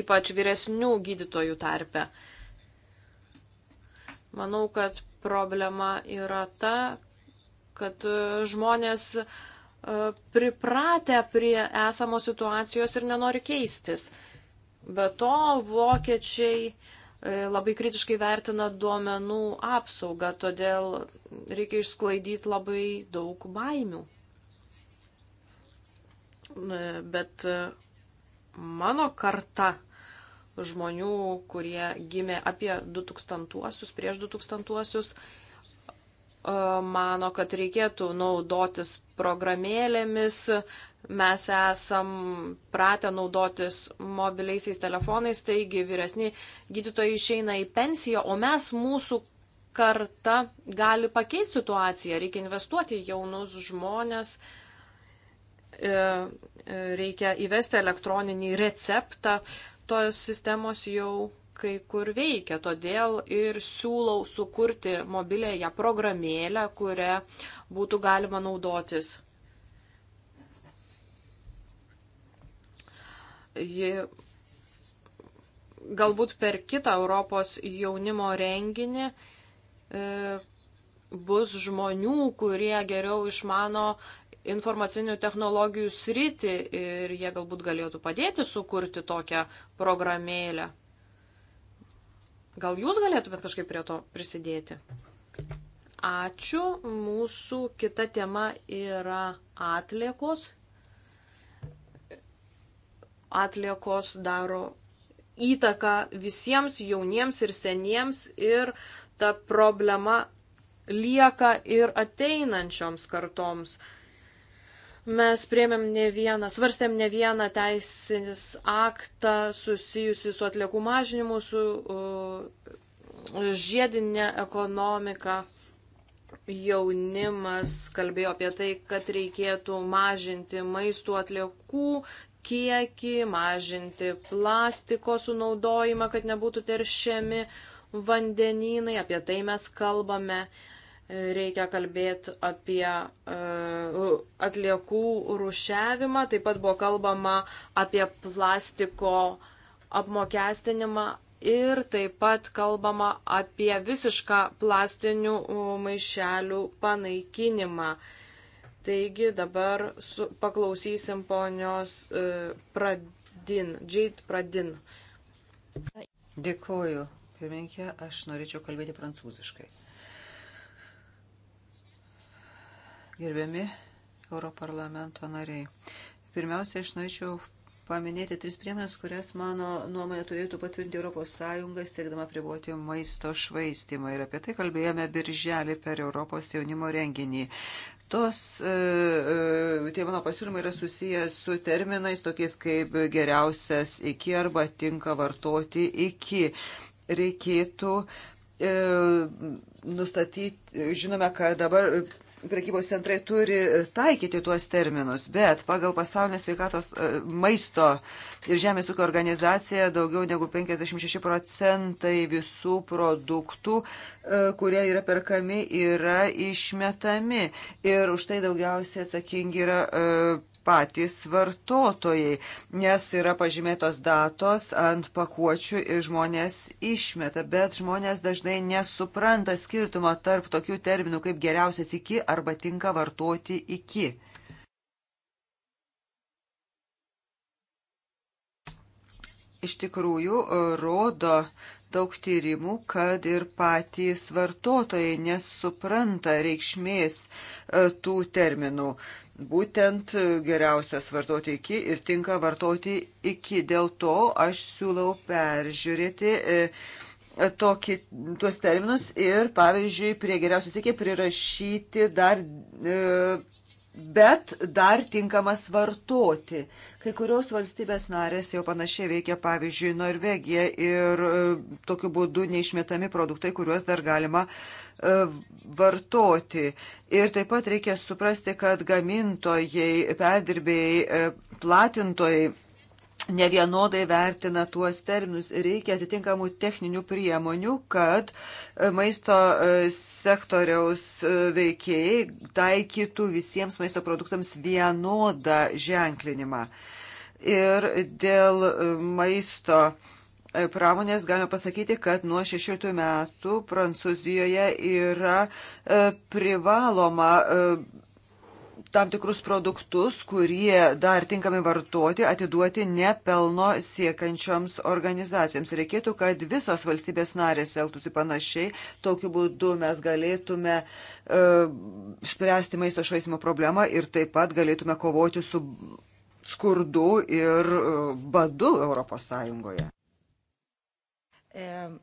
ypač vyresnių gydytojų tarpe? Manau, kad problema yra ta, kad žmonės e, pripratę prie esamos situacijos ir nenori keistis. Be to, vokiečiai e, labai kritiškai vertina duomenų apsaugą, todėl reikia išsklaidyti labai daug baimių. E, bet e, mano karta žmonių, kurie gimė apie 2000-uosius, prieš 2000-uosius, mano, kad reikėtų naudotis programėlėmis, mes esam pratę naudotis mobiliaisiais telefonais, taigi vyresni gydytojai išeina į pensiją, o mes mūsų karta gali pakeisti situaciją. Reikia investuoti į jaunus žmonės, e, e, reikia įvesti elektroninį receptą. Tos sistemos jau kai kur veikia, todėl ir siūlau sukurti mobilėje programėlę, kurią būtų galima naudotis ji galbūt per kitą Europos jaunimo renginį e, bus žmonių, kurie geriau išmano informacinių technologijų sritį ir jie galbūt galėtų padėti sukurti tokią programėlę. Gal jūs galėtumėt kažkaip prie to prisidėti? Ačiū. Mūsų kita tema yra atliekos atliekos daro įtaką visiems jauniems ir seniems ir ta problema lieka ir ateinančioms kartoms. Mes priemėm ne vieną, svarstėm ne vieną teisinis aktą susijusi su atliekų mažinimu, su uh, žiedinė ekonomika. Jaunimas kalbėjo apie tai, kad reikėtų mažinti maistų atliekų kiekį, mažinti plastiko sunaudojimą, kad nebūtų teršiami vandenynai. Apie tai mes kalbame. Reikia kalbėti apie e, atliekų rušiavimą. Taip pat buvo kalbama apie plastiko apmokestinimą ir taip pat kalbama apie visišką plastinių maišelių panaikinimą. Taigi dabar su, paklausysim ponios uh, Pradin, Džeit Pradin. Dėkoju. Pirminkė, aš norėčiau kalbėti prancūziškai. Gerbiami Europarlamento nariai. Pirmiausia, aš norėčiau paminėti tris priemonės, kurias mano nuomonė turėtų patvirtinti ES, siekdama priboti maisto švaistimą. Ir apie tai kalbėjome birželį per Europos jaunimo renginį. Tos, e, e, tie mano pasiūlymai yra susiję su terminais tokiais kaip geriausias iki arba tinka vartoti iki. Reikėtų e, nustatyti, žinome, kad dabar prekybos centrai turi taikyti tuos terminus, bet pagal pasaulinės sveikatos e, maisto ir žemės ūkio organizaciją daugiau negu 56 procentai visų produktų, e, kurie yra perkami, yra išmetami. Ir už tai daugiausiai atsakingi yra e, patys vartotojai, nes yra pažymėtos datos ant pakuočių ir žmonės išmeta, bet žmonės dažnai nesupranta skirtumo tarp tokių terminų kaip geriausias iki arba tinka vartoti iki. Iš tikrųjų, rodo daug tyrimų, kad ir patys vartotojai nesupranta reikšmės e, tų terminų būtent geriausias vartoti iki ir tinka vartoti iki. Dėl to aš siūlau peržiūrėti e, tokį, tuos terminus ir, pavyzdžiui, prie geriausios iki prirašyti dar e, bet dar tinkamas vartoti. Kai kurios valstybės narės jau panašiai veikia, pavyzdžiui, Norvegija ir e, tokiu būdu neišmetami produktai, kuriuos dar galima e, vartoti. Ir taip pat reikia suprasti, kad gamintojai, perdirbėjai, e, platintojai nevienodai vertina tuos terminus. Reikia atitinkamų techninių priemonių, kad e, maisto e, sektoriaus e, veikėjai taikytų visiems maisto produktams vienodą ženklinimą. Ir dėl maisto pramonės galime pasakyti, kad nuo 16 metų Prancūzijoje yra privaloma tam tikrus produktus, kurie dar tinkami vartoti, atiduoti nepelno siekančioms organizacijoms. Reikėtų, kad visos valstybės narės elgtųsi panašiai. Tokiu būdu mes galėtume uh, spręsti maisto švaistimo problemą ir taip pat galėtume kovoti su skurdu ir uh, badu Europos Sąjungoje. Um,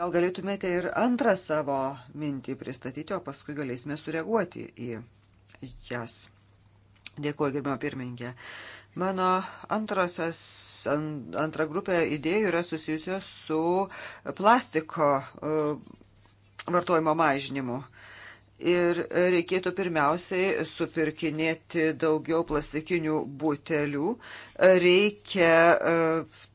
Gal galėtumėte ir antrą savo mintį pristatyti, o paskui galėsime sureaguoti į jas. Dėkuoju, gerbimo pirmininkė. Mano antrosios, antra grupė idėjų yra susijusios su plastiko uh, vartojimo mažinimu ir reikėtų pirmiausiai supirkinėti daugiau plastikinių butelių. Reikia e,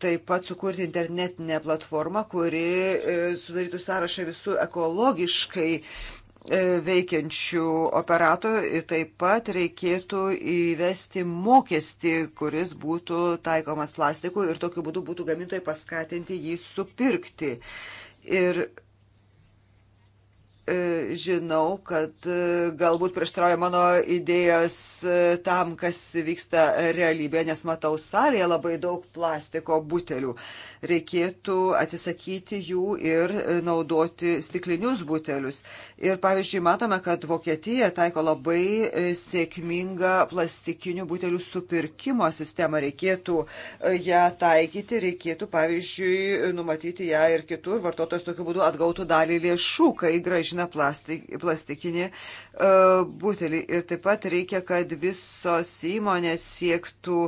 taip pat sukurti internetinę platformą, kuri e, sudarytų sąrašą visų ekologiškai e, veikiančių operatorių ir taip pat reikėtų įvesti mokestį, kuris būtų taikomas plastikui ir tokiu būdu būtų gamintojai paskatinti jį supirkti. Ir E, žinau, kad e, galbūt prieštrauja mano idėjos e, tam, kas vyksta realybėje, nes matau salėje labai daug plastiko butelių reikėtų atsisakyti jų ir e, naudoti stiklinius butelius. Ir pavyzdžiui, matome, kad Vokietija taiko labai e, sėkmingą plastikinių butelių supirkimo sistemą. Reikėtų e, ją taikyti, reikėtų, pavyzdžiui, numatyti ją ir kitur. Vartotojas tokiu būdu atgautų dalį lėšų, kai gražina plastik, plastikinį uh, butelį. Ir taip pat reikia, kad visos įmonės siektų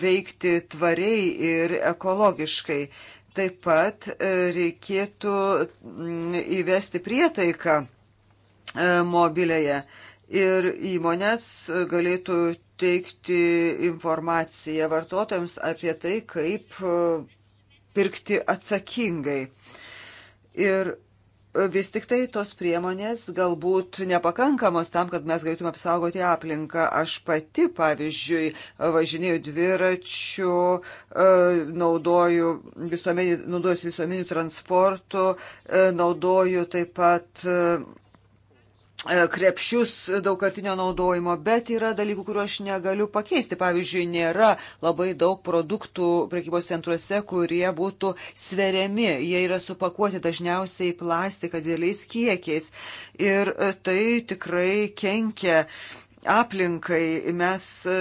veikti tvariai ir ekologiškai teisiškai. Taip pat e, reikėtų mm, įvesti prietaiką e, mobilėje ir įmonės galėtų teikti informaciją vartotojams apie tai, kaip e, pirkti atsakingai. Ir vis tik tai tos priemonės galbūt nepakankamos tam, kad mes galėtume apsaugoti aplinką. Aš pati, pavyzdžiui, važinėjau dviračiu, e, naudoju visuomenį, naudoju visuomeniniu transportu, e, naudoju taip pat e, E, krepšius daugkartinio naudojimo, bet yra dalykų, kuriuo aš negaliu pakeisti. Pavyzdžiui, nėra labai daug produktų prekybos centruose, kurie būtų sveriami. Jie yra supakuoti dažniausiai plastiką dideliais kiekiais. Ir e, tai tikrai kenkia aplinkai. Mes e,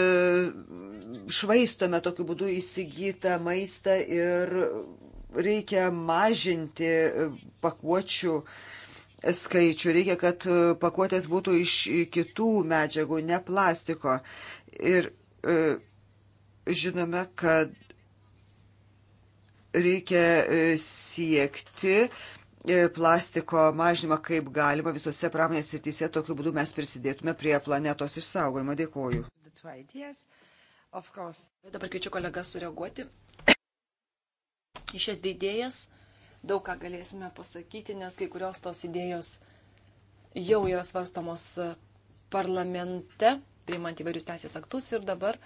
švaistome tokiu būdu įsigytą maistą ir reikia mažinti pakuočių uh, skaičių. Reikia, kad e, pakuotės būtų iš kitų medžiagų, ne plastiko. Ir e, žinome, kad reikia e, siekti plastiko mažinimą kaip galima visose pramonės srityse. Tokiu būdu mes prisidėtume prie planetos išsaugojimo. Dėkuoju. Dabar kviečiu kolegas sureaguoti į šias dvi idėjas daug ką galėsime pasakyti, nes kai kurios tos idėjos jau yra svarstomos parlamente, priimant įvairius teisės aktus ir dabar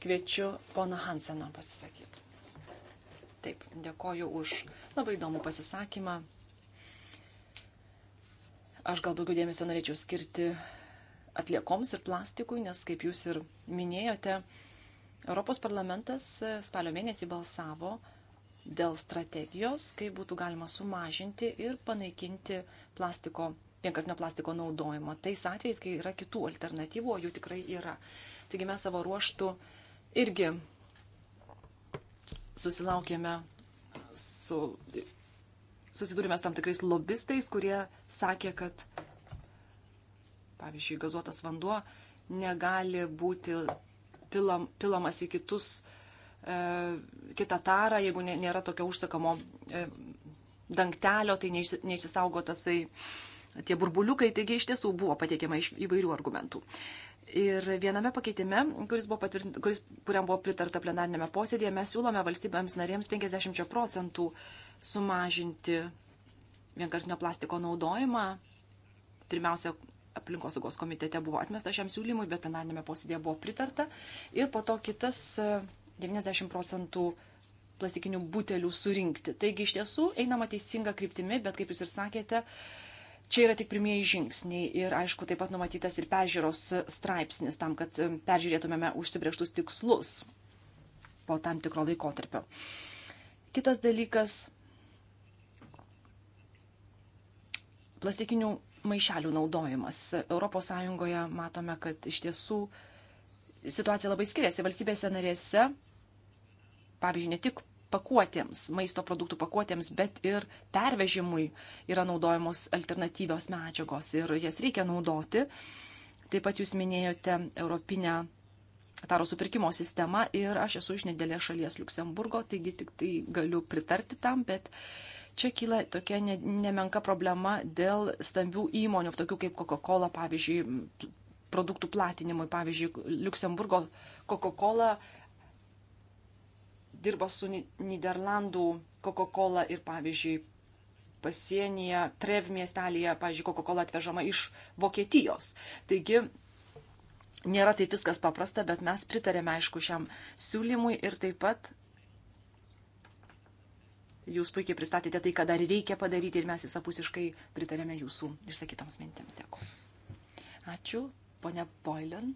kviečiu poną Hanseną pasisakyti. Taip, dėkoju už labai įdomų pasisakymą. Aš gal daugiau dėmesio norėčiau skirti atliekoms ir plastikui, nes kaip jūs ir minėjote, Europos parlamentas spalio mėnesį balsavo dėl strategijos, kaip būtų galima sumažinti ir panaikinti plastiko, vienkartinio plastiko naudojimą. Tais atvejais, kai yra kitų alternatyvų, o jų tikrai yra. Taigi mes savo ruoštų irgi susilaukėme su. Susidūrėme su tam tikrais lobistais, kurie sakė, kad, pavyzdžiui, gazuotas vanduo negali būti pilam, pilamas į kitus E, kitą tarą, jeigu nėra tokio užsakamo e, dangtelio, tai neišsisaugo tasai tie burbuliukai, taigi iš tiesų buvo pateikiama iš įvairių argumentų. Ir viename pakeitime, kuris buvo kuris, kuriam buvo pritarta plenarinėme posėdėje, mes siūlome valstybėms narėms 50 procentų sumažinti vienkartinio plastiko naudojimą. Pirmiausia, aplinkosaugos komitete buvo atmesta šiam siūlymui, bet plenarinėme posėdėje buvo pritarta. Ir po to kitas 90 procentų plastikinių butelių surinkti. Taigi iš tiesų einama teisinga kryptimi, bet kaip jūs ir sakėte, čia yra tik pirmieji žingsniai ir aišku taip pat numatytas ir peržiūros straipsnis tam, kad e, peržiūrėtumėme užsibrieštus tikslus po tam tikro laikotarpio. Kitas dalykas - plastikinių maišelių naudojimas. ES matome, kad iš tiesų situacija labai skiriasi. Valstybėse narėse pavyzdžiui, ne tik pakuotėms, maisto produktų pakuotėms, bet ir pervežimui yra naudojamos alternatyvios medžiagos ir jas reikia naudoti. Taip pat jūs minėjote Europinę taro supirkimo sistemą ir aš esu iš nedėlės šalies Luksemburgo, taigi tik tai galiu pritarti tam, bet čia kyla tokia ne, nemenka problema dėl stambių įmonių, tokių kaip Coca-Cola, pavyzdžiui, produktų platinimui, pavyzdžiui, Luksemburgo Coca-Cola dirba su Niderlandų Coca-Cola ir, pavyzdžiui, pasienyje, Trev miestelėje, pavyzdžiui, Coca-Cola atvežama iš Vokietijos. Taigi, nėra taip viskas paprasta, bet mes pritarėme, aišku, šiam siūlymui ir taip pat jūs puikiai pristatėte tai, ką dar reikia padaryti ir mes visapusiškai pritarėme jūsų išsakytoms mintims. Dėkuoju. Ačiū, ponia Boilen.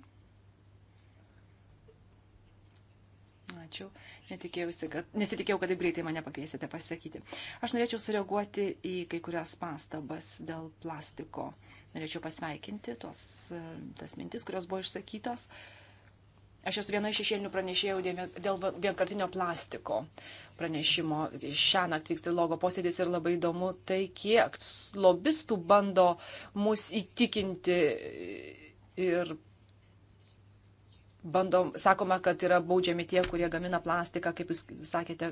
Ačiū. Netikėjausi, kad, nesitikėjau, kad taip greitai mane pakviesite pasakyti. Aš norėčiau sureaguoti į kai kurias pastabas dėl plastiko. Norėčiau pasveikinti tos, e, tas mintis, kurios buvo išsakytos. Aš esu viena iš šešėlinių pranešėjų dėl vienkartinio plastiko pranešimo. Šią naktį vyksta logo posėdis ir labai įdomu tai, kiek lobistų bando mus įtikinti ir bandom, sakoma, kad yra baudžiami tie, kurie gamina plastiką, kaip jūs sakėte,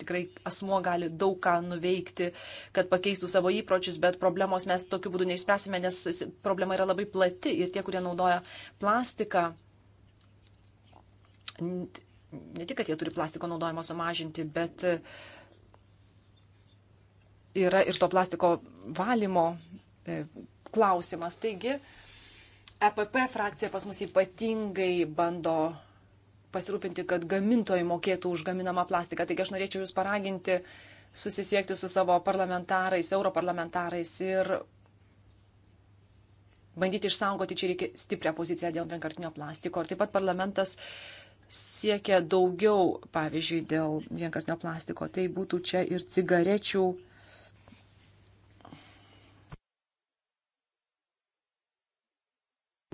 tikrai asmuo gali daug ką nuveikti, kad pakeistų savo įpročius, bet problemos mes tokiu būdu neišspręsime, nes problema yra labai plati ir tie, kurie naudoja plastiką, ne tik, kad jie turi plastiko naudojimo sumažinti, bet e, yra ir to plastiko valymo e, klausimas. Taigi, EPP frakcija pas mus ypatingai bando pasirūpinti, kad gamintojai mokėtų už gaminamą plastiką. Taigi aš norėčiau Jūs paraginti susisiekti su savo parlamentarais, europarlamentarais ir bandyti išsaugoti čia reikia stiprią poziciją dėl vienkartinio plastiko. Ir taip pat parlamentas siekia daugiau, pavyzdžiui, dėl vienkartinio plastiko. Tai būtų čia ir cigarečių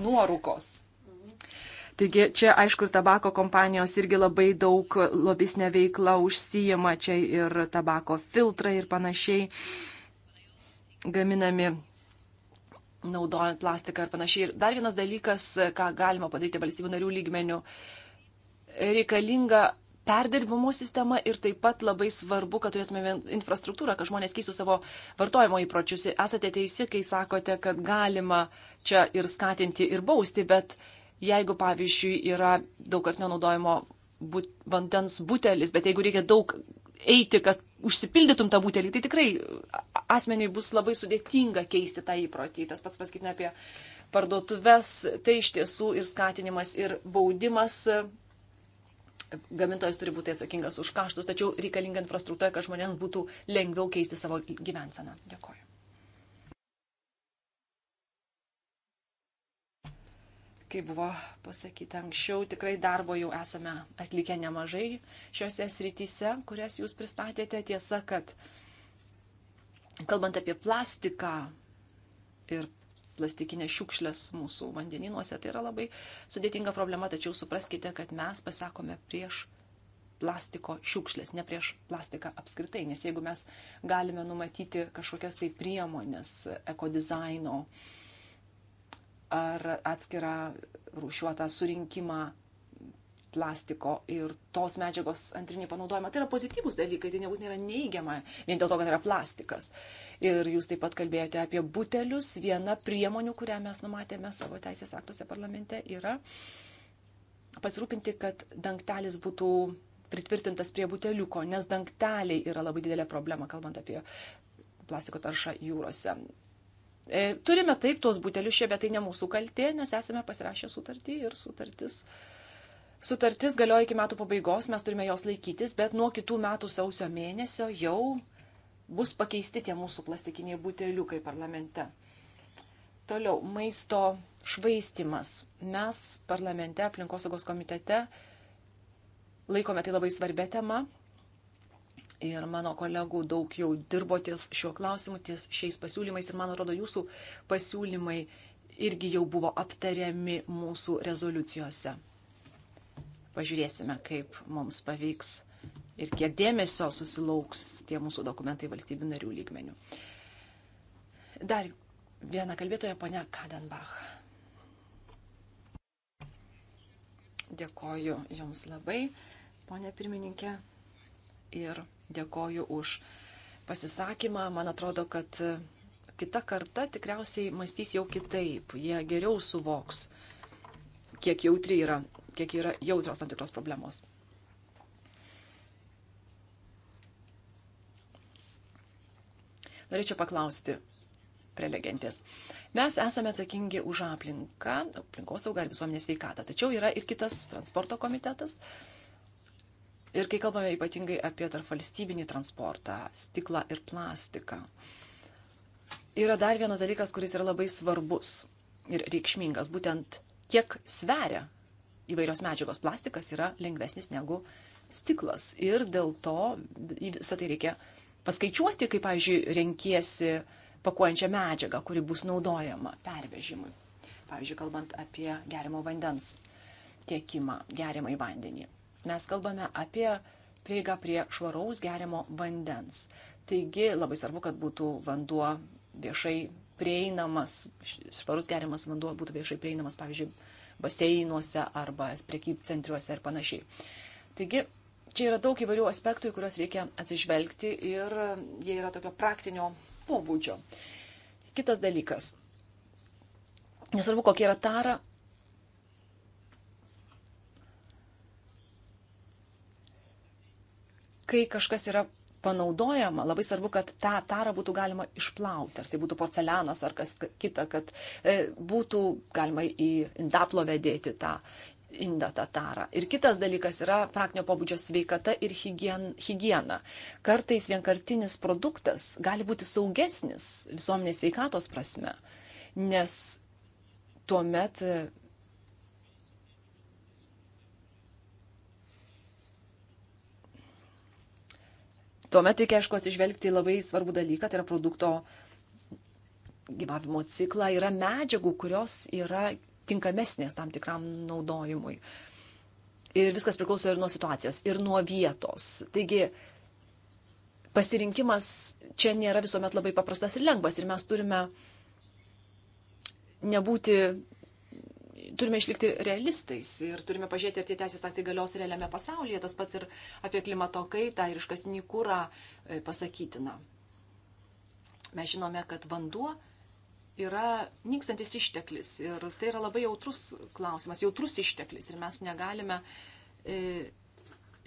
nuorūkos. Taigi čia, aišku, ir tabako kompanijos irgi labai daug lobisne veikla užsijima, čia ir tabako filtrai ir panašiai gaminami naudojant plastiką ir panašiai. Ir dar vienas dalykas, ką galima padaryti valstybių narių lygmenių, reikalinga perdirbimo sistema ir taip pat labai svarbu, kad turėtume infrastruktūrą, kad žmonės keistų savo vartojimo įpročius. Esate teisi, kai sakote, kad galima čia ir skatinti, ir bausti, bet jeigu, pavyzdžiui, yra daugkartinio naudojimo but, vandens butelis, bet jeigu reikia daug eiti, kad užsipildytum tą butelį, tai tikrai asmeniui bus labai sudėtinga keisti tą įprotį. Tas pats pasakytina apie parduotuves, tai iš tiesų ir skatinimas, ir baudimas gamintojas turi būti atsakingas už kaštus, tačiau reikalinga infrastruktūra, kad žmonėms būtų lengviau keisti savo gyvenseną. Dėkoju. Kaip buvo pasakyta anksčiau, tikrai darbo jau esame atlikę nemažai šiuose srityse, kurias jūs pristatėte. Tiesa, kad kalbant apie plastiką ir plastikinės šiukšlės mūsų vandeninuose. Tai yra labai sudėtinga problema, tačiau supraskite, kad mes pasakome prieš plastiko šiukšlės, ne prieš plastiką apskritai, nes jeigu mes galime numatyti kažkokias tai priemonės ekodizaino ar atskirą rūšiuotą surinkimą plastiko ir tos medžiagos antrinį panaudojimą. Tai yra pozityvus dalykai, tai nebūtinai yra neigiama vien dėl to, kad yra plastikas. Ir jūs taip pat kalbėjote apie butelius. Viena priemonių, kurią mes numatėme savo teisės aktuose parlamente, yra pasirūpinti, kad dangtelis būtų pritvirtintas prie buteliuko, nes dangteliai yra labai didelė problema, kalbant apie plastiko taršą jūrose. E, turime taip tuos butelius čia, bet tai ne mūsų kaltė, nes esame pasirašę sutartį ir sutartis. Sutartis galioja iki metų pabaigos, mes turime jos laikytis, bet nuo kitų metų sausio mėnesio jau bus pakeisti tie mūsų plastikiniai buteliukai parlamente. Toliau, maisto švaistimas. Mes parlamente, aplinkosaugos komitete laikome tai labai svarbia tema. Ir mano kolegų daug jau dirbo ties šiuo klausimu, ties šiais pasiūlymais. Ir man atrodo, jūsų pasiūlymai irgi jau buvo aptariami mūsų rezoliucijose. Pažiūrėsime, kaip mums pavyks ir kiek dėmesio susilauks tie mūsų dokumentai valstybių narių lygmenių. Dar viena kalbėtoja, ponia Kadenbach. Dėkoju Jums labai, ponia pirmininkė, ir dėkoju už pasisakymą. Man atrodo, kad kita karta tikriausiai mąstys jau kitaip. Jie geriau suvoks, kiek jautri yra, kiek yra jautros tam tikros problemos. norėčiau paklausti prelegentės. Mes esame atsakingi už aplinką, aplinkosaugą ir visuomenės veikatą, tačiau yra ir kitas transporto komitetas. Ir kai kalbame ypatingai apie tarpvalstybinį transportą, stiklą ir plastiką, yra dar vienas dalykas, kuris yra labai svarbus ir reikšmingas, būtent kiek sveria įvairios medžiagos. Plastikas yra lengvesnis negu stiklas ir dėl to visą tai reikia paskaičiuoti, kaip, pavyzdžiui, renkiesi pakuojančią medžiagą, kuri bus naudojama pervežimui. Pavyzdžiui, kalbant apie gerimo vandens tiekimą, geriamą į vandenį. Mes kalbame apie prieigą prie švaraus gerimo vandens. Taigi labai svarbu, kad būtų vanduo viešai prieinamas, švarus geriamas vanduo būtų viešai prieinamas, pavyzdžiui, baseinuose arba prekybcentriuose ir panašiai. Taigi Čia yra daug įvairių aspektų, į kuriuos reikia atsižvelgti ir jie yra tokio praktinio pobūdžio. Kitas dalykas. Nesvarbu, kokia yra tara. Kai kažkas yra panaudojama, labai svarbu, kad tą tarą būtų galima išplauti, ar tai būtų porcelianas ar kas kita, kad e, būtų galima į indaplovę dėti tą indą tą tarą. Ir kitas dalykas yra praktinio pobūdžio sveikata ir higien, higiena. Kartais vienkartinis produktas gali būti saugesnis visuomenės sveikatos prasme, nes tuomet Tuomet reikia, aišku, atsižvelgti labai svarbų dalyką, tai yra produkto gyvavimo ciklą, yra medžiagų, kurios yra tinkamesnės tam tikram naudojimui. Ir viskas priklauso ir nuo situacijos, ir nuo vietos. Taigi pasirinkimas čia nėra visuomet labai paprastas ir lengvas. Ir mes turime nebūti, turime išlikti realistais ir turime pažiūrėti, ar tie teisės aktai galios realiame pasaulyje. Tas pats ir apie klimato kaitą ir iškasinį kūrą e, pasakytina. Mes žinome, kad vanduo yra nykstantis išteklis ir tai yra labai jautrus klausimas, jautrus išteklis ir mes negalime e,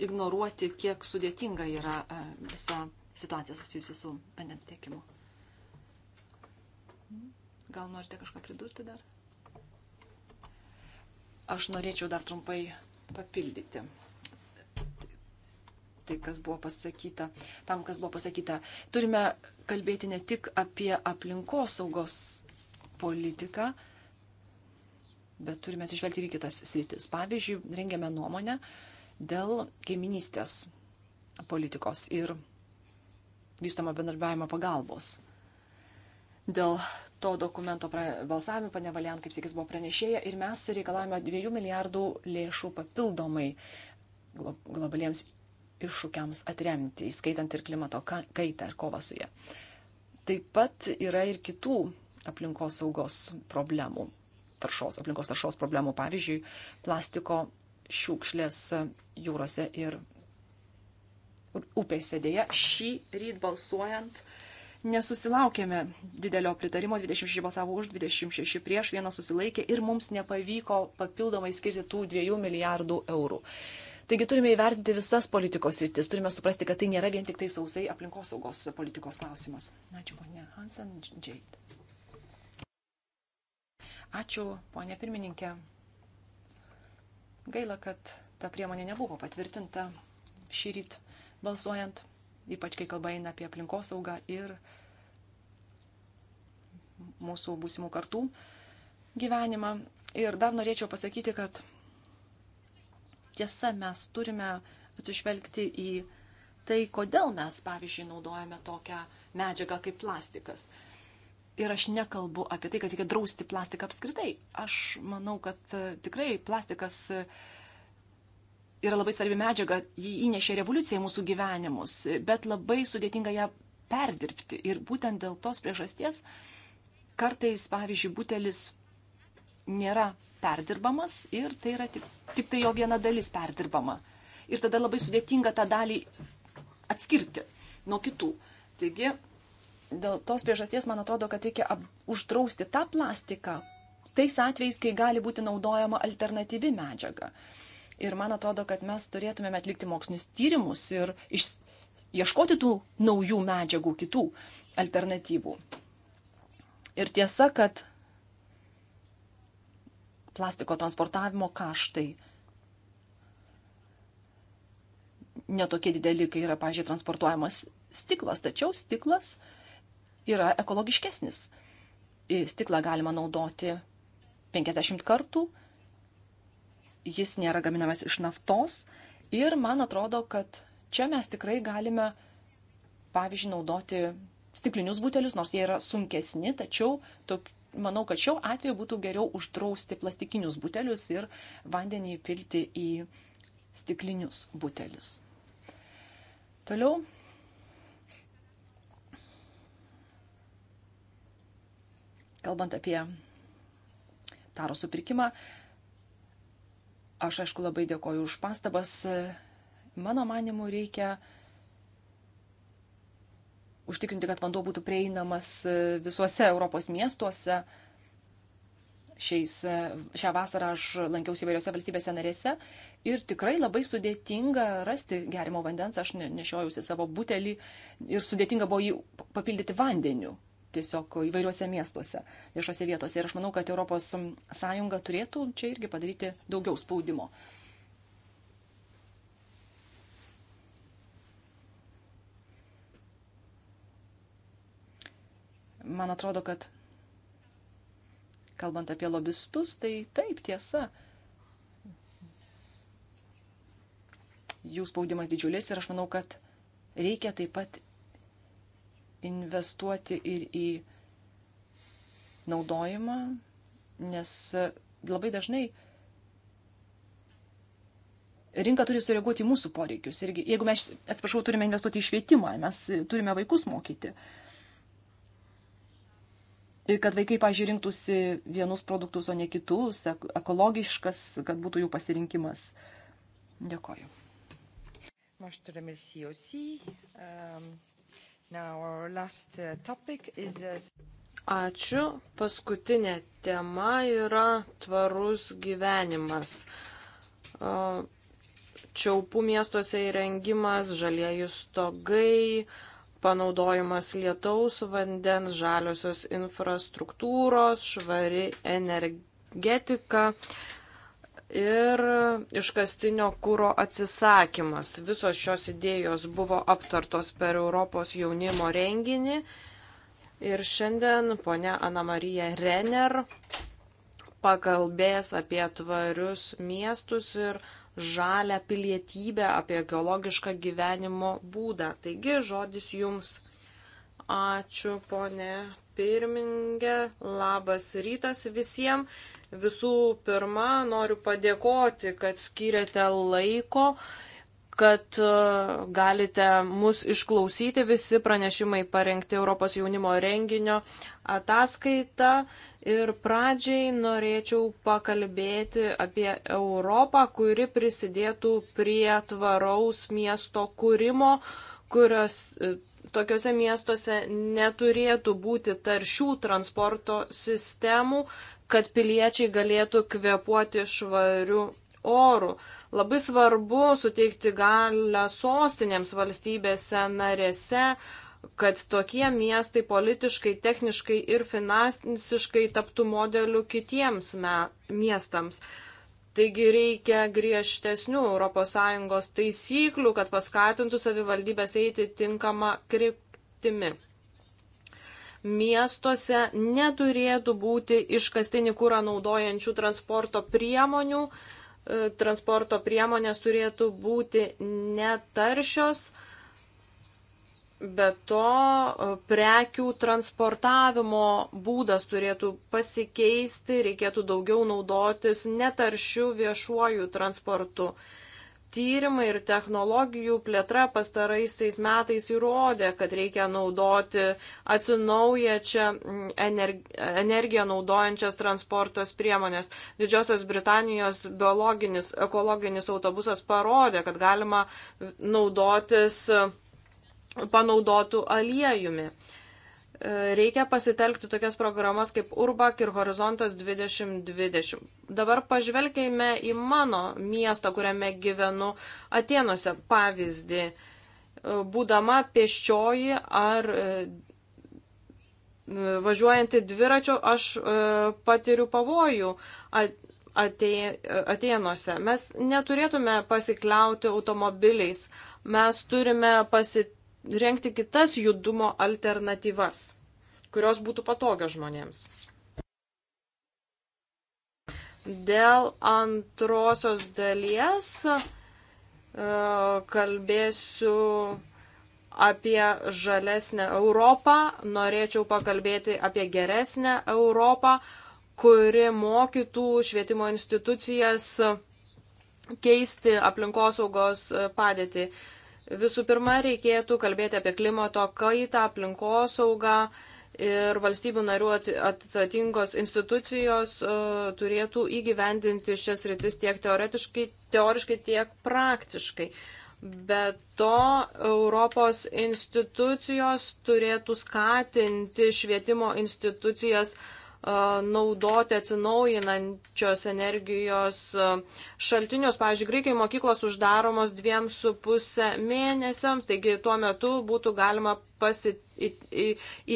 ignoruoti, kiek sudėtinga yra e, visa situacija susijusi su vandens tiekimu. Gal norite kažką pridurti dar? Aš norėčiau dar trumpai papildyti tai, kas buvo pasakyta, tam, kas buvo pasakyta. Turime kalbėti ne tik apie aplinkosaugos politiką, bet turime atsižvelgti ir kitas sritis. Pavyzdžiui, rengiame nuomonę dėl kaiminystės politikos ir vystamo bendarbiavimo pagalbos. Dėl to dokumento balsavimo panevaliant, kaip sėkis, buvo pranešėja ir mes reikalavome 2 milijardų lėšų papildomai globaliems iššūkiams atremti, įskaitant ir klimato kaitą ir kovą su ją. Taip pat yra ir kitų aplinkos saugos problemų, taršos, aplinkos taršos problemų, pavyzdžiui, plastiko šiukšlės jūrose ir upėse dėja. Šį ryt balsuojant nesusilaukėme didelio pritarimo, 26 balsavo už, 26 prieš, vienas susilaikė ir mums nepavyko papildomai skirti tų 2 milijardų eurų. Taigi turime įvertinti visas politikos rytis, turime suprasti, kad tai nėra vien tik tai sausai aplinkosaugos politikos klausimas. Ačiū, ponė Hansen Džeid. Ačiū, ponė pirmininkė. Gaila, kad ta priemonė nebuvo patvirtinta šį rytą balsuojant, ypač kai kalba eina apie aplinkosaugą ir mūsų būsimų kartų gyvenimą. Ir dar norėčiau pasakyti, kad Tiesa, mes turime atsižvelgti į tai, kodėl mes, pavyzdžiui, naudojame tokią medžiagą kaip plastikas. Ir aš nekalbu apie tai, kad reikia drausti plastiką apskritai. Aš manau, kad e, tikrai plastikas e, yra labai svarbi medžiaga, jį įnešė revoliucija į mūsų gyvenimus, e, bet labai sudėtinga ją perdirbti. Ir būtent dėl tos priežasties kartais, pavyzdžiui, butelis nėra perdirbamas ir tai yra tik, tik tai jo viena dalis perdirbama. Ir tada labai sudėtinga tą dalį atskirti nuo kitų. Taigi, dėl tos priežasties man atrodo, kad reikia ap, uždrausti tą plastiką tais atvejais, kai gali būti naudojama alternatyvi medžiaga. Ir man atrodo, kad mes turėtumėme atlikti mokslinius tyrimus ir iš, ieškoti tų naujų medžiagų, kitų alternatyvų. Ir tiesa, kad plastiko transportavimo kaštai netokie dideli, kai yra, pažiūrėjau, transportuojamas stiklas, tačiau stiklas yra ekologiškesnis. Stiklą galima naudoti 50 kartų, jis nėra gaminamas iš naftos ir man atrodo, kad čia mes tikrai galime, pavyzdžiui, naudoti stiklinius butelius, nors jie yra sunkesni, tačiau tokių manau, kad šiuo atveju būtų geriau uždrausti plastikinius butelius ir vandenį pilti į stiklinius butelius. Toliau. Kalbant apie taro supirkimą, aš aišku labai dėkoju už pastabas. Mano manimu reikia uh, užtikrinti, kad vanduo būtų prieinamas e, visuose Europos miestuose. Šiais, e, šią vasarą aš lankiausi įvairiose valstybėse narėse ir tikrai labai sudėtinga rasti gerimo vandens. Aš nešiojausi savo butelį ir sudėtinga buvo jį papildyti vandeniu tiesiog įvairiuose miestuose, viešose vietose. Ir aš manau, kad ES turėtų čia irgi padaryti daugiau spaudimo. Uh, man atrodo, kad kalbant apie lobistus, tai taip tiesa. Jų spaudimas didžiulis ir aš manau, kad reikia taip pat investuoti ir į naudojimą, nes labai dažnai rinka turi sureaguoti į mūsų poreikius. Irgi, jeigu mes, atsiprašau, turime investuoti į švietimą, mes turime vaikus mokyti, uh, Ir kad vaikai, pažiūrėjau, rinktųsi vienus produktus, o ne kitus, ekologiškas, kad būtų jų pasirinkimas. Dėkoju. Um, uh, uh, Ačiū. Paskutinė tema yra tvarus gyvenimas. Čiaupų miestuose įrengimas, žalieji stogai, uh, panaudojimas lietaus vandens, žaliosios infrastruktūros, švari energetika ir iškastinio kūro atsisakymas. Visos šios idėjos buvo aptartos per Europos jaunimo renginį. Ir šiandien ponia Ana Marija Renner pakalbės apie tvarius miestus ir žalę pilietybę, apie geologišką gyvenimo būdą. Taigi žodis jums. Ačiū, ponė pirmingė. Labas rytas visiems. Visų pirma, noriu padėkoti, kad skiriate laiko kad e, galite mus išklausyti visi pranešimai parengti Europos jaunimo renginio ataskaitą ir pradžiai norėčiau pakalbėti apie Europą, kuri prisidėtų prie tvaraus miesto kūrimo, kurios tokiuose miestuose neturėtų būti taršių transporto sistemų, kad piliečiai galėtų kvepuoti švariu oru. Labai svarbu suteikti galę sostinėms valstybėse narėse kad tokie miestai politiškai, techniškai ir finansiškai taptų modeliu kitiems miestams. Taigi reikia griežtesnių ES taisyklių, kad paskatintų savivaldybės eiti tinkamą kryptimi. Miestuose neturėtų būti iškastinį kūrą naudojančių transporto priemonių. E, transporto priemonės turėtų būti netaršios Be to, e, prekių transportavimo būdas turėtų pasikeisti, reikėtų daugiau naudotis netaršių viešuoju transportu. Tyrimai ir technologijų plėtra pastaraisiais metais įrodė, kad reikia naudoti atsinaujačią energiją naudojančias transportos priemonės. Didžiosios Britanijos biologinis, ekologinis autobusas parodė, kad galima naudotis panaudotų aliejumi. E, reikia pasitelkti tokias programas kaip Urbak ir Horizontas 2020. Dabar pažvelkime į mano miestą, kuriame gyvenu, Atenuose pavyzdį. E, būdama pėščioji ar e, važiuojantį dviračiu, aš patiriu pavojų Atenuose. Mes neturėtume pasikliauti automobiliais. Mes turime pasitikti rengti kitas judumo alternatyvas, kurios būtų patogios žmonėms. Dėl antrosios dalies e, kalbėsiu apie žalesnę Europą, norėčiau pakalbėti apie geresnę Europą, kuri mokytų švietimo institucijas keisti aplinkosaugos e, padėtį. Visų pirma, reikėtų kalbėti apie klimato kaitą, aplinkosaugą ir valstybių narių atsakingos institucijos uh, turėtų įgyvendinti šias rytis tiek teoretiškai, teoriškai, tiek praktiškai. Be to, Europos institucijos turėtų skatinti švietimo institucijas uh, naudoti atsinaujinančios energijos šaltinius. Pavyzdžiui, greikiai mokyklos uždaromos dviem su pusę mėnesiam, taigi tuo metu būtų galima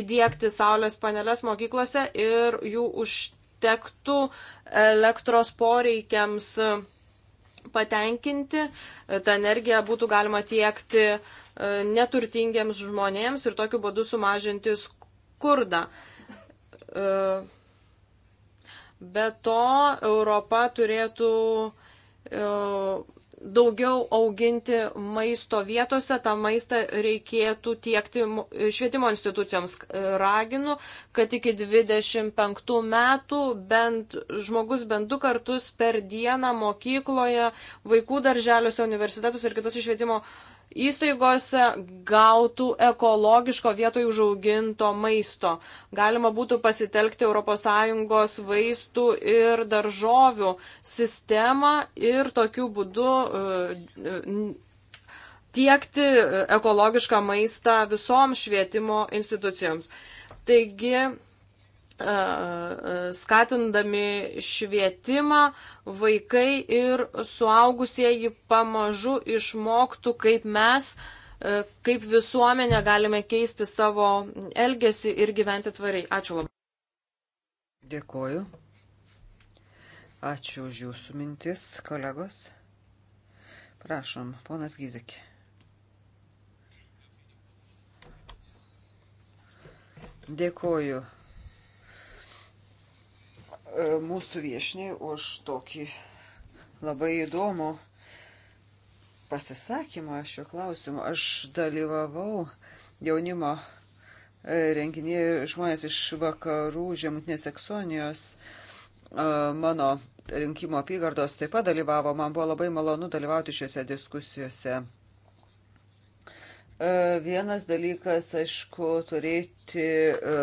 įdėkti saulės paneles mokyklose ir jų užtektų elektros poreikiams patenkinti. Ta energija būtų galima tiekti e, neturtingiems žmonėms ir tokiu būdu sumažinti skurdą. E, be to, Europa turėtų e, daugiau auginti maisto vietose, tą maistą reikėtų tiekti švietimo institucijoms. Raginu, kad iki 25 metų bent žmogus bent du kartus per dieną mokykloje, vaikų darželiuose, universitetuose ir kitose švietimo institucijose įstaigose gautų ekologiško vietoj užauginto maisto. Galima būtų pasitelkti ES vaistų ir daržovių sistemą ir tokiu būdu e, e, tiekti ekologišką maistą visoms švietimo institucijoms. Taigi, E, e, skatindami švietimą, vaikai ir suaugusieji pamažu išmoktų, kaip mes, e, kaip visuomenė galime keisti savo elgesį ir gyventi tvariai. Ačiū labai. Dėkoju. Ačiū už jūsų mintis, kolegos. Prašom, ponas Gizekė. Dėkoju E, mūsų viešniai už tokį labai įdomų pasisakymą šiuo klausimu. Aš dalyvavau jaunimo e, renginėje žmonės iš vakarų žemutinės Saksonijos e, mano rinkimo apygardos taip pat dalyvavo. Man buvo labai malonu dalyvauti šiuose diskusijose. E, vienas dalykas, aišku, turėti e,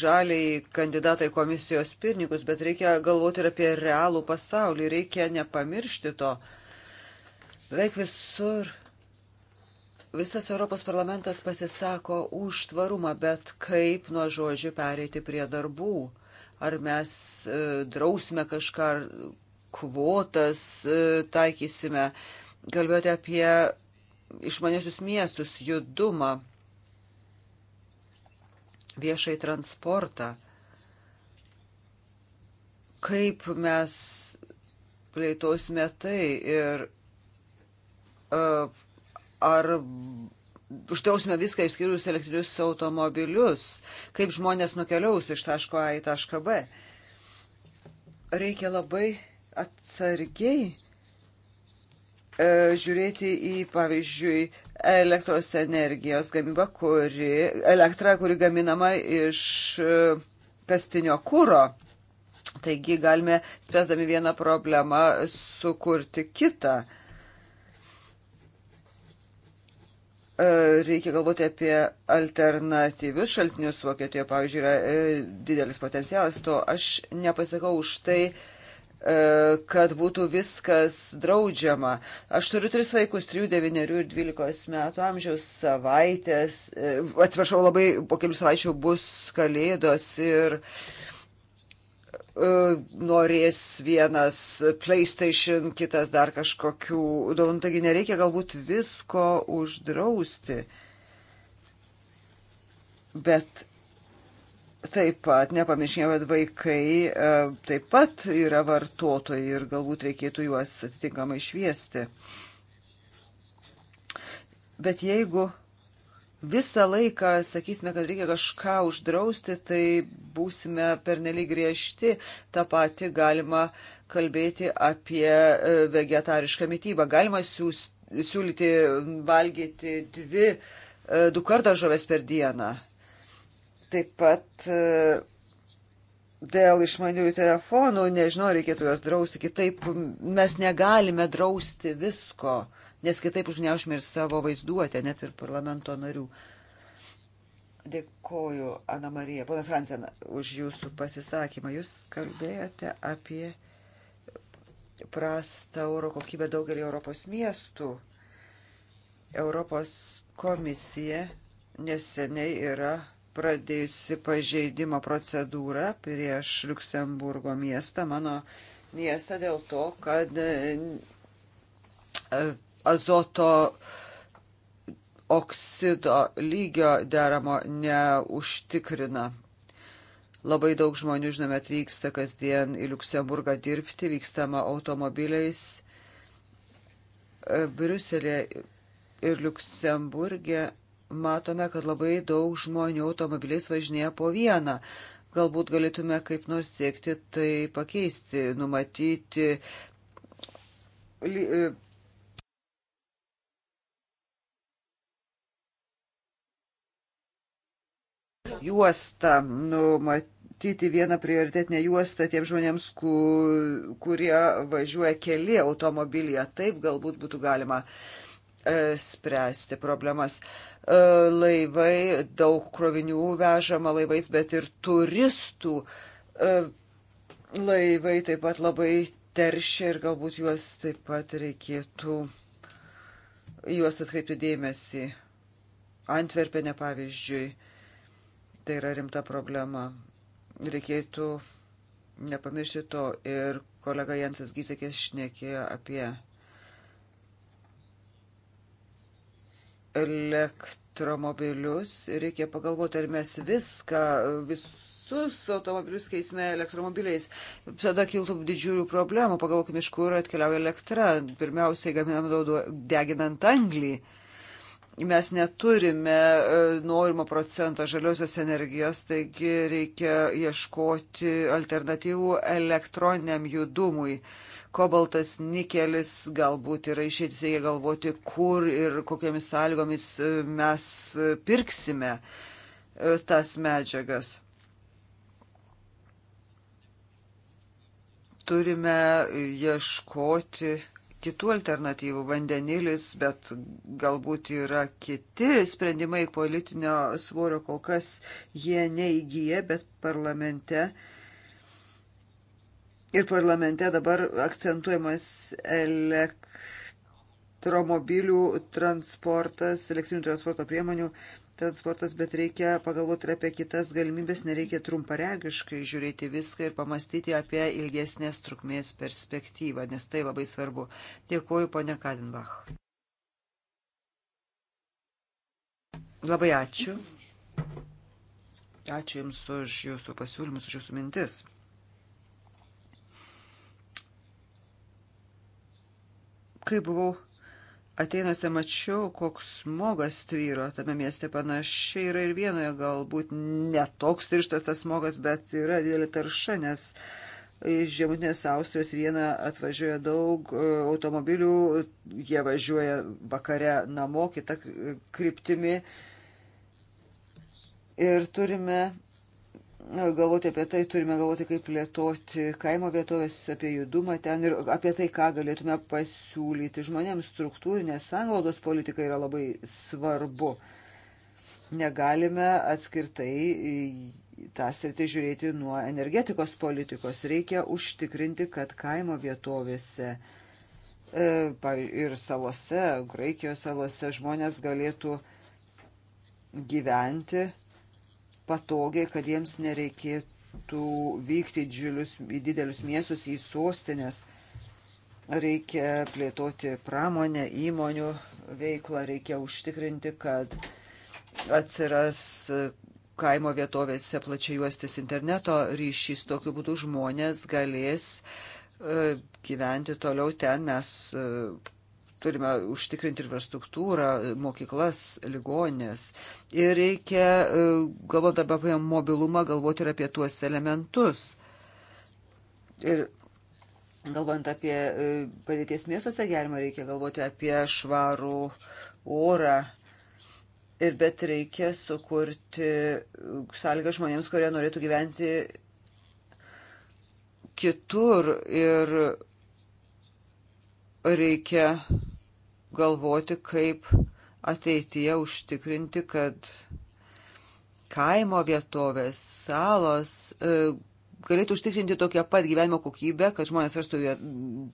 žaliai kandidatai komisijos pirmininkus, bet reikia galvoti ir apie realų pasaulį, reikia nepamiršti to. Beveik visur visas Europos parlamentas pasisako už tvarumą, bet kaip nuo žodžių pereiti prie darbų? Ar mes e, drausime kažką, ar kvotas taikysime? Galvėjote apie išmaniosius miestus, judumą, viešai transportą. Kaip mes plėtosime tai ir e, ar uždrausime viską išskyrus elektrinius automobilius, kaip žmonės nukeliaus iš taško A į tašką B. Reikia labai atsargiai E, žiūrėti į, pavyzdžiui, elektros energijos gamybą, kuri, elektra, kuri gaminama iš e, kastinio kūro. Taigi galime, spręsdami vieną problemą, sukurti kitą. E, reikia galvoti apie alternatyvius šaltinius Vokietijoje, pavyzdžiui, yra didelis potencialas, to aš nepasakau už tai, E, kad būtų viskas draudžiama. Aš turiu tris vaikus, 3, 9 ir 12 metų amžiaus savaitės. E, atsiprašau, labai po kelių savaičių bus kalėdos ir e, norės vienas PlayStation, kitas dar kažkokių daunų, taigi nereikia galbūt visko uždrausti. Bet Taip pat nepamirškime, kad vaikai e, taip pat yra vartotojai ir galbūt reikėtų juos atitinkamai šviesti. Bet jeigu visą laiką sakysime, kad reikia kažką uždrausti, tai būsime pernelyg griežti. Ta pati galima kalbėti apie e, vegetarišką mytybą. Galima siūs, siūlyti valgyti dvi, e, du kartą žuves per dieną. Taip pat e, dėl išmaniųjų telefonų, nežinau, reikėtų juos drausti, kitaip mes negalime drausti visko, nes kitaip užneušime ir savo vaizduotę, net ir parlamento narių. Dėkoju, Ana Marija. Ponas Hansen, už jūsų pasisakymą. Jūs kalbėjote apie prastą oro kokybę daugelį Europos miestų. Europos komisija neseniai yra pradėjusi pažeidimo procedūrą prieš Luksemburgo miestą, mano miestą, dėl to, kad e, azoto oksido lygio deramo neužtikrina. Labai daug žmonių, žinome, atvyksta kasdien į Luksemburgą dirbti, vykstama automobiliais. E, Briuselė ir Luksemburgė matome, kad labai daug žmonių automobiliais važinėja po vieną. Galbūt galėtume kaip nors siekti tai pakeisti, numatyti e, juostą, numatyti vieną prioritetinę juostą tiem žmonėms, ku, kurie važiuoja keli automobilyje. Taip galbūt būtų galima uh, E, spręsti problemas. E, laivai, daug krovinių vežama laivais, bet ir turistų e, laivai taip pat labai teršia ir galbūt juos taip pat reikėtų juos atkreipti dėmesį. Antverpenė pavyzdžiui, tai yra rimta problema. Reikėtų nepamiršti to ir kolega Jansas Gysekės šnekėjo apie elektromobilius ir reikia pagalvoti, ar mes viską, visus automobilius keisime elektromobiliais. Tada kiltų didžiulių problemų, pagalvokime, iš kur atkeliauja elektra. Pirmiausiai gaminam daugiau deginant anglį mes neturime e, norimo procento žaliosios energijos, taigi reikia ieškoti alternatyvų elektroniniam judumui kobaltas, nikelis, galbūt yra išėtis, reikia galvoti, kur ir kokiamis sąlygomis e, mes e, pirksime e, tas medžiagas. Turime ieškoti kitų alternatyvų - vandenilis, bet galbūt yra kiti sprendimai politinio svorio, kol kas jie neįgyja, bet parlamente uh, ir parlamente dabar akcentuojamas elektromobilių transportas, elektrinių transporto priemonių transportas, bet reikia pagalvoti ir apie kitas galimybės, nereikia trumparegiškai žiūrėti viską ir pamastyti apie ilgesnės trukmės perspektyvą, nes tai labai svarbu. Dėkuoju, ponia Kadinbach. Labai ačiū. Ačiū Jums už Jūsų pasiūlymus, už Jūsų mintis. kai buvau ateinuose mačiau, koks smogas tvyro tame mieste. Panašiai yra ir vienoje, galbūt netoks tirštas tas smogas, bet yra didelė tarša, nes iš žemutinės Austrijos vieną atvažiuoja daug e, automobilių, jie važiuoja vakare namo, kitą kryptimi. Ir turime galvoti apie tai, turime galvoti, kaip plėtoti kaimo vietovės, apie judumą ten ir apie tai, ką galėtume pasiūlyti žmonėms. Struktūrinė sanglaudos politika yra labai svarbu. Negalime atskirtai tą sritį žiūrėti nuo energetikos politikos. Reikia užtikrinti, kad kaimo vietovėse e, ir salose, Graikijos salose žmonės galėtų gyventi patogiai, kad jiems nereikėtų vykti didžiulius, į didelius miestus, į sostinės. Reikia plėtoti pramonę, įmonių veiklą, reikia užtikrinti, kad atsiras kaimo vietovėse plačiai juostis interneto ryšys, tokiu būdu žmonės galės e, gyventi toliau ten, mes e, turime užtikrinti infrastruktūrą, mokyklas, ligonės. Ir reikia, e, galvot apie mobilumą, galvoti ir apie tuos elementus. Ir galvojant apie e, padėties miestuose gerimą, reikia galvoti apie švarų orą. Ir bet reikia sukurti e, sąlygą žmonėms, kurie norėtų gyventi kitur ir reikia galvoti, kaip ateityje užtikrinti, kad kaimo vietovės, salos e, galėtų užtikrinti tokią pat gyvenimo kokybę, kad žmonės rastų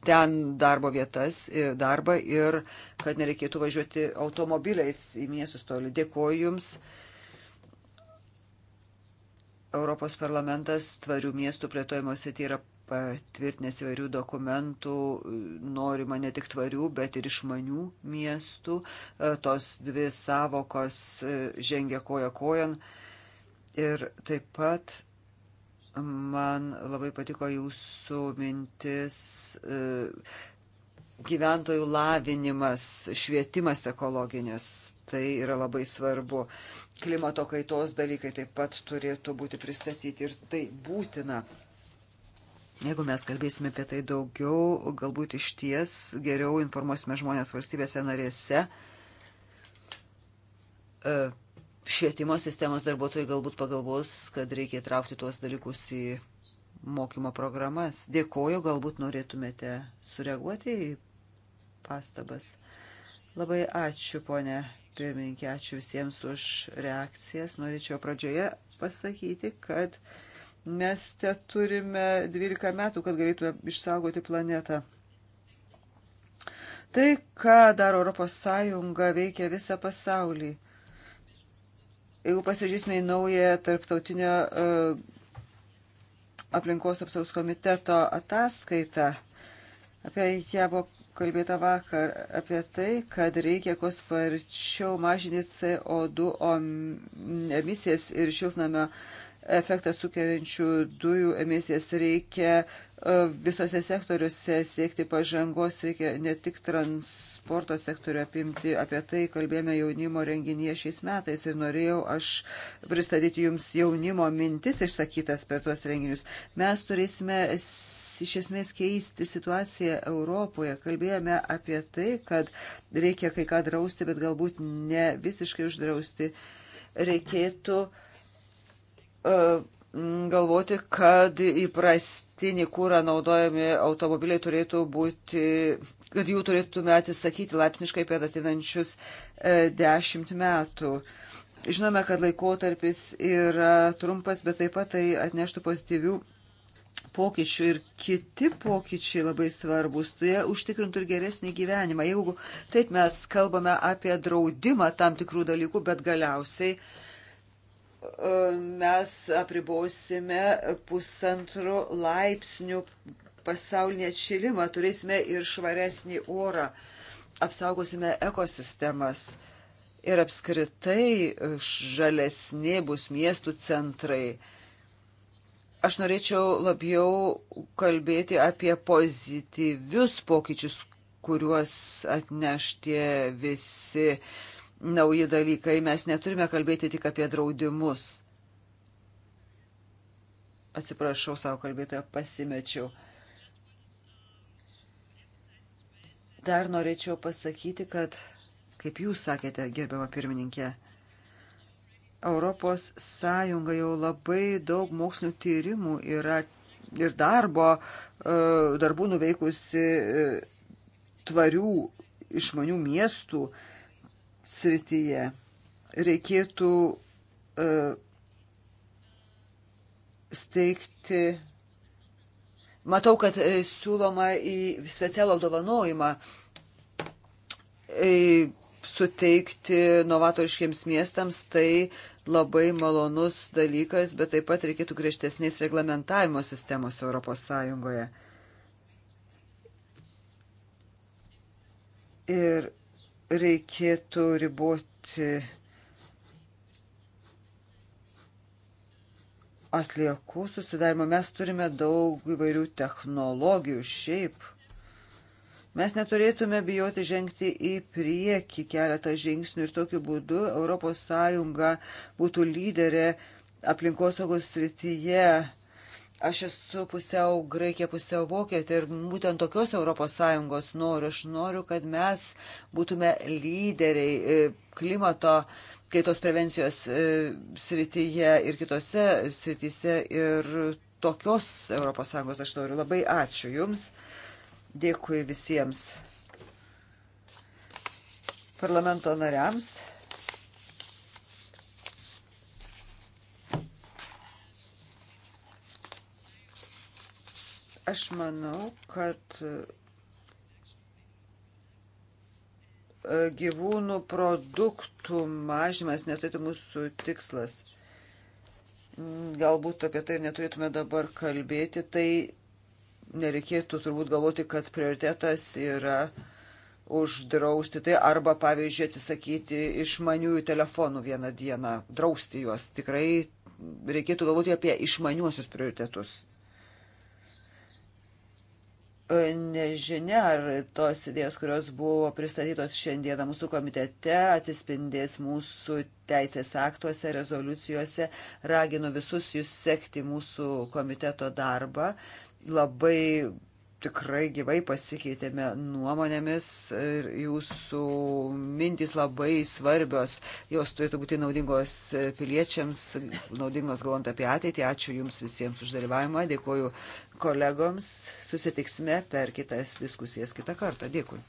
ten darbo vietas, e, darbą ir kad nereikėtų važiuoti automobiliais į miestus toli. Dėkuoju Jums. Europos parlamentas tvarių miestų plėtojimo sitį yra patvirtinęs įvairių dokumentų, norima ne tik tvarių, bet ir išmanių miestų. E, tos dvi savokos e, žengia koja kojon. Ir taip pat man labai patiko jūsų mintis e, gyventojų lavinimas, švietimas ekologinis. Tai yra labai svarbu. Klimato kaitos dalykai taip pat turėtų būti pristatyti ir tai būtina Jeigu mes kalbėsime apie tai daugiau, galbūt iš ties geriau informuosime žmonės valstybėse narėse. E, švietimo sistemos darbuotojai galbūt pagalvos, kad reikia įtraukti tuos dalykus į mokymo programas. Dėkoju, galbūt norėtumėte sureaguoti į pastabas. Labai ačiū, ponė pirmininkė, ačiū visiems už reakcijas. Norėčiau pradžioje pasakyti, kad uh, Mes te turime 12 metų, kad galėtume išsaugoti planetą. Tai, ką daro Europos Sąjunga, veikia visą pasaulį. Jeigu pasižiūrėsime į naują tarptautinio e, aplinkos apsaus komiteto ataskaitą, apie ją buvo kalbėta vakar, apie tai, kad reikia kuo sparčiau mažinti CO2 emisijas ir šiltnamio efektą efektą sukeliančių dujų emisijas. Reikia e, visose sektoriuose siekti pažangos, reikia ne tik transporto sektorių apimti. Apie tai kalbėjome jaunimo renginyje šiais metais ir norėjau aš pristatyti jums jaunimo mintis išsakytas per tuos renginius. Mes turėsime iš esmės keisti situaciją Europoje. Kalbėjome apie tai, kad reikia kai ką drausti, bet galbūt ne visiškai uždrausti. Reikėtų uh, E, galvoti, kad įprastinį kūrą naudojami automobiliai turėtų būti, kad jų turėtume atsisakyti laipsniškai per atinančius e, dešimt metų. Žinome, kad laikotarpis yra trumpas, bet taip pat tai atneštų pozityvių pokyčių ir kiti pokyčiai labai svarbus, tai užtikrintų ir geresnį gyvenimą. Jeigu taip mes kalbame apie draudimą tam tikrų dalykų, bet galiausiai uh, E, mes apribosime pusantro laipsnių pasaulinį atšilimą, turėsime ir švaresnį orą, apsaugosime ekosistemas ir apskritai žalesni bus miestų centrai. Aš norėčiau labiau kalbėti apie pozityvius pokyčius, kuriuos atneš tie visi uh, nauji dalykai. Mes neturime kalbėti tik apie draudimus. Atsiprašau savo kalbėtoje, pasimečiau. Dar norėčiau pasakyti, kad, kaip jūs sakėte, gerbiama pirmininkė, Europos Sąjunga jau labai daug mokslinių tyrimų yra ir darbo, e, darbų nuveikusi e, tvarių išmanių miestų srityje. Reikėtų uh, steigti. Matau, kad e, siūloma į specialų apdovanojimą e, suteikti novatoriškiams miestams, tai labai malonus dalykas, bet taip pat reikėtų griežtesnės reglamentavimo sistemos Europos Sąjungoje. Ir reikėtų riboti atliekų susidarimo. Mes turime daug įvairių technologijų šiaip. Mes neturėtume bijoti žengti į priekį keletą žingsnių ir tokiu būdu ES būtų lyderė aplinkosaugos srityje Aš esu pusiau graikė, pusiau vokietė ir būtent tokios ES noriu. Aš noriu, kad mes būtume lyderiai e, klimato kaitos prevencijos e, srityje ir kitose srityse. Ir tokios ES aš noriu. Labai ačiū Jums. Dėkui visiems parlamento nariams. Aš manau, kad e, gyvūnų produktų mažymas neturėtų mūsų tikslas. Galbūt apie tai neturėtume dabar kalbėti, tai nereikėtų turbūt galvoti, kad prioritetas yra uždrausti tai arba, pavyzdžiui, atsisakyti išmaniųjų telefonų vieną dieną, drausti juos. Tikrai reikėtų galvoti apie išmaniuosius prioritetus nežinia, ar tos idėjos, kurios buvo pristatytos šiandieną mūsų komitete, atsispindės mūsų teisės aktuose, rezoliucijose. Raginu visus jūs sekti mūsų komiteto darbą. Labai tikrai gyvai pasikeitėme nuomonėmis ir jūsų mintys labai svarbios. Jos turėtų būti naudingos piliečiams, naudingos galvant apie ateitį. Ačiū Jums visiems už dalyvavimą. Dėkuoju kolegoms. Susitiksime per kitas diskusijas kitą kartą. Dėkui.